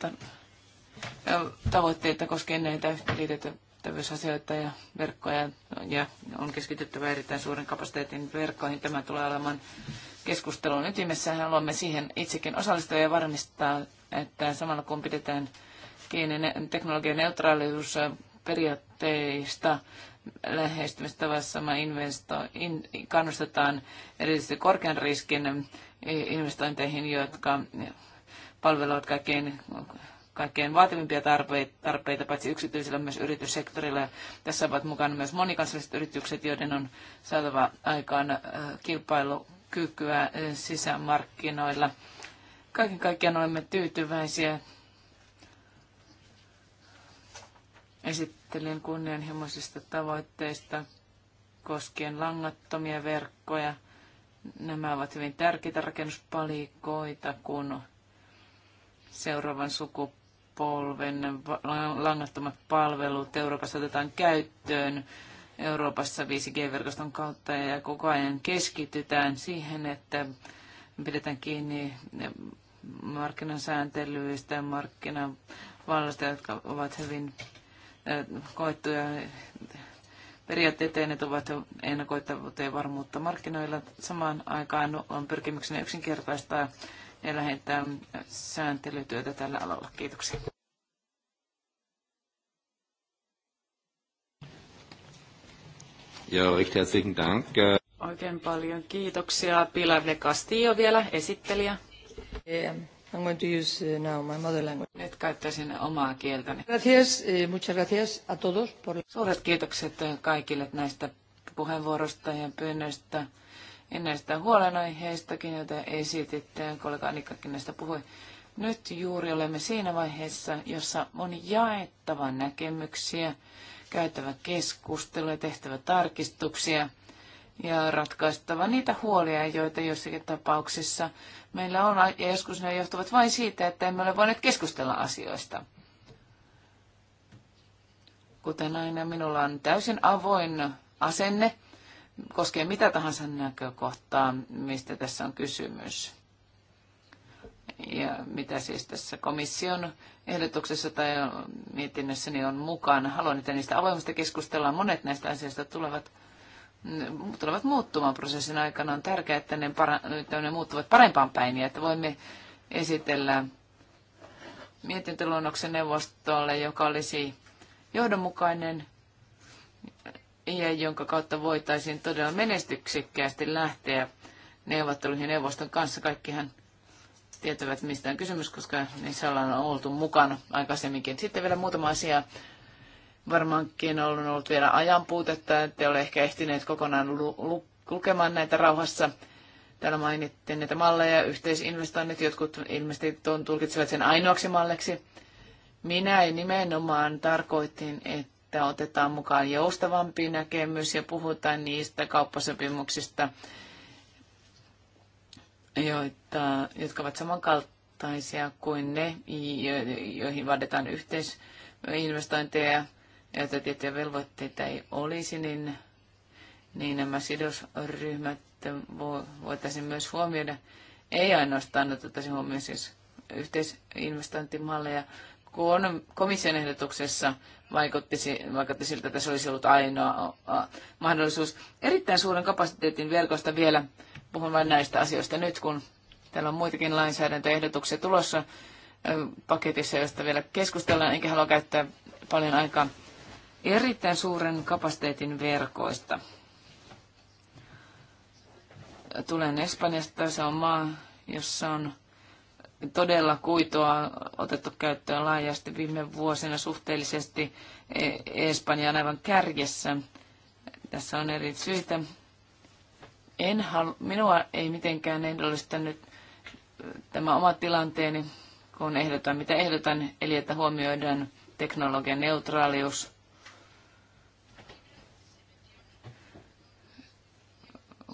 tavoitteita koskien näitä liitettyjä kattavuusasioita ja verkkoja ja on keskityttävä erittäin suuren kapasiteetin verkkoihin. Tämä tulee olemaan keskustelun ytimessä. Haluamme siihen itsekin osallistua ja varmistaa, että samalla kun pidetään kiinni teknologian periaatteista lähestymistavassa investo, in, kannustetaan erityisesti korkean riskin investointeihin, jotka palvelevat kaikkein kaikkein vaativimpia tarpeita, paitsi yksityisellä myös yrityssektorilla. Tässä ovat mukana myös monikansalliset yritykset, joiden on saatava aikaan äh, kilpailukykyä äh, sisämarkkinoilla. Kaiken kaikkiaan olemme tyytyväisiä esittelijän kunnianhimoisista tavoitteista koskien langattomia verkkoja. Nämä ovat hyvin tärkeitä rakennuspalikoita, kun seuraavan sukupuolen polven langattomat palvelut Euroopassa otetaan käyttöön Euroopassa 5G-verkoston kautta ja koko ajan keskitytään siihen, että pidetään kiinni markkinasääntelyistä ja markkinavallasta, jotka ovat hyvin koettuja periaatteet ja ovat ennakoittavuuteen ja varmuutta markkinoilla. Samaan aikaan on pyrkimyksenä yksinkertaistaa ja lähettää sääntelytyötä tällä alalla. Kiitoksia. Ja recht herzlichen Dank. Oikein paljon kiitoksia. Pilar de Castillo vielä, esittelijä. Yeah, I'm going to use eh, now my mother language. Nyt käyttäisin omaa kieltäni. Gracias, eh, muchas gracias a todos por... Suuret kiitokset eh, kaikille näistä puheenvuorosta ja pyynnöistä näistä huolenaiheistakin, joita esititte. Kollega Annikkakin näistä puhui. Nyt juuri olemme siinä vaiheessa, jossa on jaettava näkemyksiä, käytävä keskustelua, tehtävä tarkistuksia ja ratkaistava niitä huolia, joita jossakin tapauksessa meillä on. Ja joskus ne johtuvat vain siitä, että emme ole voineet keskustella asioista. Kuten aina, minulla on täysin avoin asenne koskee mitä tahansa näkökohtaa, mistä tässä on kysymys. Ja mitä siis tässä komission ehdotuksessa tai mietinnössäni on mukana. Haluan, että niistä avoimista keskustellaan. Monet näistä asioista tulevat, tulevat muuttumaan prosessin aikana. On tärkeää, että ne, para, että ne muuttuvat parempaan päin ja että voimme esitellä mietintöluonnoksen neuvostolle, joka olisi johdonmukainen ja jonka kautta voitaisiin todella menestyksekkäästi lähteä neuvotteluihin neuvoston kanssa. Kaikkihan tietävät, mistä on kysymys, koska niissä ollaan oltu mukana aikaisemminkin. Sitten vielä muutama asia. Varmaankin on ollut vielä ajan puutetta, että ole ehkä ehtineet kokonaan lu- lu- lukemaan näitä rauhassa. Täällä mainittiin näitä malleja, yhteisinvestoinnit, jotkut ilmeisesti tuon tulkitsevat sen ainoaksi malleksi. Minä nimenomaan tarkoitin, että että otetaan mukaan joustavampi näkemys ja puhutaan niistä kauppasopimuksista, joita, jotka ovat samankaltaisia kuin ne, joihin vaaditaan yhteisinvestointeja, joita tiettyjä velvoitteita ei olisi, niin, niin nämä sidosryhmät voitaisiin myös huomioida. Ei ainoastaan otettaisiin huomioon siis yhteisinvestointimalleja, kun komission ehdotuksessa vaikutti, vaikutti siltä, että se olisi ollut ainoa mahdollisuus. Erittäin suuren kapasiteetin verkosta vielä. Puhun vain näistä asioista nyt, kun täällä on muitakin lainsäädäntöehdotuksia tulossa paketissa, josta vielä keskustellaan, enkä halua käyttää paljon aikaa erittäin suuren kapasiteetin verkoista. Tulen Espanjasta, se on maa, jossa on todella kuitua otettu käyttöön laajasti viime vuosina suhteellisesti e- Espanjan aivan kärjessä. Tässä on eri syitä. En halu, minua ei mitenkään ehdollista nyt tämä oma tilanteeni, kun ehdotan mitä ehdotan, eli että huomioidaan teknologian neutraalius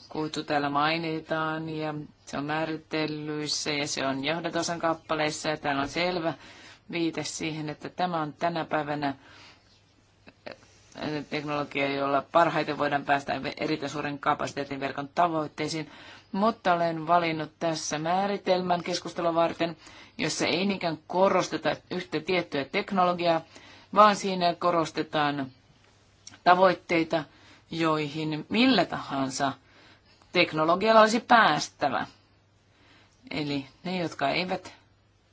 kuitu täällä mainitaan ja se on määritellyissä ja se on johdatosan kappaleissa ja täällä on selvä viite siihen, että tämä on tänä päivänä teknologia, jolla parhaiten voidaan päästä erittäin suuren kapasiteetin verkon tavoitteisiin, mutta olen valinnut tässä määritelmän keskustelua varten, jossa ei niinkään korosteta yhtä tiettyä teknologiaa, vaan siinä korostetaan tavoitteita, joihin millä tahansa teknologialla olisi päästävä. Eli ne, jotka eivät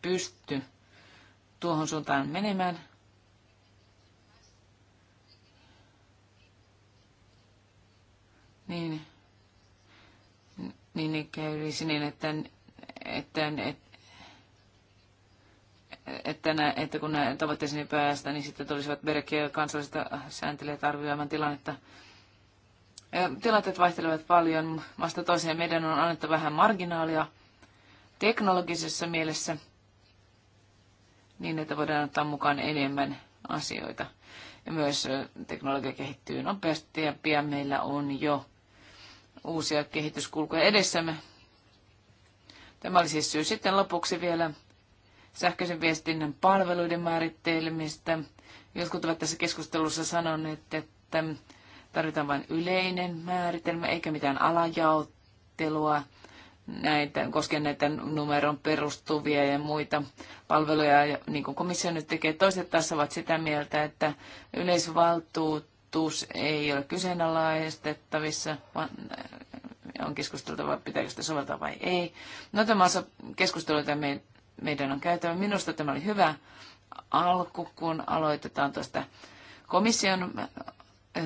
pysty tuohon suuntaan menemään, niin, niin, niin niin, että, että, että että, että kun näin tavoitteisiin päästä, niin sitten tulisivat Berek ja kansalliset sääntelijät arvioimaan tilannetta Tilanteet vaihtelevat paljon Vasta toiseen. Meidän on annettava vähän marginaalia teknologisessa mielessä niin, että voidaan ottaa mukaan enemmän asioita. Ja myös teknologia kehittyy nopeasti ja pian meillä on jo uusia kehityskulkuja edessämme. Tämä oli siis syy sitten lopuksi vielä sähköisen viestinnän palveluiden määrittelemistä. Jotkut ovat tässä keskustelussa sanoneet, että Tarvitaan vain yleinen määritelmä, eikä mitään alajaottelua näitä, koskien näitä numeron perustuvia ja muita palveluja, ja niin kuin komissio nyt tekee. Toiset taas ovat sitä mieltä, että yleisvaltuutus ei ole kyseenalaistettavissa, vaan äh, on keskusteltava, pitääkö sitä soveltaa vai ei. No tämä on keskustelu, jota me, meidän on käytävä. Minusta tämä oli hyvä alku, kun aloitetaan tuosta komission äh,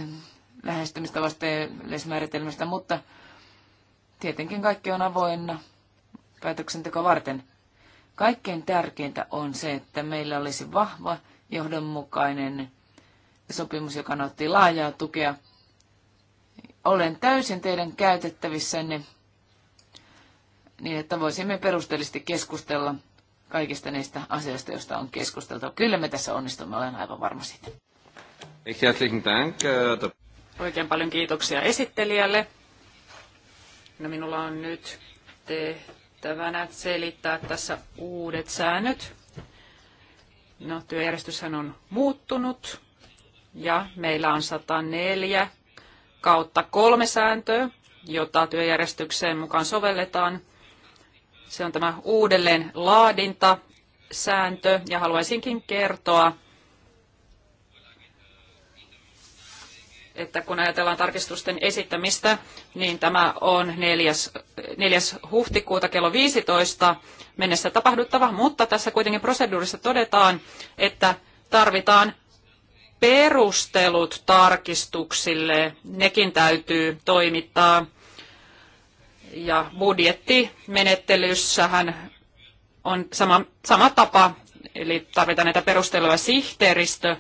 lähestymistavasta ja yleismääritelmästä, mutta tietenkin kaikki on avoinna päätöksenteko varten. Kaikkein tärkeintä on se, että meillä olisi vahva, johdonmukainen sopimus, joka nautti laajaa tukea. Olen täysin teidän käytettävissänne niin, että voisimme perusteellisesti keskustella kaikista niistä asioista, joista on keskusteltu. Kyllä me tässä onnistumme, olen aivan varma siitä. Herzlichen Dank. Äh, Oikein paljon kiitoksia esittelijälle. No, minulla on nyt tehtävänä selittää tässä uudet säännöt. No, työjärjestyshän on muuttunut ja meillä on 104 kautta kolme sääntöä, jota työjärjestykseen mukaan sovelletaan. Se on tämä uudelleen laadinta sääntö ja haluaisinkin kertoa että kun ajatellaan tarkistusten esittämistä, niin tämä on 4. 4. huhtikuuta kello 15 mennessä tapahduttava, mutta tässä kuitenkin proseduurissa todetaan, että tarvitaan perustelut tarkistuksille, nekin täytyy toimittaa. Ja budjettimenettelyssähän on sama, sama tapa, eli tarvitaan näitä perusteluja sihteeristö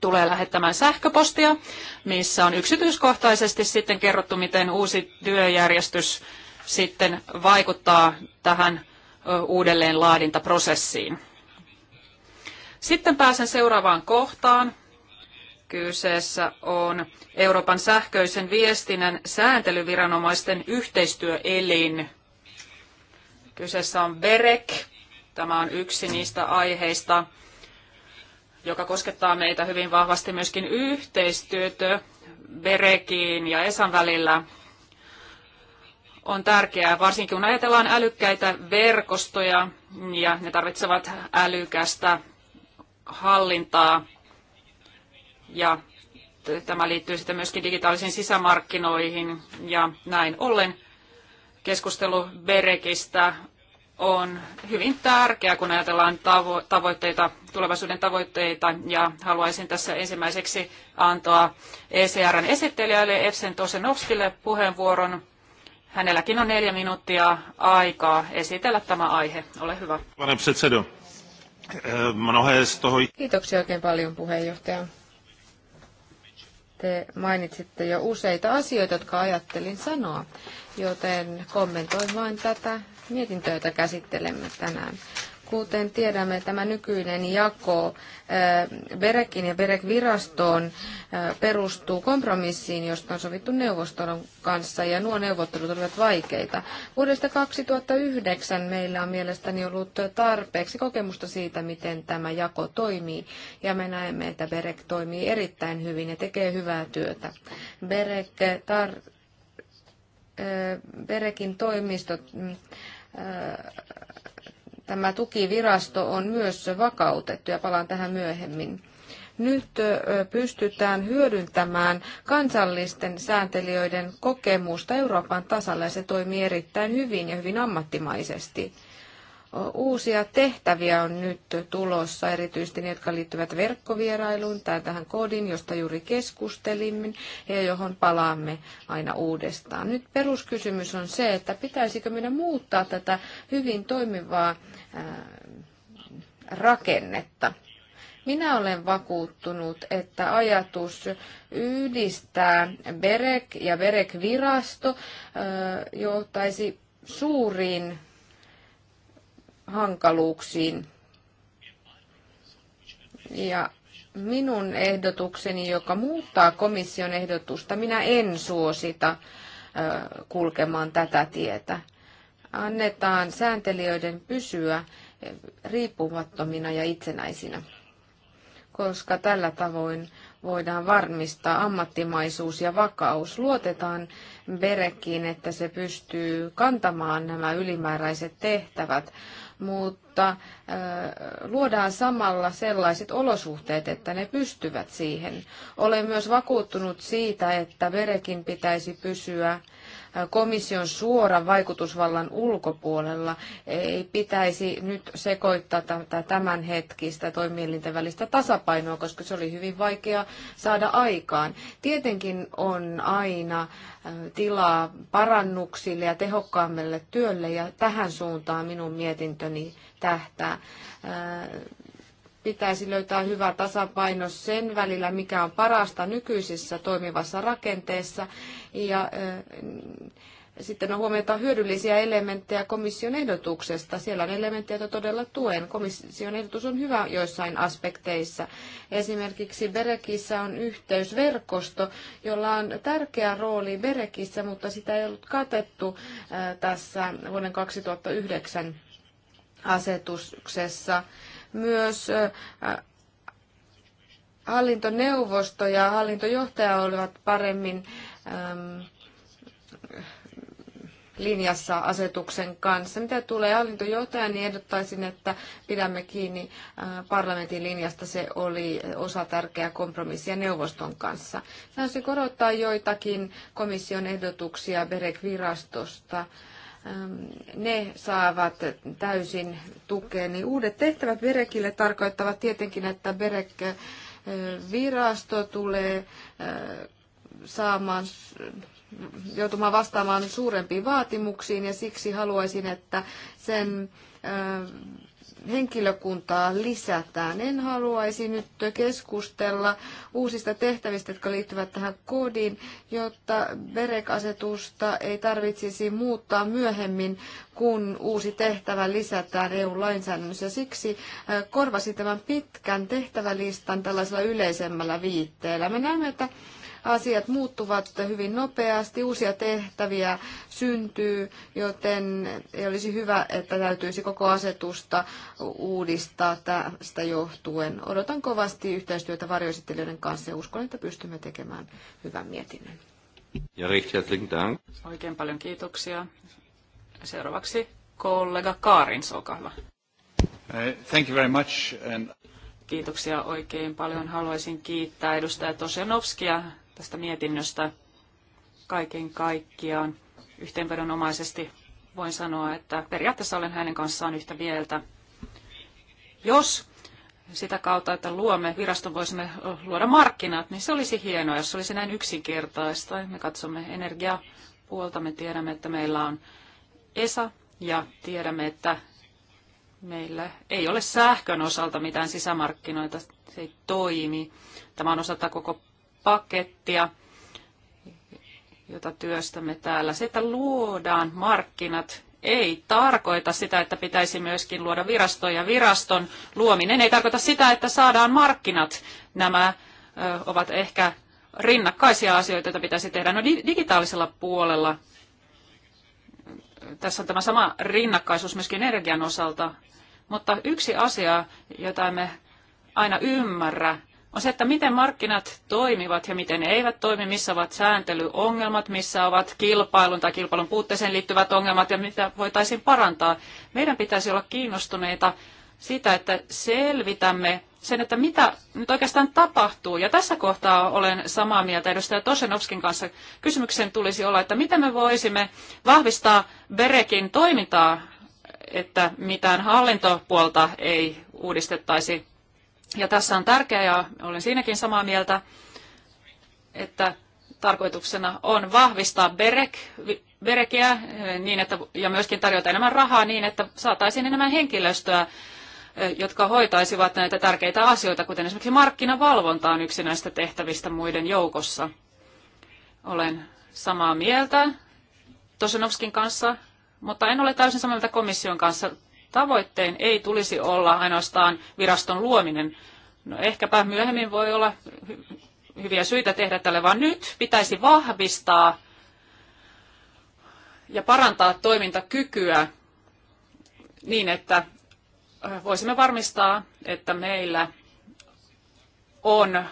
tulee lähettämään sähköpostia, missä on yksityiskohtaisesti sitten kerrottu, miten uusi työjärjestys sitten vaikuttaa tähän uudelleen laadintaprosessiin. Sitten pääsen seuraavaan kohtaan. Kyseessä on Euroopan sähköisen viestinnän sääntelyviranomaisten yhteistyöelin. Kyseessä on BEREC. Tämä on yksi niistä aiheista, joka koskettaa meitä hyvin vahvasti myöskin yhteistyötä Berekiin ja Esan välillä on tärkeää, varsinkin kun ajatellaan älykkäitä verkostoja ja ne tarvitsevat älykästä hallintaa. Ja tämä liittyy sitten myöskin digitaalisiin sisämarkkinoihin ja näin ollen keskustelu Berekistä on hyvin tärkeä, kun ajatellaan tavo- tavoitteita, tulevaisuuden tavoitteita, ja haluaisin tässä ensimmäiseksi antaa ECRn esittelijälle Efsen Tosenovskille puheenvuoron. Hänelläkin on neljä minuuttia aikaa esitellä tämä aihe. Ole hyvä. Kiitoksia oikein paljon puheenjohtaja. Te mainitsitte jo useita asioita, jotka ajattelin sanoa, joten kommentoin vain tätä mietintöä, jota käsittelemme tänään. Kuten tiedämme, tämä nykyinen jako Berekin ja Berek-virastoon perustuu kompromissiin, josta on sovittu neuvoston kanssa, ja nuo neuvottelut olivat vaikeita. Vuodesta 2009 meillä on mielestäni ollut tarpeeksi kokemusta siitä, miten tämä jako toimii, ja me näemme, että Berek toimii erittäin hyvin ja tekee hyvää työtä. Berek tar- Berekin toimistot mm, tämä tukivirasto on myös vakautettu ja palaan tähän myöhemmin. Nyt pystytään hyödyntämään kansallisten sääntelijöiden kokemusta Euroopan tasalla ja se toimii erittäin hyvin ja hyvin ammattimaisesti. Uusia tehtäviä on nyt tulossa, erityisesti ne, jotka liittyvät verkkovierailuun tai tähän kodin, josta juuri keskustelimme ja johon palaamme aina uudestaan. Nyt peruskysymys on se, että pitäisikö meidän muuttaa tätä hyvin toimivaa rakennetta. Minä olen vakuuttunut, että ajatus yhdistää BEREK ja BEREK-virasto johtaisi suuriin hankaluuksiin. Ja minun ehdotukseni, joka muuttaa komission ehdotusta, minä en suosita kulkemaan tätä tietä. Annetaan sääntelijöiden pysyä riippumattomina ja itsenäisinä, koska tällä tavoin voidaan varmistaa ammattimaisuus ja vakaus. Luotetaan Berekkiin, että se pystyy kantamaan nämä ylimääräiset tehtävät mutta luodaan samalla sellaiset olosuhteet, että ne pystyvät siihen. Olen myös vakuuttunut siitä, että verekin pitäisi pysyä komission suoran vaikutusvallan ulkopuolella. Ei pitäisi nyt sekoittaa tätä tämänhetkistä toimielinten välistä tasapainoa, koska se oli hyvin vaikea saada aikaan. Tietenkin on aina tilaa parannuksille ja tehokkaammalle työlle, ja tähän suuntaan minun mietintöni tähtää pitäisi löytää hyvä tasapaino sen välillä, mikä on parasta nykyisessä toimivassa rakenteessa. Ja sitten on huomioita hyödyllisiä elementtejä komission ehdotuksesta. Siellä on elementtejä, joita todella tuen. Komission ehdotus on hyvä joissain aspekteissa. Esimerkiksi Berekissä on yhteysverkosto, jolla on tärkeä rooli Berekissä, mutta sitä ei ollut katettu tässä vuoden 2009 asetuksessa myös hallintoneuvosto ja hallintojohtaja olivat paremmin linjassa asetuksen kanssa. Mitä tulee hallintojohtajaan, niin ehdottaisin, että pidämme kiinni parlamentin linjasta. Se oli osa tärkeää kompromissia neuvoston kanssa. Sanoisin korottaa joitakin komission ehdotuksia berek virastosta ne saavat täysin Niin Uudet tehtävät Berekille tarkoittavat tietenkin, että Berek-virasto äh, tulee äh, saamaan joutumaan vastaamaan suurempiin vaatimuksiin ja siksi haluaisin, että sen äh, henkilökuntaa lisätään. En haluaisi nyt keskustella uusista tehtävistä, jotka liittyvät tähän koodiin, jotta BEREK-asetusta ei tarvitsisi muuttaa myöhemmin, kun uusi tehtävä lisätään EU-lainsäädännössä. Siksi äh, korvasin tämän pitkän tehtävälistan tällaisella yleisemmällä viitteellä. Me näemme, että Asiat muuttuvat hyvin nopeasti, uusia tehtäviä syntyy, joten ei olisi hyvä, että täytyisi koko asetusta uudistaa tästä johtuen. Odotan kovasti yhteistyötä varjoesittelijöiden kanssa ja uskon, että pystymme tekemään hyvän mietinnön. Ja Dank. Oikein paljon kiitoksia. Seuraavaksi kollega Kaarin, olkaa hyvä. Eh, thank you very much. And... Kiitoksia oikein paljon. Haluaisin kiittää edustaja Tosenovskia tästä mietinnöstä kaiken kaikkiaan. Yhteenvedonomaisesti voin sanoa, että periaatteessa olen hänen kanssaan yhtä mieltä. Jos sitä kautta, että luomme viraston, voisimme luoda markkinat, niin se olisi hienoa, jos se olisi näin yksinkertaista. Me katsomme energiapuolta, me tiedämme, että meillä on ESA ja tiedämme, että meillä ei ole sähkön osalta mitään sisämarkkinoita, se ei toimi. Tämä on osalta koko pakettia, jota työstämme täällä. Se, että luodaan markkinat, ei tarkoita sitä, että pitäisi myöskin luoda virastoja. Viraston luominen ei tarkoita sitä, että saadaan markkinat. Nämä ovat ehkä rinnakkaisia asioita, joita pitäisi tehdä. No digitaalisella puolella tässä on tämä sama rinnakkaisuus myöskin energian osalta, mutta yksi asia, jota me aina ymmärrä, on se, että miten markkinat toimivat ja miten ne eivät toimi, missä ovat sääntelyongelmat, missä ovat kilpailun tai kilpailun puutteeseen liittyvät ongelmat ja mitä voitaisiin parantaa. Meidän pitäisi olla kiinnostuneita siitä, että selvitämme sen, että mitä nyt oikeastaan tapahtuu. Ja tässä kohtaa olen samaa mieltä edustaja Tosenovskin kanssa. Kysymyksen tulisi olla, että miten me voisimme vahvistaa Berekin toimintaa, että mitään hallintopuolta ei uudistettaisi ja tässä on tärkeää, ja olen siinäkin samaa mieltä, että tarkoituksena on vahvistaa BEREK, BEREKiä eh, niin, että, ja myöskin tarjota enemmän rahaa niin, että saataisiin enemmän henkilöstöä, eh, jotka hoitaisivat näitä tärkeitä asioita, kuten esimerkiksi markkinavalvonta on yksi näistä tehtävistä muiden joukossa. Olen samaa mieltä Tosinovskin kanssa, mutta en ole täysin samaa mieltä komission kanssa tavoitteen ei tulisi olla ainoastaan viraston luominen. No ehkäpä myöhemmin voi olla hyviä syitä tehdä tälle, vaan nyt pitäisi vahvistaa ja parantaa toimintakykyä niin, että voisimme varmistaa, että meillä on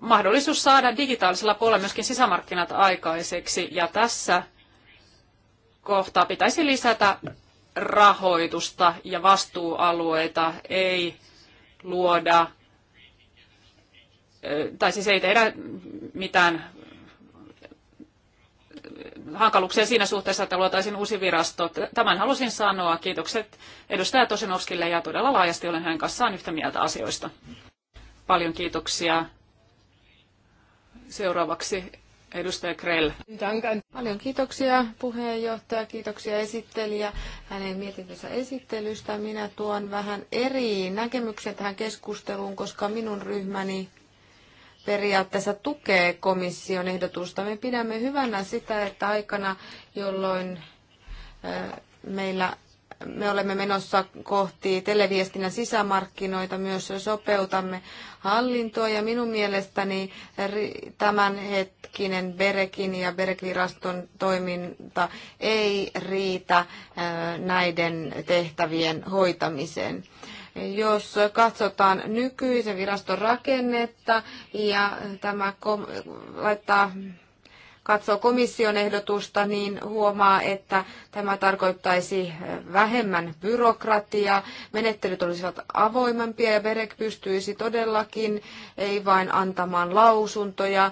mahdollisuus saada digitaalisella puolella myöskin sisämarkkinat aikaiseksi. Ja tässä kohtaa pitäisi lisätä rahoitusta ja vastuualueita ei luoda, tai siis ei tehdä mitään hankaluuksia siinä suhteessa, että luotaisiin uusi virasto. Tämän halusin sanoa. Kiitokset edustaja Tosinovskille ja todella laajasti olen hänen kanssaan yhtä mieltä asioista. Paljon kiitoksia. Seuraavaksi Edustaja Krell. Paljon kiitoksia puheenjohtaja, kiitoksia esittelijä hänen mietintönsä esittelystä. Minä tuon vähän eri näkemyksen tähän keskusteluun, koska minun ryhmäni periaatteessa tukee komission ehdotusta. Me pidämme hyvänä sitä, että aikana, jolloin meillä me olemme menossa kohti televiestinnän sisämarkkinoita, myös sopeutamme hallintoa ja minun mielestäni tämänhetkinen Berekin ja Berekviraston toiminta ei riitä äh, näiden tehtävien hoitamiseen. Jos katsotaan nykyisen viraston rakennetta ja tämä laittaa katsoo komission ehdotusta, niin huomaa, että tämä tarkoittaisi vähemmän byrokratiaa, menettelyt olisivat avoimempia ja BEREC pystyisi todellakin ei vain antamaan lausuntoja,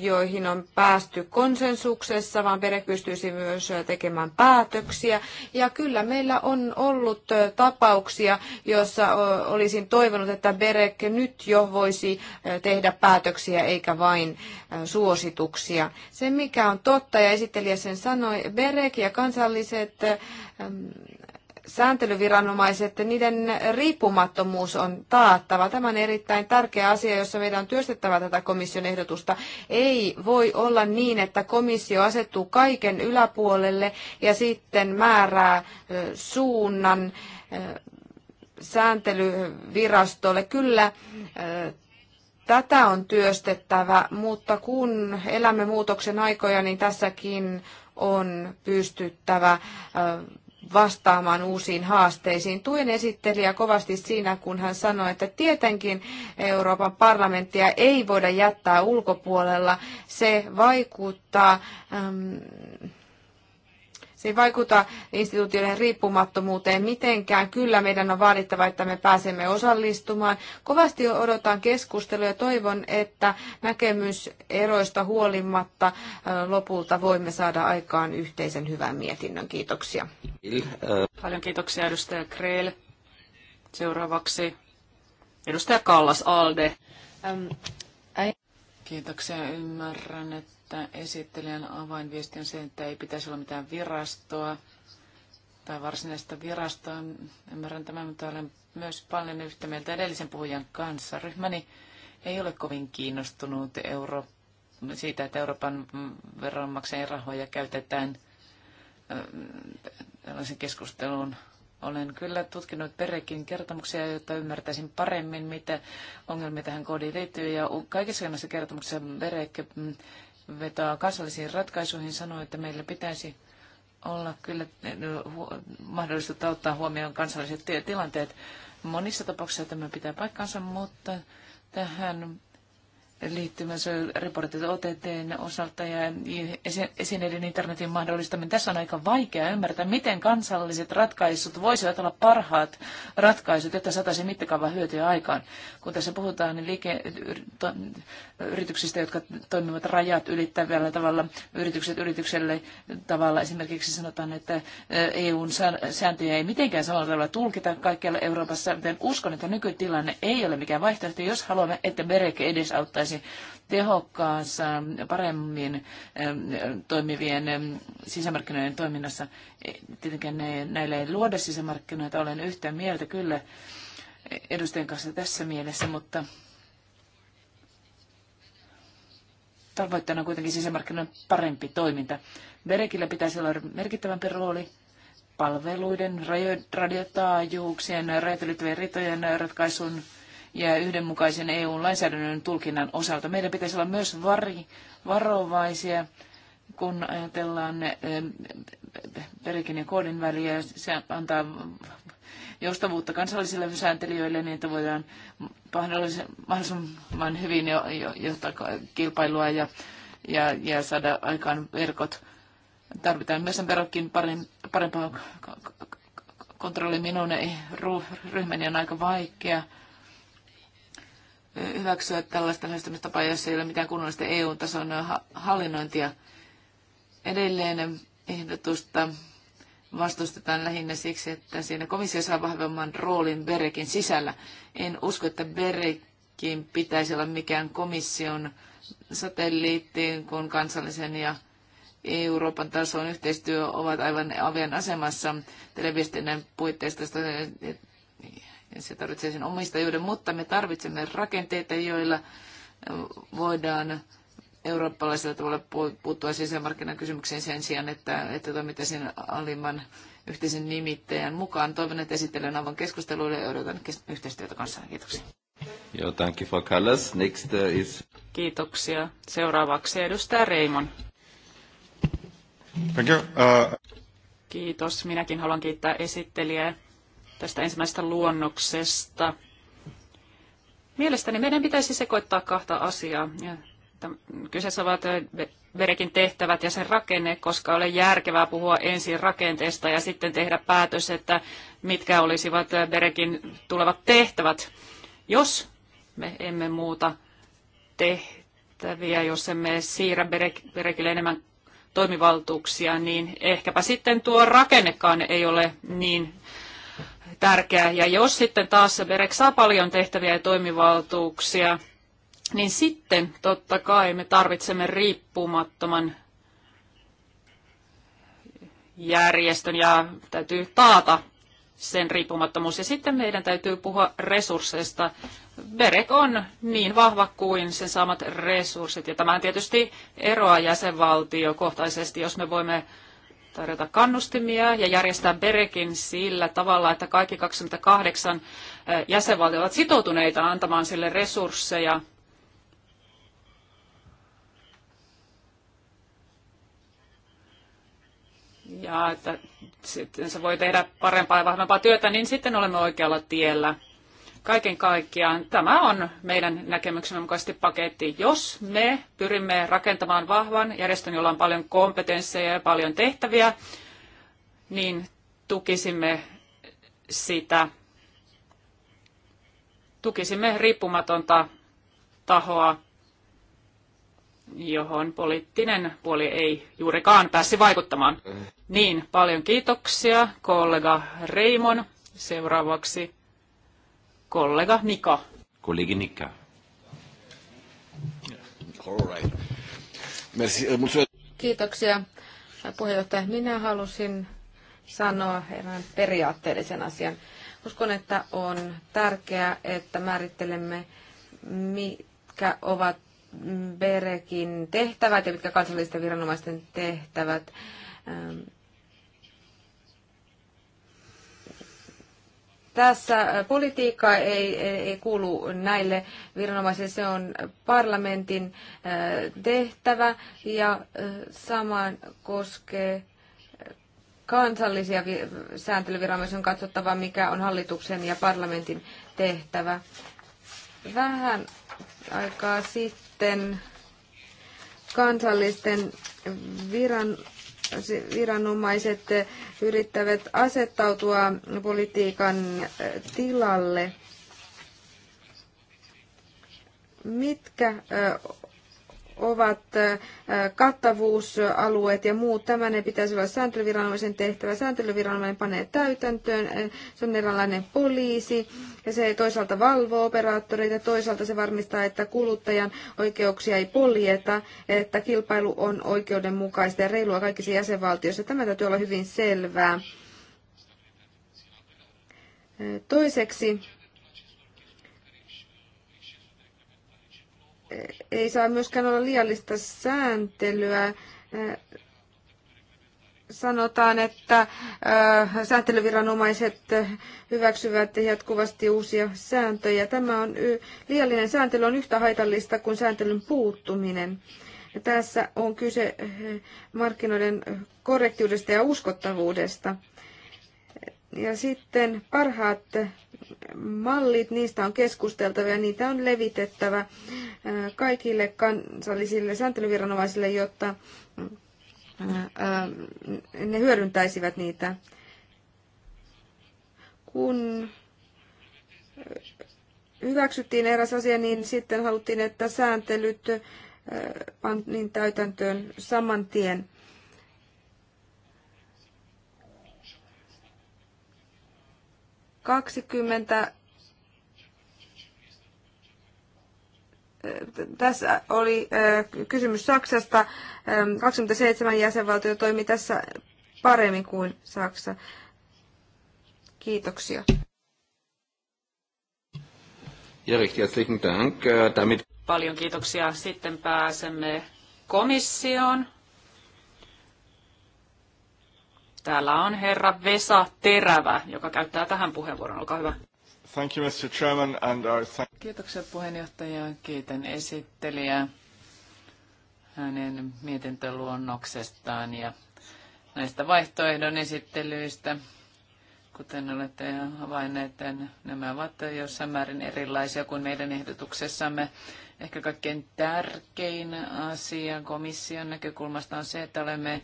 joihin on päästy konsensuksessa, vaan BEREC pystyisi myös tekemään päätöksiä. Ja kyllä meillä on ollut tapauksia, joissa olisin toivonut, että BEREC nyt jo voisi tehdä päätöksiä eikä vain suosituksia. Se se, mikä on totta, ja esittelijä sen sanoi, BEREK ja kansalliset ähm, sääntelyviranomaiset, niiden riippumattomuus on taattava. Tämä on erittäin tärkeä asia, jossa meidän on työstettävä tätä komission ehdotusta. Ei voi olla niin, että komissio asettuu kaiken yläpuolelle ja sitten määrää äh, suunnan äh, sääntelyvirastolle. Kyllä äh, Tätä on työstettävä, mutta kun elämme muutoksen aikoja, niin tässäkin on pystyttävä vastaamaan uusiin haasteisiin. Tuen esittelijä kovasti siinä, kun hän sanoi, että tietenkin Euroopan parlamenttia ei voida jättää ulkopuolella. Se vaikuttaa ähm, se ei vaikuta instituutioiden riippumattomuuteen mitenkään. Kyllä meidän on vaadittava, että me pääsemme osallistumaan. Kovasti odotan keskustelua ja toivon, että näkemyseroista huolimatta lopulta voimme saada aikaan yhteisen hyvän mietinnön. Kiitoksia. Paljon kiitoksia edustaja Kreel. Seuraavaksi edustaja Kallas Alde. Kiitoksia. Ymmärrän, että esittelijän avainviesti on se, että ei pitäisi olla mitään virastoa tai varsinaista virastoa. Ymmärrän tämän, mutta olen myös paljon yhtä mieltä edellisen puhujan kanssa. Ryhmäni ei ole kovin kiinnostunut euro, siitä, että Euroopan veronmaksajien rahoja käytetään tällaisen keskustelun olen kyllä tutkinut Perekin kertomuksia, jotta ymmärtäisin paremmin, mitä ongelmia tähän koodiin liittyy. Ja kaikissa näissä kertomuksissa Perek mm, vetoaa kansallisiin ratkaisuihin, sanoo, että meillä pitäisi olla kyllä eh, no, mahdollisuutta ottaa huomioon kansalliset tilanteet. Monissa tapauksissa tämä pitää paikkansa, mutta tähän liittymänsä reportit OTTn osalta ja esineiden internetin mahdollistaminen. Tässä on aika vaikea ymmärtää, miten kansalliset ratkaisut voisivat olla parhaat ratkaisut, että saataisiin mittakaava hyötyä aikaan. Kun tässä puhutaan niin liike- yrityksistä, jotka toimivat rajat ylittävällä tavalla, yritykset yritykselle tavalla, esimerkiksi sanotaan, että EUn sääntöjä ei mitenkään samalla tavalla tulkita kaikkialla Euroopassa, joten uskon, että nykytilanne ei ole mikään vaihtoehto, jos haluamme, että Berek edesauttaisi saataisiin tehokkaassa, paremmin ähm, toimivien ähm, sisämarkkinoiden toiminnassa. E, tietenkään näille ei luoda sisämarkkinoita, olen yhtä mieltä kyllä edustajan kanssa tässä mielessä, mutta tavoitteena on kuitenkin sisämarkkinoiden parempi toiminta. Berekillä pitäisi olla merkittävämpi rooli palveluiden, radiotaajuuksien, rajat ylittävien ritojen ratkaisun ja yhdenmukaisen EU-lainsäädännön tulkinnan osalta. Meidän pitäisi olla myös vari, varovaisia, kun ajatellaan Perikin eh, ja koodin väliä. Se antaa joustavuutta kansallisille sääntelijöille, niin että voidaan mahdollisimman hyvin jo, jo, johtaa kilpailua ja, ja, ja saada aikaan verkot. Tarvitaan myös sen verrokin parempaa kontrolli. Minun eh, ryhmäni on aika vaikea hyväksyä tällaista lähestymistapaa, jossa ei ole mitään kunnollista EU-tason hallinnointia. Edelleen ehdotusta vastustetaan lähinnä siksi, että siinä komissio saa vahvemman roolin Berekin sisällä. En usko, että Berekin pitäisi olla mikään komission satelliittiin, kun kansallisen ja Euroopan tason yhteistyö ovat aivan avien asemassa televiestinnän puitteista se tarvitsee sen omistajuuden, mutta me tarvitsemme rakenteita, joilla voidaan eurooppalaisella tavalla puuttua sisämarkkinakysymykseen sen sijaan, että, että toimittaisiin alimman yhteisen nimittäjän mukaan. Toivon, että esittelen avon keskusteluille ja odotan yhteistyötä kanssanne. Kiitoksia. Joo, danke Frau Kallas. Next uh, is... Kiitoksia. Seuraavaksi edustaja Reimon. Thank you. Uh... Kiitos. Minäkin haluan kiittää esittelijää tästä ensimmäisestä luonnoksesta. Mielestäni meidän pitäisi sekoittaa kahta asiaa. Ja kyseessä ovat verekin tehtävät ja sen rakenne, koska ole järkevää puhua ensin rakenteesta ja sitten tehdä päätös, että mitkä olisivat verekin tulevat tehtävät, jos me emme muuta tehtäviä, jos emme siirrä verekille enemmän toimivaltuuksia, niin ehkäpä sitten tuo rakennekaan ei ole niin tärkeää. Ja jos sitten taas se BEREC saa paljon tehtäviä ja toimivaltuuksia, niin sitten totta kai me tarvitsemme riippumattoman järjestön ja täytyy taata sen riippumattomuus. Ja sitten meidän täytyy puhua resursseista. BEREC on niin vahva kuin sen saamat resurssit. Ja tämä tietysti eroaa jäsenvaltiokohtaisesti, jos me voimme tarjota kannustimia ja järjestää Berekin sillä tavalla, että kaikki 28 eh, jäsenvaltiot ovat sitoutuneita antamaan sille resursseja. Ja että sitten se voi tehdä parempaa ja vahvempaa työtä, niin sitten olemme oikealla tiellä. Kaiken kaikkiaan tämä on meidän näkemyksemme mukaisesti paketti. Jos me pyrimme rakentamaan vahvan järjestön, jolla on paljon kompetensseja ja paljon tehtäviä, niin tukisimme sitä, tukisimme riippumatonta tahoa, johon poliittinen puoli ei juurikaan päässi vaikuttamaan. Niin, paljon kiitoksia kollega Reimon. Seuraavaksi kollega Nika. Kollegi Nika. Euh, Kiitoksia puheenjohtaja. Minä halusin sanoa erään periaatteellisen asian. Uskon, että on tärkeää, että määrittelemme, mitkä ovat Berekin tehtävät ja mitkä kansallisten viranomaisten tehtävät. Ähm, Tässä äh, politiikka ei, ei kuulu näille viranomaisille, se on parlamentin äh, tehtävä ja äh, samaan koskee kansallisia sääntelyviranomaisia on katsottava, mikä on hallituksen ja parlamentin tehtävä. Vähän aikaa sitten kansallisten viran viranomaiset yrittävät asettautua politiikan tilalle. Mitkä ovat kattavuusalueet ja muut. Tämä ne pitäisi olla sääntelyviranomaisen tehtävä. Sääntelyviranomainen panee täytäntöön, se on eräänlainen poliisi ja se toisaalta valvoo operaattoreita, toisaalta se varmistaa, että kuluttajan oikeuksia ei poljeta, että kilpailu on oikeudenmukaista ja reilua kaikissa jäsenvaltioissa. Tämä täytyy olla hyvin selvää. Toiseksi ei saa myöskään olla liiallista sääntelyä. Sanotaan, että äh, sääntelyviranomaiset hyväksyvät jatkuvasti uusia sääntöjä. Tämä on liiallinen sääntely on yhtä haitallista kuin sääntelyn puuttuminen. Tässä on kyse äh, markkinoiden korrektiudesta ja uskottavuudesta. Ja sitten parhaat mallit, niistä on keskusteltava ja niitä on levitettävä äh, kaikille kansallisille sääntelyviranomaisille, jotta äh, ne hyödyntäisivät niitä. Kun hyväksyttiin eräs asia, niin sitten haluttiin, että sääntelyt äh, pantiin täytäntöön saman tien. 20 tässä oli kysymys Saksasta. 27 jäsenvaltio toimi tässä paremmin kuin Saksa. Kiitoksia. Ja Dank. Äh, Paljon kiitoksia. Sitten pääsemme komissioon. Täällä on herra Vesa Terävä, joka käyttää tähän puheenvuoron. Olkaa hyvä. Thank you, Mr. Chairman, and our thank- Kiitoksia puheenjohtaja. Kiitän esittelijää hänen mietintöluonnoksestaan ja näistä vaihtoehdon esittelyistä. Kuten olette havainneet, niin nämä ovat jossain määrin erilaisia kuin meidän ehdotuksessamme. Ehkä kaikkein tärkein asia komission näkökulmasta on se, että olemme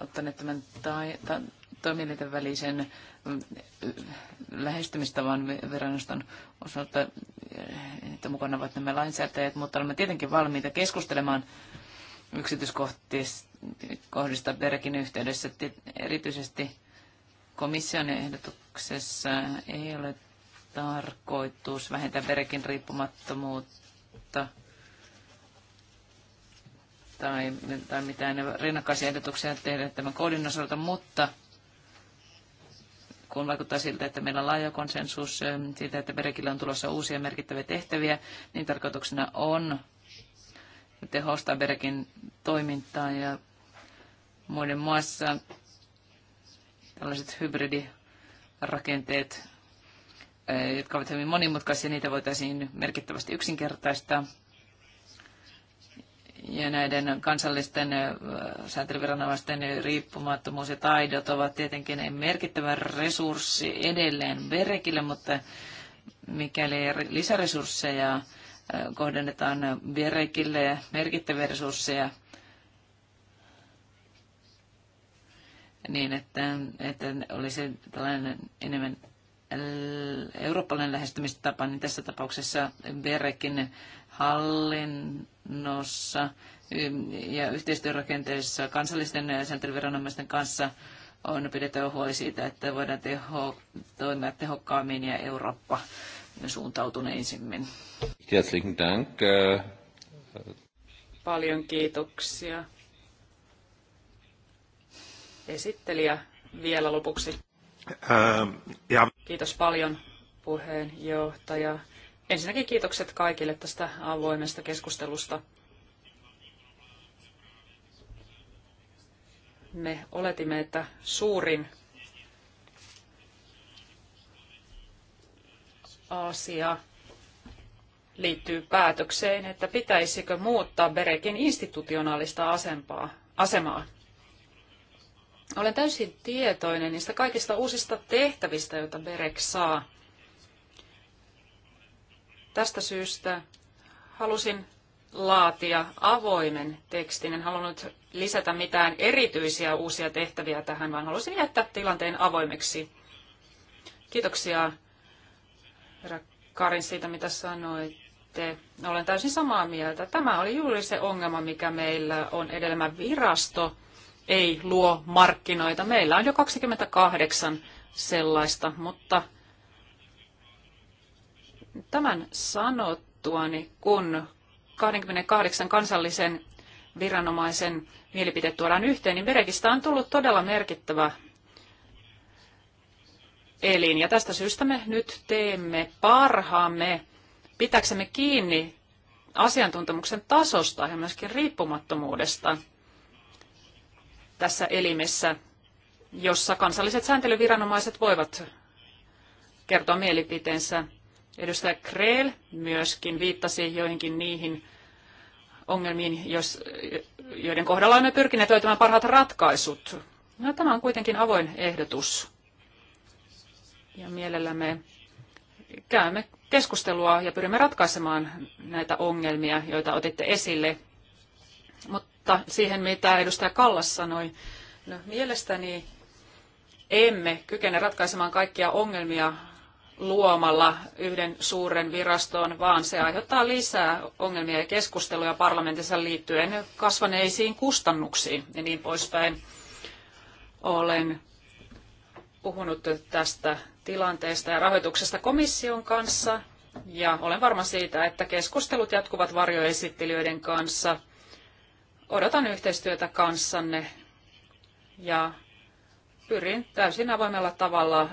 ottaneet tämän tai, ta, toimielinten välisen mm, lähestymistavan viranoston osalta, että mukana ovat nämä lainsäätäjät, mutta olemme tietenkin valmiita keskustelemaan yksityiskohdista Berekin yhteydessä. Erityisesti komission ehdotuksessa ei ole tarkoitus vähentää Berekin riippumattomuutta – tai, tai mitään rinnakkaisia ehdotuksia tehdä tämän koodin osalta, mutta kun vaikuttaa siltä, että meillä on laaja konsensus siitä, että Berekille on tulossa uusia merkittäviä tehtäviä, niin tarkoituksena on tehostaa Berekin toimintaa ja muiden muassa tällaiset hybridirakenteet, jotka ovat hyvin monimutkaisia, niitä voitaisiin merkittävästi yksinkertaistaa ja näiden kansallisten sääntelyviranomaisten riippumattomuus ja taidot ovat tietenkin merkittävä resurssi edelleen Berekille, mutta mikäli lisäresursseja kohdennetaan Berekille ja merkittäviä resursseja, niin että, että olisi tällainen enemmän eurooppalainen lähestymistapa, niin tässä tapauksessa Berekin hallinnossa ja yhteistyörakenteessa kansallisten sääntelyviranomaisten kanssa on pidettävä huoli siitä, että voidaan teho, toimia tehokkaammin ja Eurooppa suuntautuneisimmin. Herzlichen Dank. Äh, paljon kiitoksia. Esittelijä vielä lopuksi. Ähm, ja. Kiitos paljon puheenjohtaja. Ensinnäkin kiitokset kaikille tästä avoimesta keskustelusta. Me oletimme, että suurin asia liittyy päätökseen, että pitäisikö muuttaa Berekin institutionaalista asempaa, asemaa. Olen täysin tietoinen niistä kaikista uusista tehtävistä, joita Berek saa. Tästä syystä halusin laatia avoimen tekstin. En halunnut lisätä mitään erityisiä uusia tehtäviä tähän, vaan halusin jättää tilanteen avoimeksi. Kiitoksia, herra Karin, siitä, mitä sanoitte. Olen täysin samaa mieltä. Tämä oli juuri se ongelma, mikä meillä on edellä. virasto ei luo markkinoita. Meillä on jo 28 sellaista, mutta Tämän sanottuani, kun 28 kansallisen viranomaisen mielipiteet tuodaan yhteen, niin Berekistä on tullut todella merkittävä elin. Ja tästä syystä me nyt teemme parhaamme pitäksemme kiinni asiantuntemuksen tasosta ja myöskin riippumattomuudesta tässä elimessä, jossa kansalliset sääntelyviranomaiset voivat kertoa mielipiteensä. Edustaja Kreel myöskin viittasi joihinkin niihin ongelmiin, jos, joiden kohdalla olemme pyrkineet löytämään parhaat ratkaisut. No, tämä on kuitenkin avoin ehdotus. Ja mielellämme käymme keskustelua ja pyrimme ratkaisemaan näitä ongelmia, joita otitte esille. Mutta siihen, mitä edustaja Kallas sanoi, no, mielestäni emme kykene ratkaisemaan kaikkia ongelmia luomalla yhden suuren viraston, vaan se aiheuttaa lisää ongelmia ja keskusteluja parlamentissa liittyen kasvaneisiin kustannuksiin ja niin poispäin. Olen puhunut tästä tilanteesta ja rahoituksesta komission kanssa ja olen varma siitä, että keskustelut jatkuvat varjoesittelijöiden kanssa. Odotan yhteistyötä kanssanne ja pyrin täysin avoimella tavalla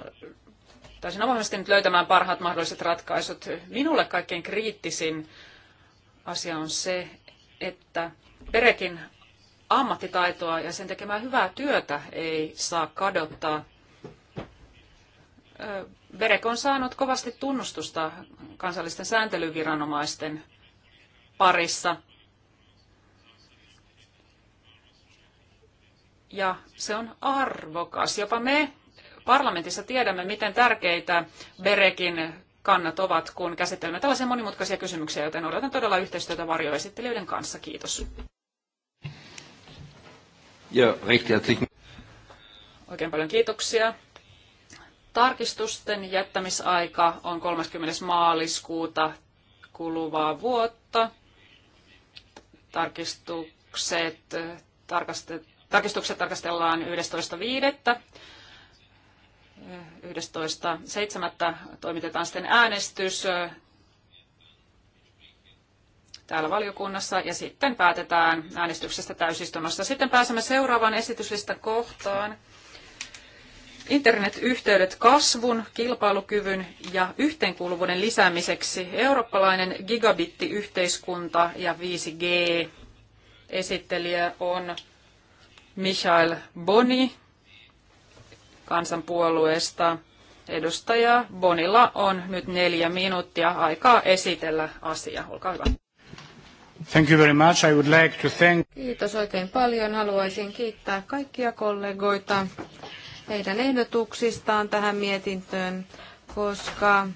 taisin omahvasti nyt löytämään parhaat mahdolliset ratkaisut. Minulle kaikkein kriittisin asia on se, että perekin ammattitaitoa ja sen tekemää hyvää työtä ei saa kadottaa. Berek on saanut kovasti tunnustusta kansallisten sääntelyviranomaisten parissa. Ja se on arvokas. Jopa me parlamentissa tiedämme, miten tärkeitä Berekin kannat ovat, kun käsittelemme tällaisia monimutkaisia kysymyksiä, joten odotan todella yhteistyötä varjoesittelijöiden kanssa. Kiitos. Oikein paljon kiitoksia. Tarkistusten jättämisaika on 30. maaliskuuta kuluvaa vuotta. Tarkistukset, tarkaste, tarkistukset tarkastellaan 11.5. 11.7. toimitetaan sitten äänestys täällä valiokunnassa ja sitten päätetään äänestyksestä täysistunnossa. Sitten pääsemme seuraavaan esityslistan kohtaan. Internetyhteydet kasvun, kilpailukyvyn ja yhteenkuuluvuuden lisäämiseksi eurooppalainen gigabittiyhteiskunta ja 5G. Esittelijä on Michael Boni kansanpuolueesta. Edustaja Bonilla on nyt neljä minuuttia aikaa esitellä asia. Olkaa hyvä. Thank you very much. I would like to thank... Kiitos oikein paljon. Haluaisin kiittää kaikkia kollegoita heidän ehdotuksistaan tähän mietintöön, koska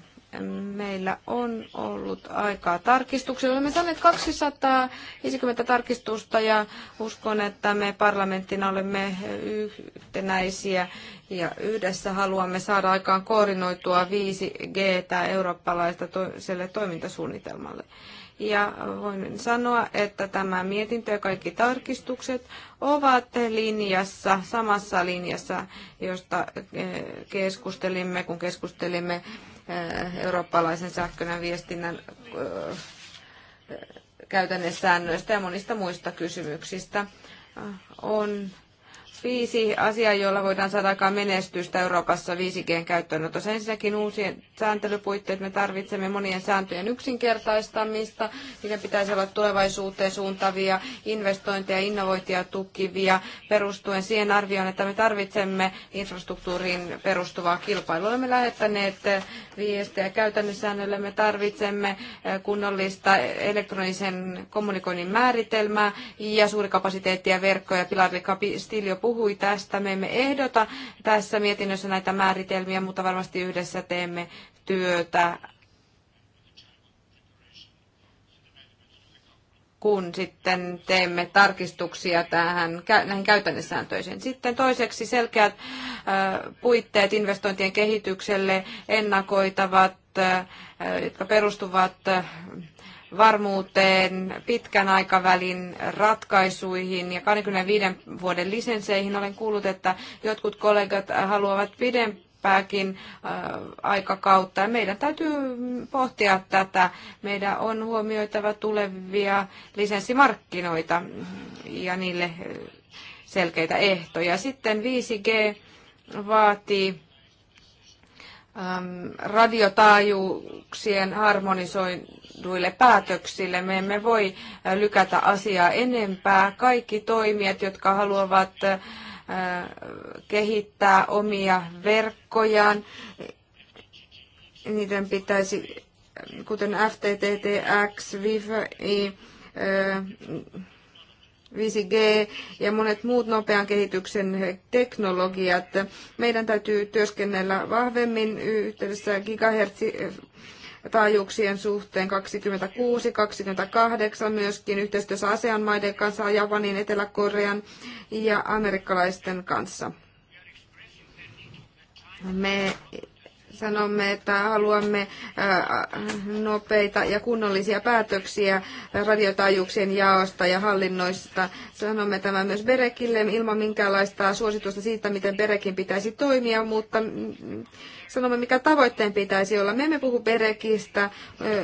meillä on ollut aikaa tarkistuksille. Olemme saaneet 250 tarkistusta ja uskon, että me parlamenttina olemme yhtenäisiä ja yhdessä haluamme saada aikaan koordinoitua 5G eurooppalaista toiselle toimintasuunnitelmalle. Ja voin sanoa, että tämä mietintö ja kaikki tarkistukset ovat linjassa, samassa linjassa, josta eh, keskustelimme, kun keskustelimme Äh, eurooppalaisen ja viestinnän äh, käytännössäännöistä ja monista muista kysymyksistä. Äh, on Viisi asiaa, joilla voidaan saada aikaa menestystä Euroopassa 5Gn käyttöönotossa. Ensinnäkin uusien sääntelypuitteet. Me tarvitsemme monien sääntöjen yksinkertaistamista. Niiden pitäisi olla tulevaisuuteen suuntavia, investointeja, innovointia tukivia, perustuen siihen arvioon, että me tarvitsemme infrastruktuuriin perustuvaa kilpailua. Olemme lähettäneet viestejä käytännössäännölle. Me tarvitsemme eh, kunnollista elektronisen kommunikoinnin määritelmää ja suurikapasiteettia verkkoja. Pilar Castillo puhui tästä. Me emme ehdota tässä mietinnössä näitä määritelmiä, mutta varmasti yhdessä teemme työtä, kun sitten teemme tarkistuksia tähän, näihin käytännössääntöihin. Sitten toiseksi selkeät puitteet investointien kehitykselle, ennakoitavat, jotka perustuvat varmuuteen, pitkän aikavälin ratkaisuihin ja 25 vuoden lisensseihin. Olen kuullut, että jotkut kollegat haluavat pidempääkin äh, aikakautta. Meidän täytyy pohtia tätä. Meidän on huomioitava tulevia lisenssimarkkinoita ja niille äh, selkeitä ehtoja. Sitten 5G vaatii ähm, radiotaajuuksien harmonisointia tehdyille päätöksille. Me emme voi äh, lykätä asiaa enempää. Kaikki toimijat, jotka haluavat äh, kehittää omia verkkojaan, niiden pitäisi, kuten FTTTX, Wi-Fi, 5G äh, ja monet muut nopean kehityksen teknologiat. Meidän täytyy työskennellä vahvemmin yhteydessä gigahertsi taajuuksien suhteen 26, 28 myöskin yhteistyössä ASEAN-maiden kanssa, Japanin, Etelä-Korean ja amerikkalaisten kanssa. Me sanomme, että haluamme nopeita ja kunnollisia päätöksiä radiotaajuuksien jaosta ja hallinnoista. Sanomme tämä myös Berekille ilman minkäänlaista suositusta siitä, miten Berekin pitäisi toimia, mutta mm, sanomme, mikä tavoitteen pitäisi olla. Me emme puhu Berekistä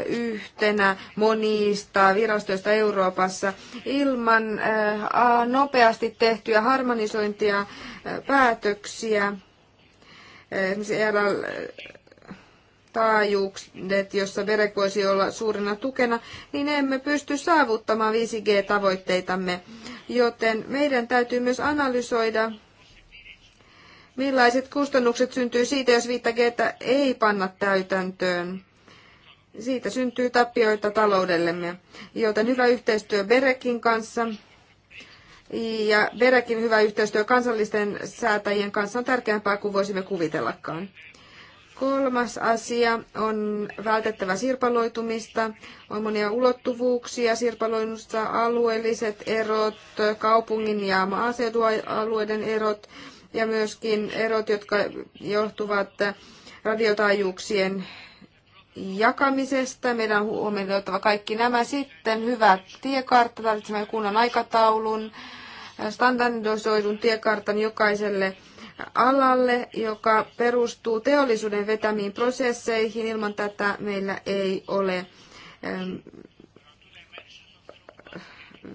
yhtenä monista virastoista Euroopassa ilman nopeasti tehtyjä harmonisointia päätöksiä siellä eh, taajuudet, jossa verek voisi olla suurena tukena, niin emme pysty saavuttamaan 5G-tavoitteitamme. Joten meidän täytyy myös analysoida, millaiset kustannukset syntyy siitä, jos 5 g ei panna täytäntöön. Siitä syntyy tappioita taloudellemme, joten hyvä yhteistyö Berekin kanssa – ja Berekin hyvä yhteistyö kansallisten säätäjien kanssa on tärkeämpää kuin voisimme kuvitellakaan. Kolmas asia on vältettävä sirpaloitumista. On monia ulottuvuuksia sirpaloinnissa, alueelliset erot, kaupungin ja maaseudualueiden erot ja myöskin erot, jotka johtuvat radiotaajuuksien jakamisesta. Meidän on huomioitava kaikki nämä sitten. Hyvä tiekartta, tarvitsemme kunnan aikataulun, standardisoidun tiekartan jokaiselle alalle, joka perustuu teollisuuden vetämiin prosesseihin. Ilman tätä meillä ei ole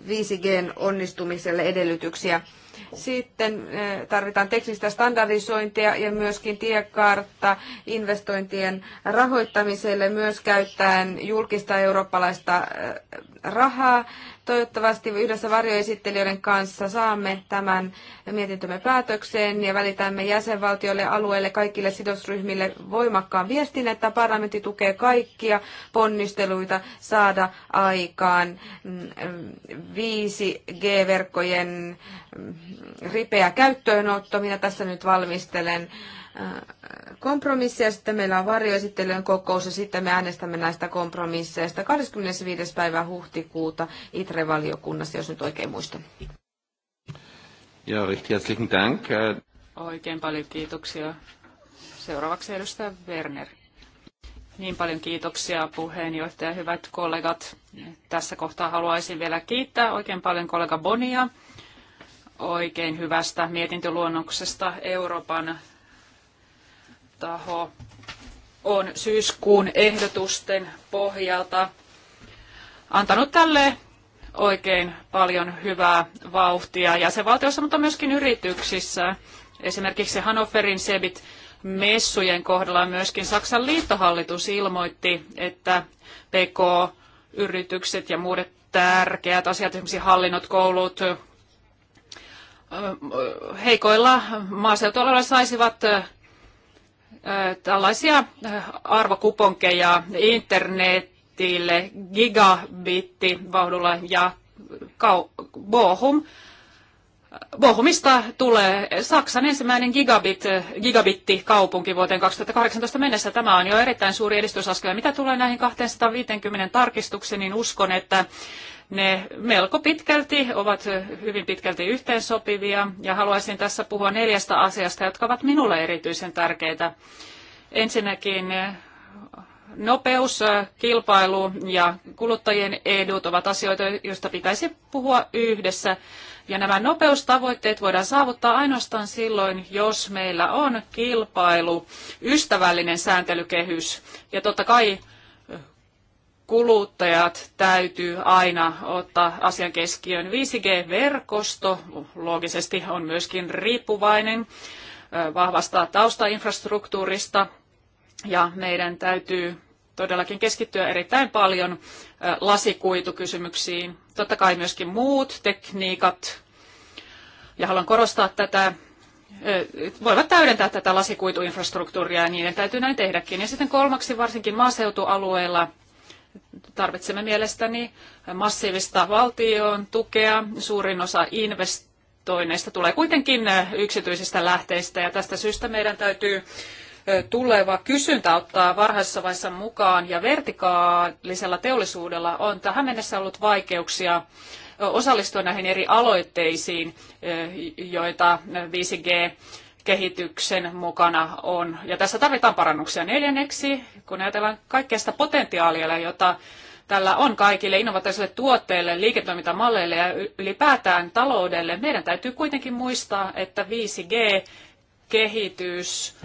5 g onnistumiselle edellytyksiä. Sitten eh, tarvitaan teknistä standardisointia ja myöskin tiekartta investointien rahoittamiselle myös käyttäen julkista eurooppalaista eh, rahaa. Toivottavasti yhdessä varjoesittelijöiden kanssa saamme tämän mietintömme päätökseen ja välitämme jäsenvaltioille, alueille, kaikille sidosryhmille voimakkaan viestin, että parlamentti tukee kaikkia ponnisteluita saada aikaan 5G-verkkojen mm, mm, ripeä käyttöönotto. Minä tässä nyt valmistelen kompromisseja, sitten meillä on varjoesittelyjen kokous ja sitten me äänestämme näistä kompromisseista 25. päivä huhtikuuta ITRE-valiokunnassa, jos nyt oikein muistan. Ja, herzlichen Dank. Oikein paljon kiitoksia. Seuraavaksi edustaja Werner. Niin paljon kiitoksia puheenjohtaja, hyvät kollegat. Tässä kohtaa haluaisin vielä kiittää oikein paljon kollega Bonia oikein hyvästä mietintöluonnoksesta Euroopan taho on syyskuun ehdotusten pohjalta antanut tälle oikein paljon hyvää vauhtia ja jäsenvaltioissa, mutta myöskin yrityksissä. Esimerkiksi Hannoverin Sebit messujen kohdalla myöskin Saksan liittohallitus ilmoitti, että PK-yritykset ja muut tärkeät asiat, esimerkiksi hallinnot, koulut, heikoilla maaseutualueilla saisivat tällaisia arvokuponkeja internetille gigabitti vauhdulla ja kau- Bohum. Bohumista tulee Saksan ensimmäinen gigabit, gigabitti kaupunki vuoteen 2018 mennessä. Tämä on jo erittäin suuri edistysaskel. Mitä tulee näihin 250 tarkistuksiin, niin uskon, että ne melko pitkälti ovat hyvin pitkälti yhteensopivia ja haluaisin tässä puhua neljästä asiasta, jotka ovat minulle erityisen tärkeitä. Ensinnäkin eh, nopeus, eh, kilpailu ja kuluttajien edut ovat asioita, joista pitäisi puhua yhdessä. Ja nämä nopeustavoitteet voidaan saavuttaa ainoastaan silloin, jos meillä on kilpailu, ystävällinen sääntelykehys. Ja totta kai kuluttajat täytyy aina ottaa asian keskiöön. 5G-verkosto loogisesti on myöskin riippuvainen vahvasta taustainfrastruktuurista ja meidän täytyy todellakin keskittyä erittäin paljon lasikuitukysymyksiin. Totta kai myöskin muut tekniikat, ja haluan korostaa tätä, voivat täydentää tätä lasikuituinfrastruktuuria ja niiden täytyy näin tehdäkin. Ja sitten kolmaksi varsinkin maaseutualueilla – tarvitsemme mielestäni massiivista valtion tukea. Suurin osa investoinneista tulee kuitenkin eh, yksityisistä lähteistä ja tästä syystä meidän täytyy eh, tuleva kysyntä ottaa varhaisessa vaiheessa mukaan ja vertikaalisella teollisuudella on tähän mennessä ollut vaikeuksia eh, osallistua näihin eri aloitteisiin, joita 5G kehityksen mukana on. Ja tässä tarvitaan parannuksia neljänneksi, kun ajatellaan kaikkea sitä potentiaalia, jota tällä on kaikille innovatiivisille tuotteille, liiketoimintamalleille ja ylipäätään taloudelle. Meidän täytyy kuitenkin muistaa, että 5G-kehitys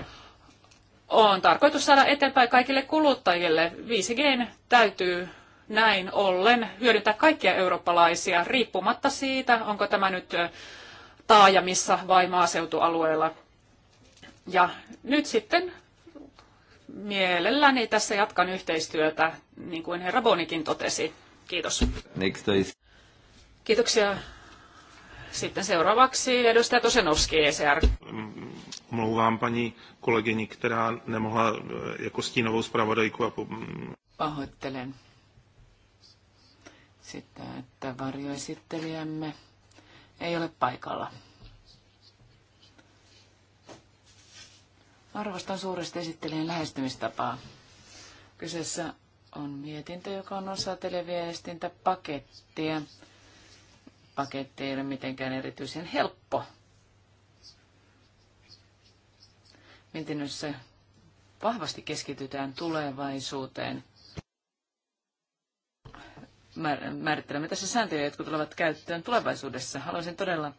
on tarkoitus saada eteenpäin kaikille kuluttajille. 5G täytyy näin ollen hyödyntää kaikkia eurooppalaisia riippumatta siitä, onko tämä nyt taajamissa vai maaseutualueilla. Ja nyt sitten mielelläni tässä jatkan yhteistyötä, niin kuin herra Bonikin totesi. Kiitos. Kiitoksia. Sitten seuraavaksi edustaja Tosenovski, ECR. Mluvám paní kolegyni, která nemohla e, jako stínovou zpravodajku a... Pahoittelen sitä, että varjoesittelijämme ei ole paikalla. Arvostan suuresti esittelijän lähestymistapaa. Kyseessä on mietintö, joka on osa televiestintäpakettia. Paketti ei ole mitenkään erityisen helppo. Mietinnössä vahvasti keskitytään tulevaisuuteen. Määrittelemme tässä sääntöjä, jotka tulevat käyttöön tulevaisuudessa. Haluaisin todella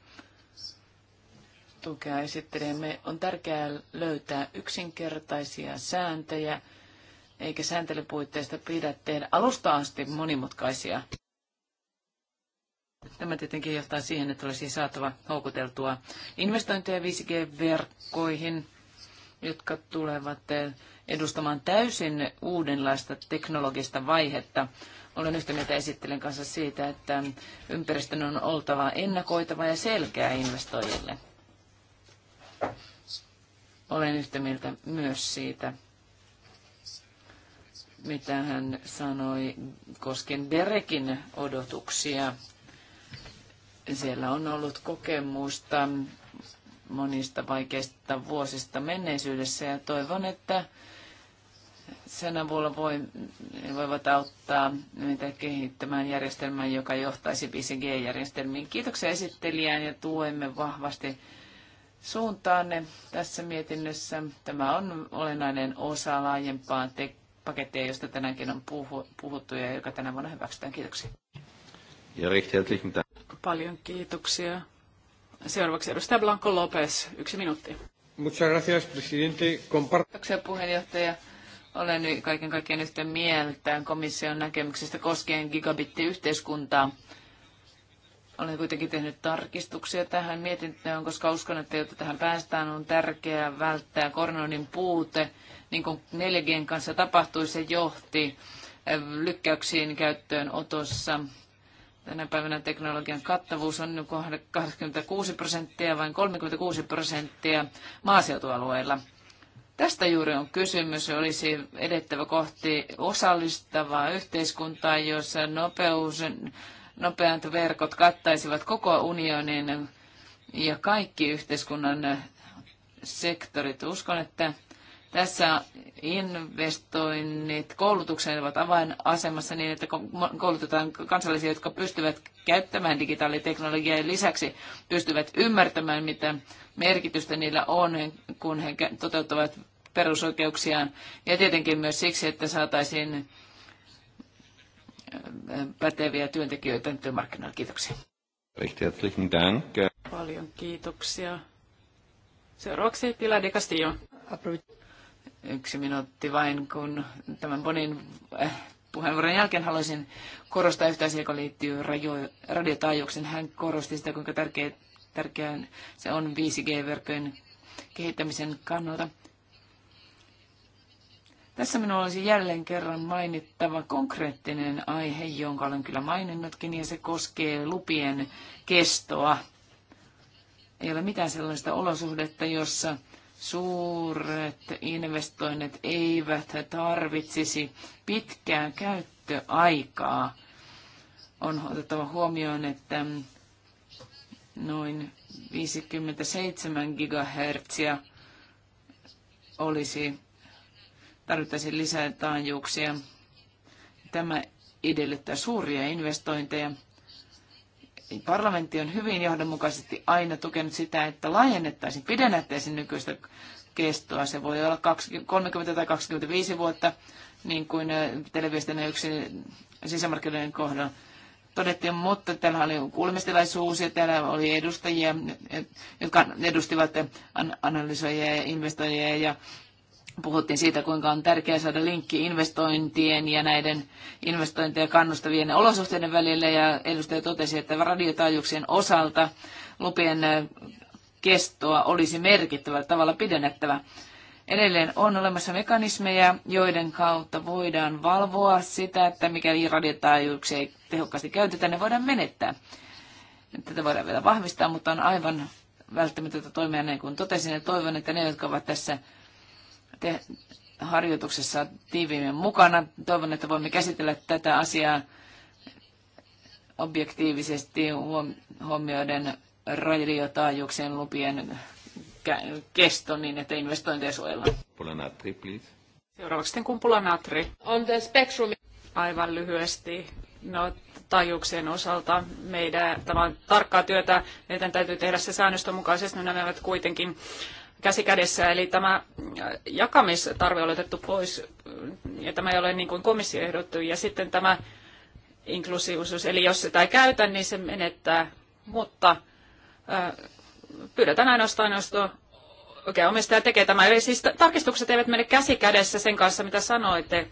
tukea esittelemme. On tärkeää löytää yksinkertaisia sääntöjä, eikä sääntelypuitteista pidä tehdä alusta asti monimutkaisia. Tämä tietenkin johtaa siihen, että olisi saatava houkuteltua investointeja 5G-verkkoihin, jotka tulevat edustamaan täysin uudenlaista teknologista vaihetta. Olen yhtä mieltä esittelen kanssa siitä, että ympäristön on oltava ennakoitava ja selkeä investoijille. Olen yhtä mieltä myös siitä, mitä hän sanoi koskien Derekin odotuksia. Siellä on ollut kokemusta monista vaikeista vuosista menneisyydessä ja toivon, että sen avulla voi, voivat auttaa meitä kehittämään järjestelmän, joka johtaisi 5G-järjestelmiin. Kiitoksia esittelijään ja tuemme vahvasti suuntaanne tässä mietinnössä. Tämä on olennainen osa laajempaa te- pakettia, josta tänäänkin on puhu- puhuttu ja joka tänä vuonna hyväksytään. Kiitoksia. Ja Paljon kiitoksia. Seuraavaksi edustaja Blanco Lopez, yksi minuutti. Muchas gracias, presidente. Compart- Kiitoksia puheenjohtaja. Olen kaiken kaikkiaan yhtä mieltä komission näkemyksestä koskien gigabittiyhteiskuntaa. yhteiskuntaa olen kuitenkin tehnyt tarkistuksia tähän mietintöön, koska uskon, että jotta tähän päästään, on tärkeää välttää koronoinnin puute. Niin kuin 4 kanssa tapahtui, se johti eh, lykkäyksiin käyttöönotossa. Tänä päivänä teknologian kattavuus on 26 prosenttia, vain 36 prosenttia maaseutualueilla. Tästä juuri on kysymys. Olisi edettävä kohti osallistavaa yhteiskuntaa, jossa nopeus nopeat verkot kattaisivat koko unionin ja kaikki yhteiskunnan sektorit. Uskon, että tässä investoinnit koulutukseen ovat avainasemassa niin, että koulutetaan kansalaisia, jotka pystyvät käyttämään digitaaliteknologiaa ja lisäksi pystyvät ymmärtämään, mitä merkitystä niillä on, kun he toteuttavat perusoikeuksiaan. Ja tietenkin myös siksi, että saataisiin päteviä työntekijöitä työmarkkinoilla. Kiitoksia. Dank. Paljon kiitoksia. Seuraavaksi Pilar de Castillo. Yksi minuutti vain, kun tämän Bonin eh, puheenvuoron jälkeen haluaisin korostaa yhtä asiaa, joka liittyy radio, radiotaajuuksiin. Hän korosti sitä, kuinka tärkeä, tärkeän se on 5G-verkkojen kehittämisen kannalta. Tässä minulla olisi jälleen kerran mainittava konkreettinen aihe, jonka olen kyllä maininnutkin, ja se koskee lupien kestoa. Ei ole mitään sellaista olosuhdetta, jossa suuret investoinnit eivät tarvitsisi pitkää käyttöaikaa. On otettava huomioon, että noin 57 gigahertsiä olisi tarvittaisiin lisää taajuuksia. Tämä edellyttää suuria investointeja. Parlamentti on hyvin johdonmukaisesti aina tukenut sitä, että laajennettaisiin, pidennettäisiin nykyistä kestoa. Se voi olla 20, 30 tai 25 vuotta, niin kuin äh, televiestinnän yksi sisämarkkinoiden kohdalla todettiin, mutta täällä oli kuulemistilaisuus ja täällä oli edustajia, äh, jotka edustivat äh, analysoijia ja investoijia ja Puhuttiin siitä, kuinka on tärkeää saada linkki investointien ja näiden investointeja kannustavien olosuhteiden välillä. Ja edustaja totesi, että radiotaajuuksien osalta lupien äh, kestoa olisi merkittävällä tavalla pidennettävä. Edelleen on olemassa mekanismeja, joiden kautta voidaan valvoa sitä, että mikäli radiotaajuuksia ei tehokkaasti käytetä, ne voidaan menettää. Tätä voidaan vielä vahvistaa, mutta on aivan välttämätöntä toimia näin kuin totesin ja toivon, että ne, jotka ovat tässä te- harjoituksessa tiiviimmin mukana. Toivon, että voimme käsitellä tätä asiaa objektiivisesti huomioiden radiotaajuuksien lupien kesto niin, että investointeja suojellaan. Pulanatri, please. Seuraavaksi sitten kumpula On the spectrum. Aivan lyhyesti. No, taajuuksien osalta meidän, tämä on tarkkaa työtä, meidän täytyy tehdä se säännöstön mukaisesti, nämä ovat kuitenkin äh, käsi kädessä, eli tämä äh, jakamistarve on otettu pois, äh, ja tämä ei ole niin kuin komissio ehdottu, ja sitten tämä inklusiivisuus, eli jos sitä ei käytä, niin se menettää, mutta äh, pyydetään ainoastaan, jos tuo okay, omistaja tekee tämä. Eli siis tarkistukset eivät mene käsi kädessä sen kanssa, mitä sanoitte.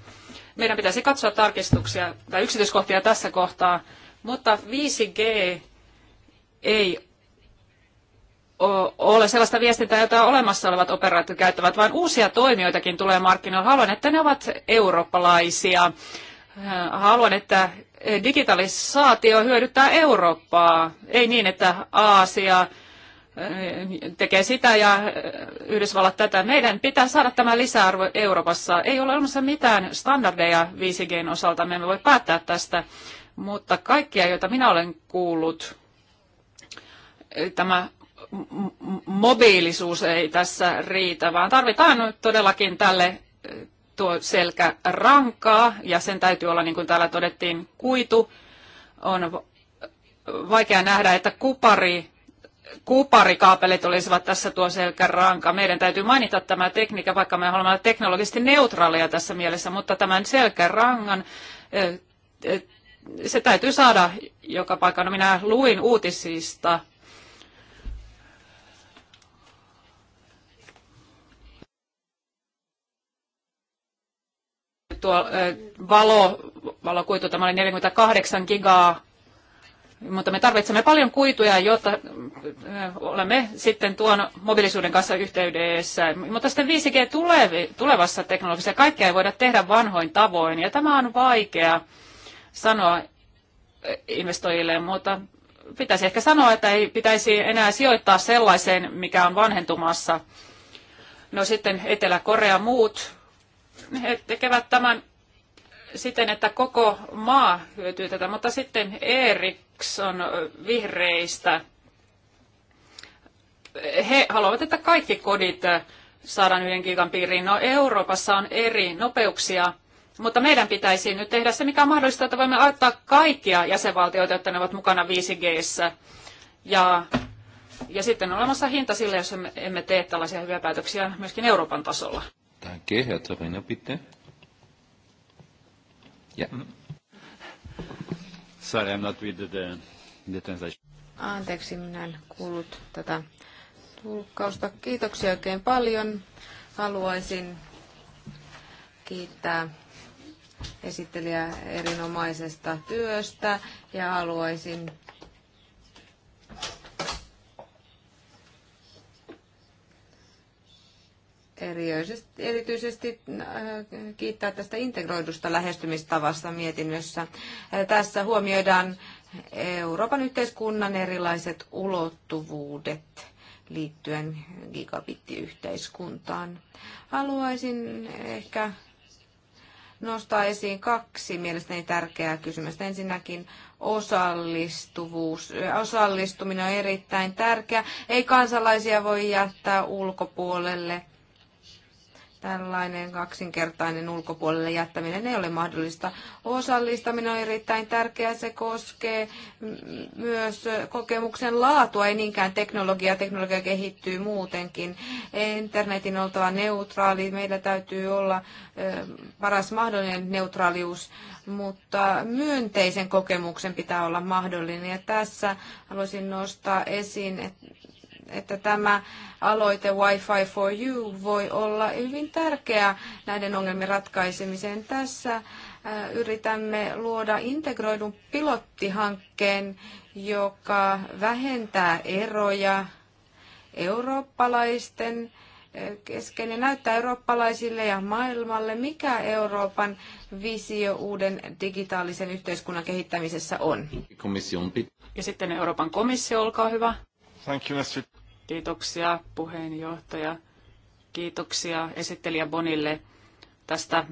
Meidän pitäisi katsoa tarkistuksia tai yksityiskohtia tässä kohtaa, mutta 5G ei ole sellaista viestintää, jota olemassa olevat operaattorit käyttävät, vaan uusia toimijoitakin tulee markkinoille. Haluan, että ne ovat eurooppalaisia. Äh, haluan, että digitalisaatio hyödyttää Eurooppaa, ei niin, että Aasia äh, tekee sitä ja äh, Yhdysvallat tätä. Meidän pitää saada tämä lisäarvo Euroopassa. Ei ole olemassa mitään standardeja 5Gn osalta, me emme voi päättää tästä, mutta kaikkia, joita minä olen kuullut, tämä mobiilisuus ei tässä riitä, vaan tarvitaan todellakin tälle eh, tuo selkä rankaa ja sen täytyy olla, niin kuin täällä todettiin, kuitu. On vaikea nähdä, että kupari, kuparikaapelit olisivat tässä tuo selkäranka. Meidän täytyy mainita tämä tekniikka, vaikka me haluamme olla teknologisesti neutraaleja tässä mielessä, mutta tämän selkärangan eh, eh, se täytyy saada joka paikka, No minä luin uutisista tuo valo, valokuitu, tämä oli 48 gigaa, mutta me tarvitsemme paljon kuituja, jotta olemme sitten tuon mobiilisuuden kanssa yhteydessä. Mutta sitten 5G tulevassa teknologiassa kaikkea ei voida tehdä vanhoin tavoin, ja tämä on vaikea sanoa investoijille, mutta pitäisi ehkä sanoa, että ei pitäisi enää sijoittaa sellaiseen, mikä on vanhentumassa. No sitten Etelä-Korea muut he tekevät tämän siten, että koko maa hyötyy tätä, mutta sitten Eriksson vihreistä, he haluavat, että kaikki kodit saadaan yhden gigan piiriin. No Euroopassa on eri nopeuksia, mutta meidän pitäisi nyt tehdä se, mikä on mahdollista, että voimme auttaa kaikkia jäsenvaltioita, jotta ne ovat mukana 5 g Ja, ja sitten on olemassa hinta sille, jos emme tee tällaisia hyviä päätöksiä myöskin Euroopan tasolla. Danke, Herr bitte. Sorry, I'm not with the, the translation. Anteeksi, minä en kuullut tätä tulkkausta. Kiitoksia oikein paljon. Haluaisin kiittää esittelijä erinomaisesta työstä ja haluaisin erityisesti äh, kiittää tästä integroidusta lähestymistavasta mietinnössä. Äh, tässä huomioidaan Euroopan yhteiskunnan erilaiset ulottuvuudet liittyen gigabittiyhteiskuntaan. Haluaisin ehkä nostaa esiin kaksi mielestäni tärkeää kysymystä. Ensinnäkin osallistuvuus. Osallistuminen on erittäin tärkeä. Ei kansalaisia voi jättää ulkopuolelle – tällainen kaksinkertainen ulkopuolelle jättäminen ei ole mahdollista. Osallistaminen on erittäin tärkeää. Se koskee myös kokemuksen laatua, ei niinkään teknologia, Teknologia kehittyy muutenkin. Internetin on oltava neutraali. Meillä täytyy olla paras mahdollinen neutraalius, mutta myönteisen kokemuksen pitää olla mahdollinen. Ja tässä haluaisin nostaa esiin, että että tämä aloite Wi-Fi for You voi olla hyvin tärkeä näiden ongelmien ratkaisemiseen. Tässä äh, yritämme luoda integroidun pilottihankkeen, joka vähentää eroja eurooppalaisten äh, kesken ja näyttää eurooppalaisille ja maailmalle, mikä Euroopan visio uuden digitaalisen yhteiskunnan kehittämisessä on. Ja sitten Euroopan komissio, olkaa hyvä. Thank you, Mr. Kiitoksia puheenjohtaja. Kiitoksia esittelijä Bonille tästä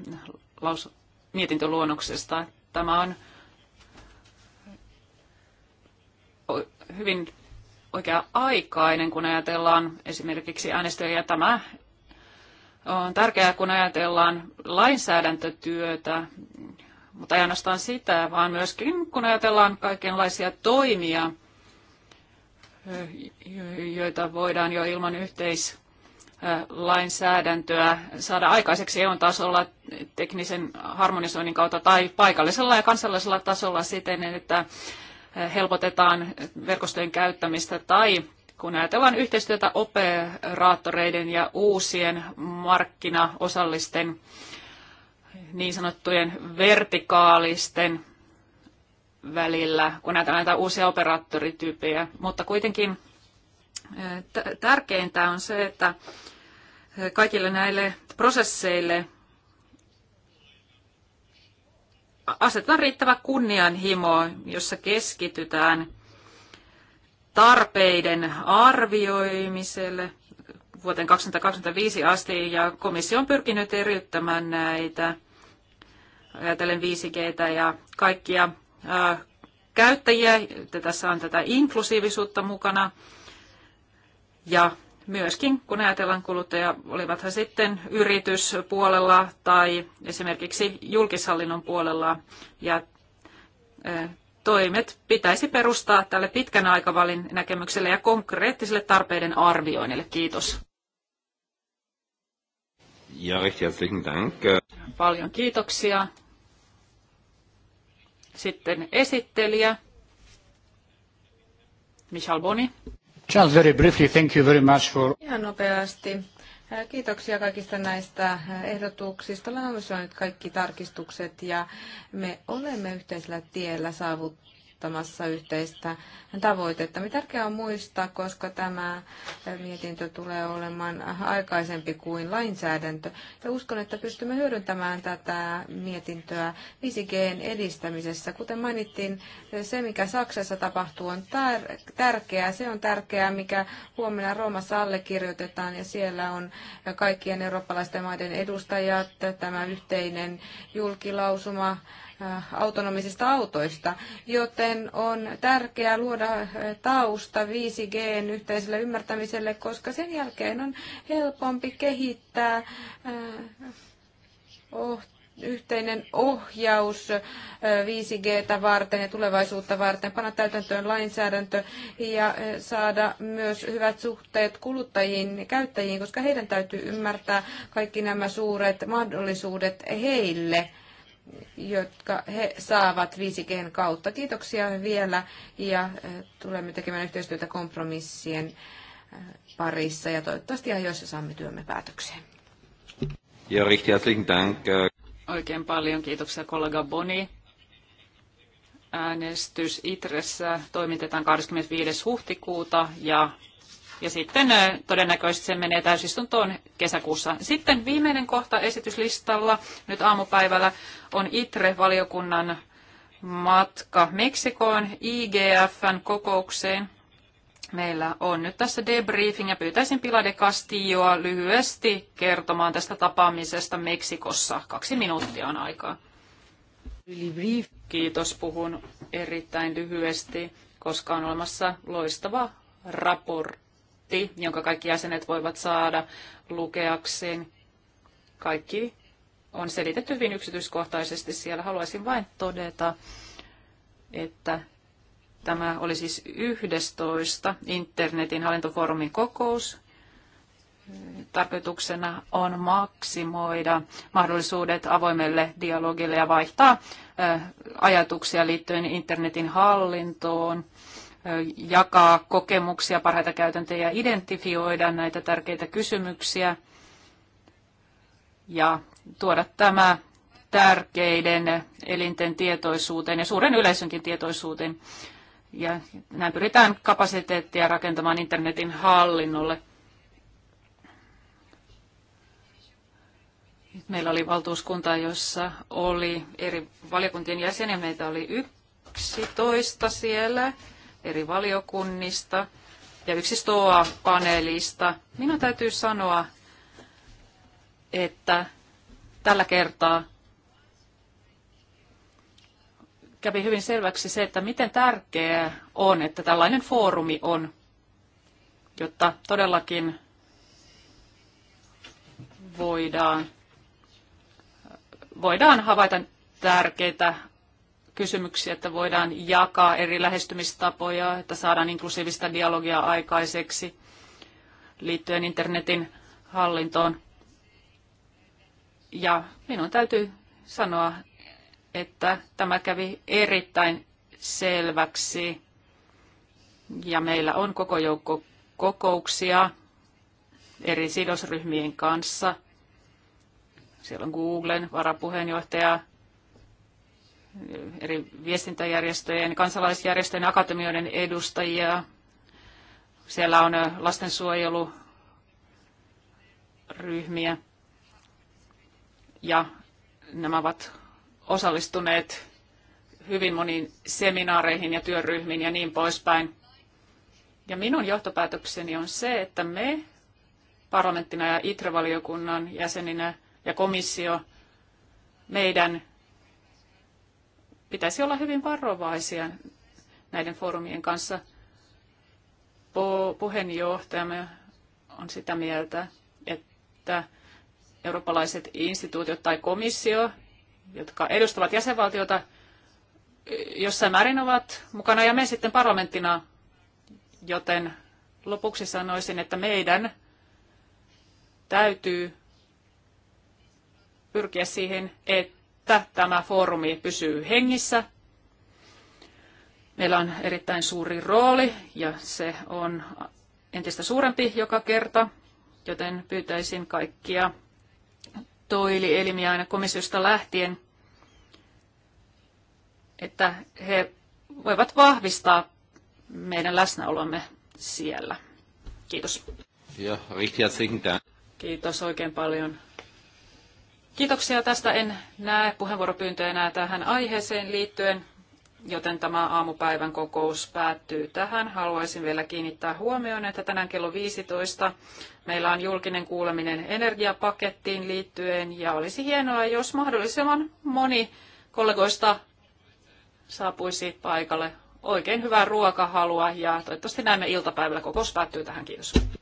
laus- mietintöluonnoksesta. Tämä on hyvin oikea-aikainen, kun ajatellaan esimerkiksi äänestäjiä. Tämä on tärkeää, kun ajatellaan lainsäädäntötyötä, mutta ei ainoastaan sitä, vaan myöskin kun ajatellaan kaikenlaisia toimia, joita voidaan jo ilman yhteislainsäädäntöä saada aikaiseksi EUn tasolla teknisen harmonisoinnin kautta tai paikallisella ja kansallisella tasolla siten, että helpotetaan verkostojen käyttämistä tai kun ajatellaan yhteistyötä operaattoreiden ja uusien markkinaosallisten niin sanottujen vertikaalisten välillä, kun näitä, näitä uusia operaattorityyppejä. Mutta kuitenkin tärkeintä on se, että kaikille näille prosesseille asetetaan riittävä kunnianhimo, jossa keskitytään tarpeiden arvioimiselle vuoteen 2025 asti, ja komissio on pyrkinyt eriyttämään näitä, ajatellen 5 g ja kaikkia käyttäjiä. Tässä on tätä inklusiivisuutta mukana. Ja myöskin, kun ajatellaan kuluttaja, olivat he sitten yrityspuolella tai esimerkiksi julkishallinnon puolella. Ja toimet pitäisi perustaa tälle pitkän aikavälin näkemykselle ja konkreettiselle tarpeiden arvioinnille. Kiitos. Ja recht herzlichen Dank. Paljon kiitoksia. Sitten esittelijä Michel Boni. Charles, very briefly, thank you very much for... Ihan nopeasti. Kiitoksia kaikista näistä ehdotuksista, Olemme nyt kaikki tarkistukset ja me olemme yhteisellä tiellä saavuttaneet asettamassa yhteistä tavoitetta. Tärkeää on muistaa, koska tämä mietintö tulee olemaan aikaisempi kuin lainsäädäntö. Ja uskon, että pystymme hyödyntämään tätä mietintöä 5 g edistämisessä. Kuten mainittiin, se mikä Saksassa tapahtuu on tärkeää. Se on tärkeää, mikä huomenna Roomassa allekirjoitetaan ja siellä on kaikkien eurooppalaisten maiden edustajat, tämä yhteinen julkilausuma Äh, autonomisista autoista, joten on tärkeää luoda äh, tausta 5Gn yhteiselle ymmärtämiselle, koska sen jälkeen on helpompi kehittää äh, oh, yhteinen ohjaus 5Gtä varten ja tulevaisuutta varten, panna täytäntöön lainsäädäntö ja saada myös hyvät suhteet kuluttajiin ja käyttäjiin, koska heidän täytyy ymmärtää kaikki nämä suuret mahdollisuudet heille – jotka he saavat 5Gn kautta. Kiitoksia vielä ja eh, tulemme tekemään yhteistyötä kompromissien eh, parissa ja toivottavasti ajoissa saamme työmme päätökseen. Ja Dank. Eh. Oikein paljon kiitoksia kollega Boni. Äänestys Itressä toimitetaan 25. huhtikuuta ja ja sitten todennäköisesti se menee täysistuntoon kesäkuussa. Sitten viimeinen kohta esityslistalla nyt aamupäivällä on ITRE-valiokunnan matka Meksikoon IGFn kokoukseen. Meillä on nyt tässä debriefing ja pyytäisin Pilar de Castilloa lyhyesti kertomaan tästä tapaamisesta Meksikossa. Kaksi minuuttia on aikaa. Kiitos, puhun erittäin lyhyesti, koska on olemassa loistava raportti paketti, jonka kaikki jäsenet voivat saada lukeakseen. Kaikki on selitetty hyvin yksityiskohtaisesti siellä. Haluaisin vain todeta, että tämä oli siis 11. internetin hallintofoorumin kokous. Tarkoituksena on maksimoida mahdollisuudet avoimelle dialogille ja vaihtaa ajatuksia liittyen internetin hallintoon jakaa kokemuksia, parhaita käytäntöjä, identifioida näitä tärkeitä kysymyksiä ja tuoda tämä tärkeiden elinten tietoisuuteen ja suuren yleisönkin tietoisuuteen. Ja näin pyritään kapasiteettia rakentamaan internetin hallinnolle. Meillä oli valtuuskunta, jossa oli eri valiokuntien jäseniä. Meitä oli 11 siellä eri valiokunnista ja yksi STOA-paneelista. Minun täytyy sanoa, että tällä kertaa kävi hyvin selväksi se, että miten tärkeää on, että tällainen foorumi on, jotta todellakin voidaan, voidaan havaita tärkeitä kysymyksiä, että voidaan jakaa eri lähestymistapoja, että saadaan inklusiivista dialogia aikaiseksi liittyen internetin hallintoon. Ja minun täytyy sanoa, että tämä kävi erittäin selväksi. Ja meillä on koko joukko kokouksia eri sidosryhmien kanssa. Siellä on Googlen varapuheenjohtaja, eri viestintäjärjestöjen, kansalaisjärjestöjen, akatemioiden edustajia. Siellä on lastensuojeluryhmiä ja nämä ovat osallistuneet hyvin moniin seminaareihin ja työryhmiin ja niin poispäin. Ja minun johtopäätökseni on se, että me parlamenttina ja ITRE-valiokunnan jäseninä ja komissio, meidän pitäisi olla hyvin varovaisia näiden foorumien kanssa. Puheenjohtajamme on sitä mieltä, että eurooppalaiset instituutiot tai komissio, jotka edustavat jäsenvaltiota, jossain määrin ovat mukana ja me sitten parlamenttina, joten lopuksi sanoisin, että meidän täytyy pyrkiä siihen, että että tämä foorumi pysyy hengissä. Meillä on erittäin suuri rooli ja se on entistä suurempi joka kerta, joten pyytäisin kaikkia toilielimiä aina komissiosta lähtien, että he voivat vahvistaa meidän läsnäolomme siellä. Kiitos. Ja, Kiitos oikein paljon. Kiitoksia tästä. En näe puheenvuoropyyntöjä enää tähän aiheeseen liittyen, joten tämä aamupäivän kokous päättyy tähän. Haluaisin vielä kiinnittää huomioon, että tänään kello 15 meillä on julkinen kuuleminen energiapakettiin liittyen ja olisi hienoa, jos mahdollisimman moni kollegoista saapuisi paikalle. Oikein hyvää ruokahalua ja toivottavasti näemme iltapäivällä. Kokous päättyy tähän. Kiitos.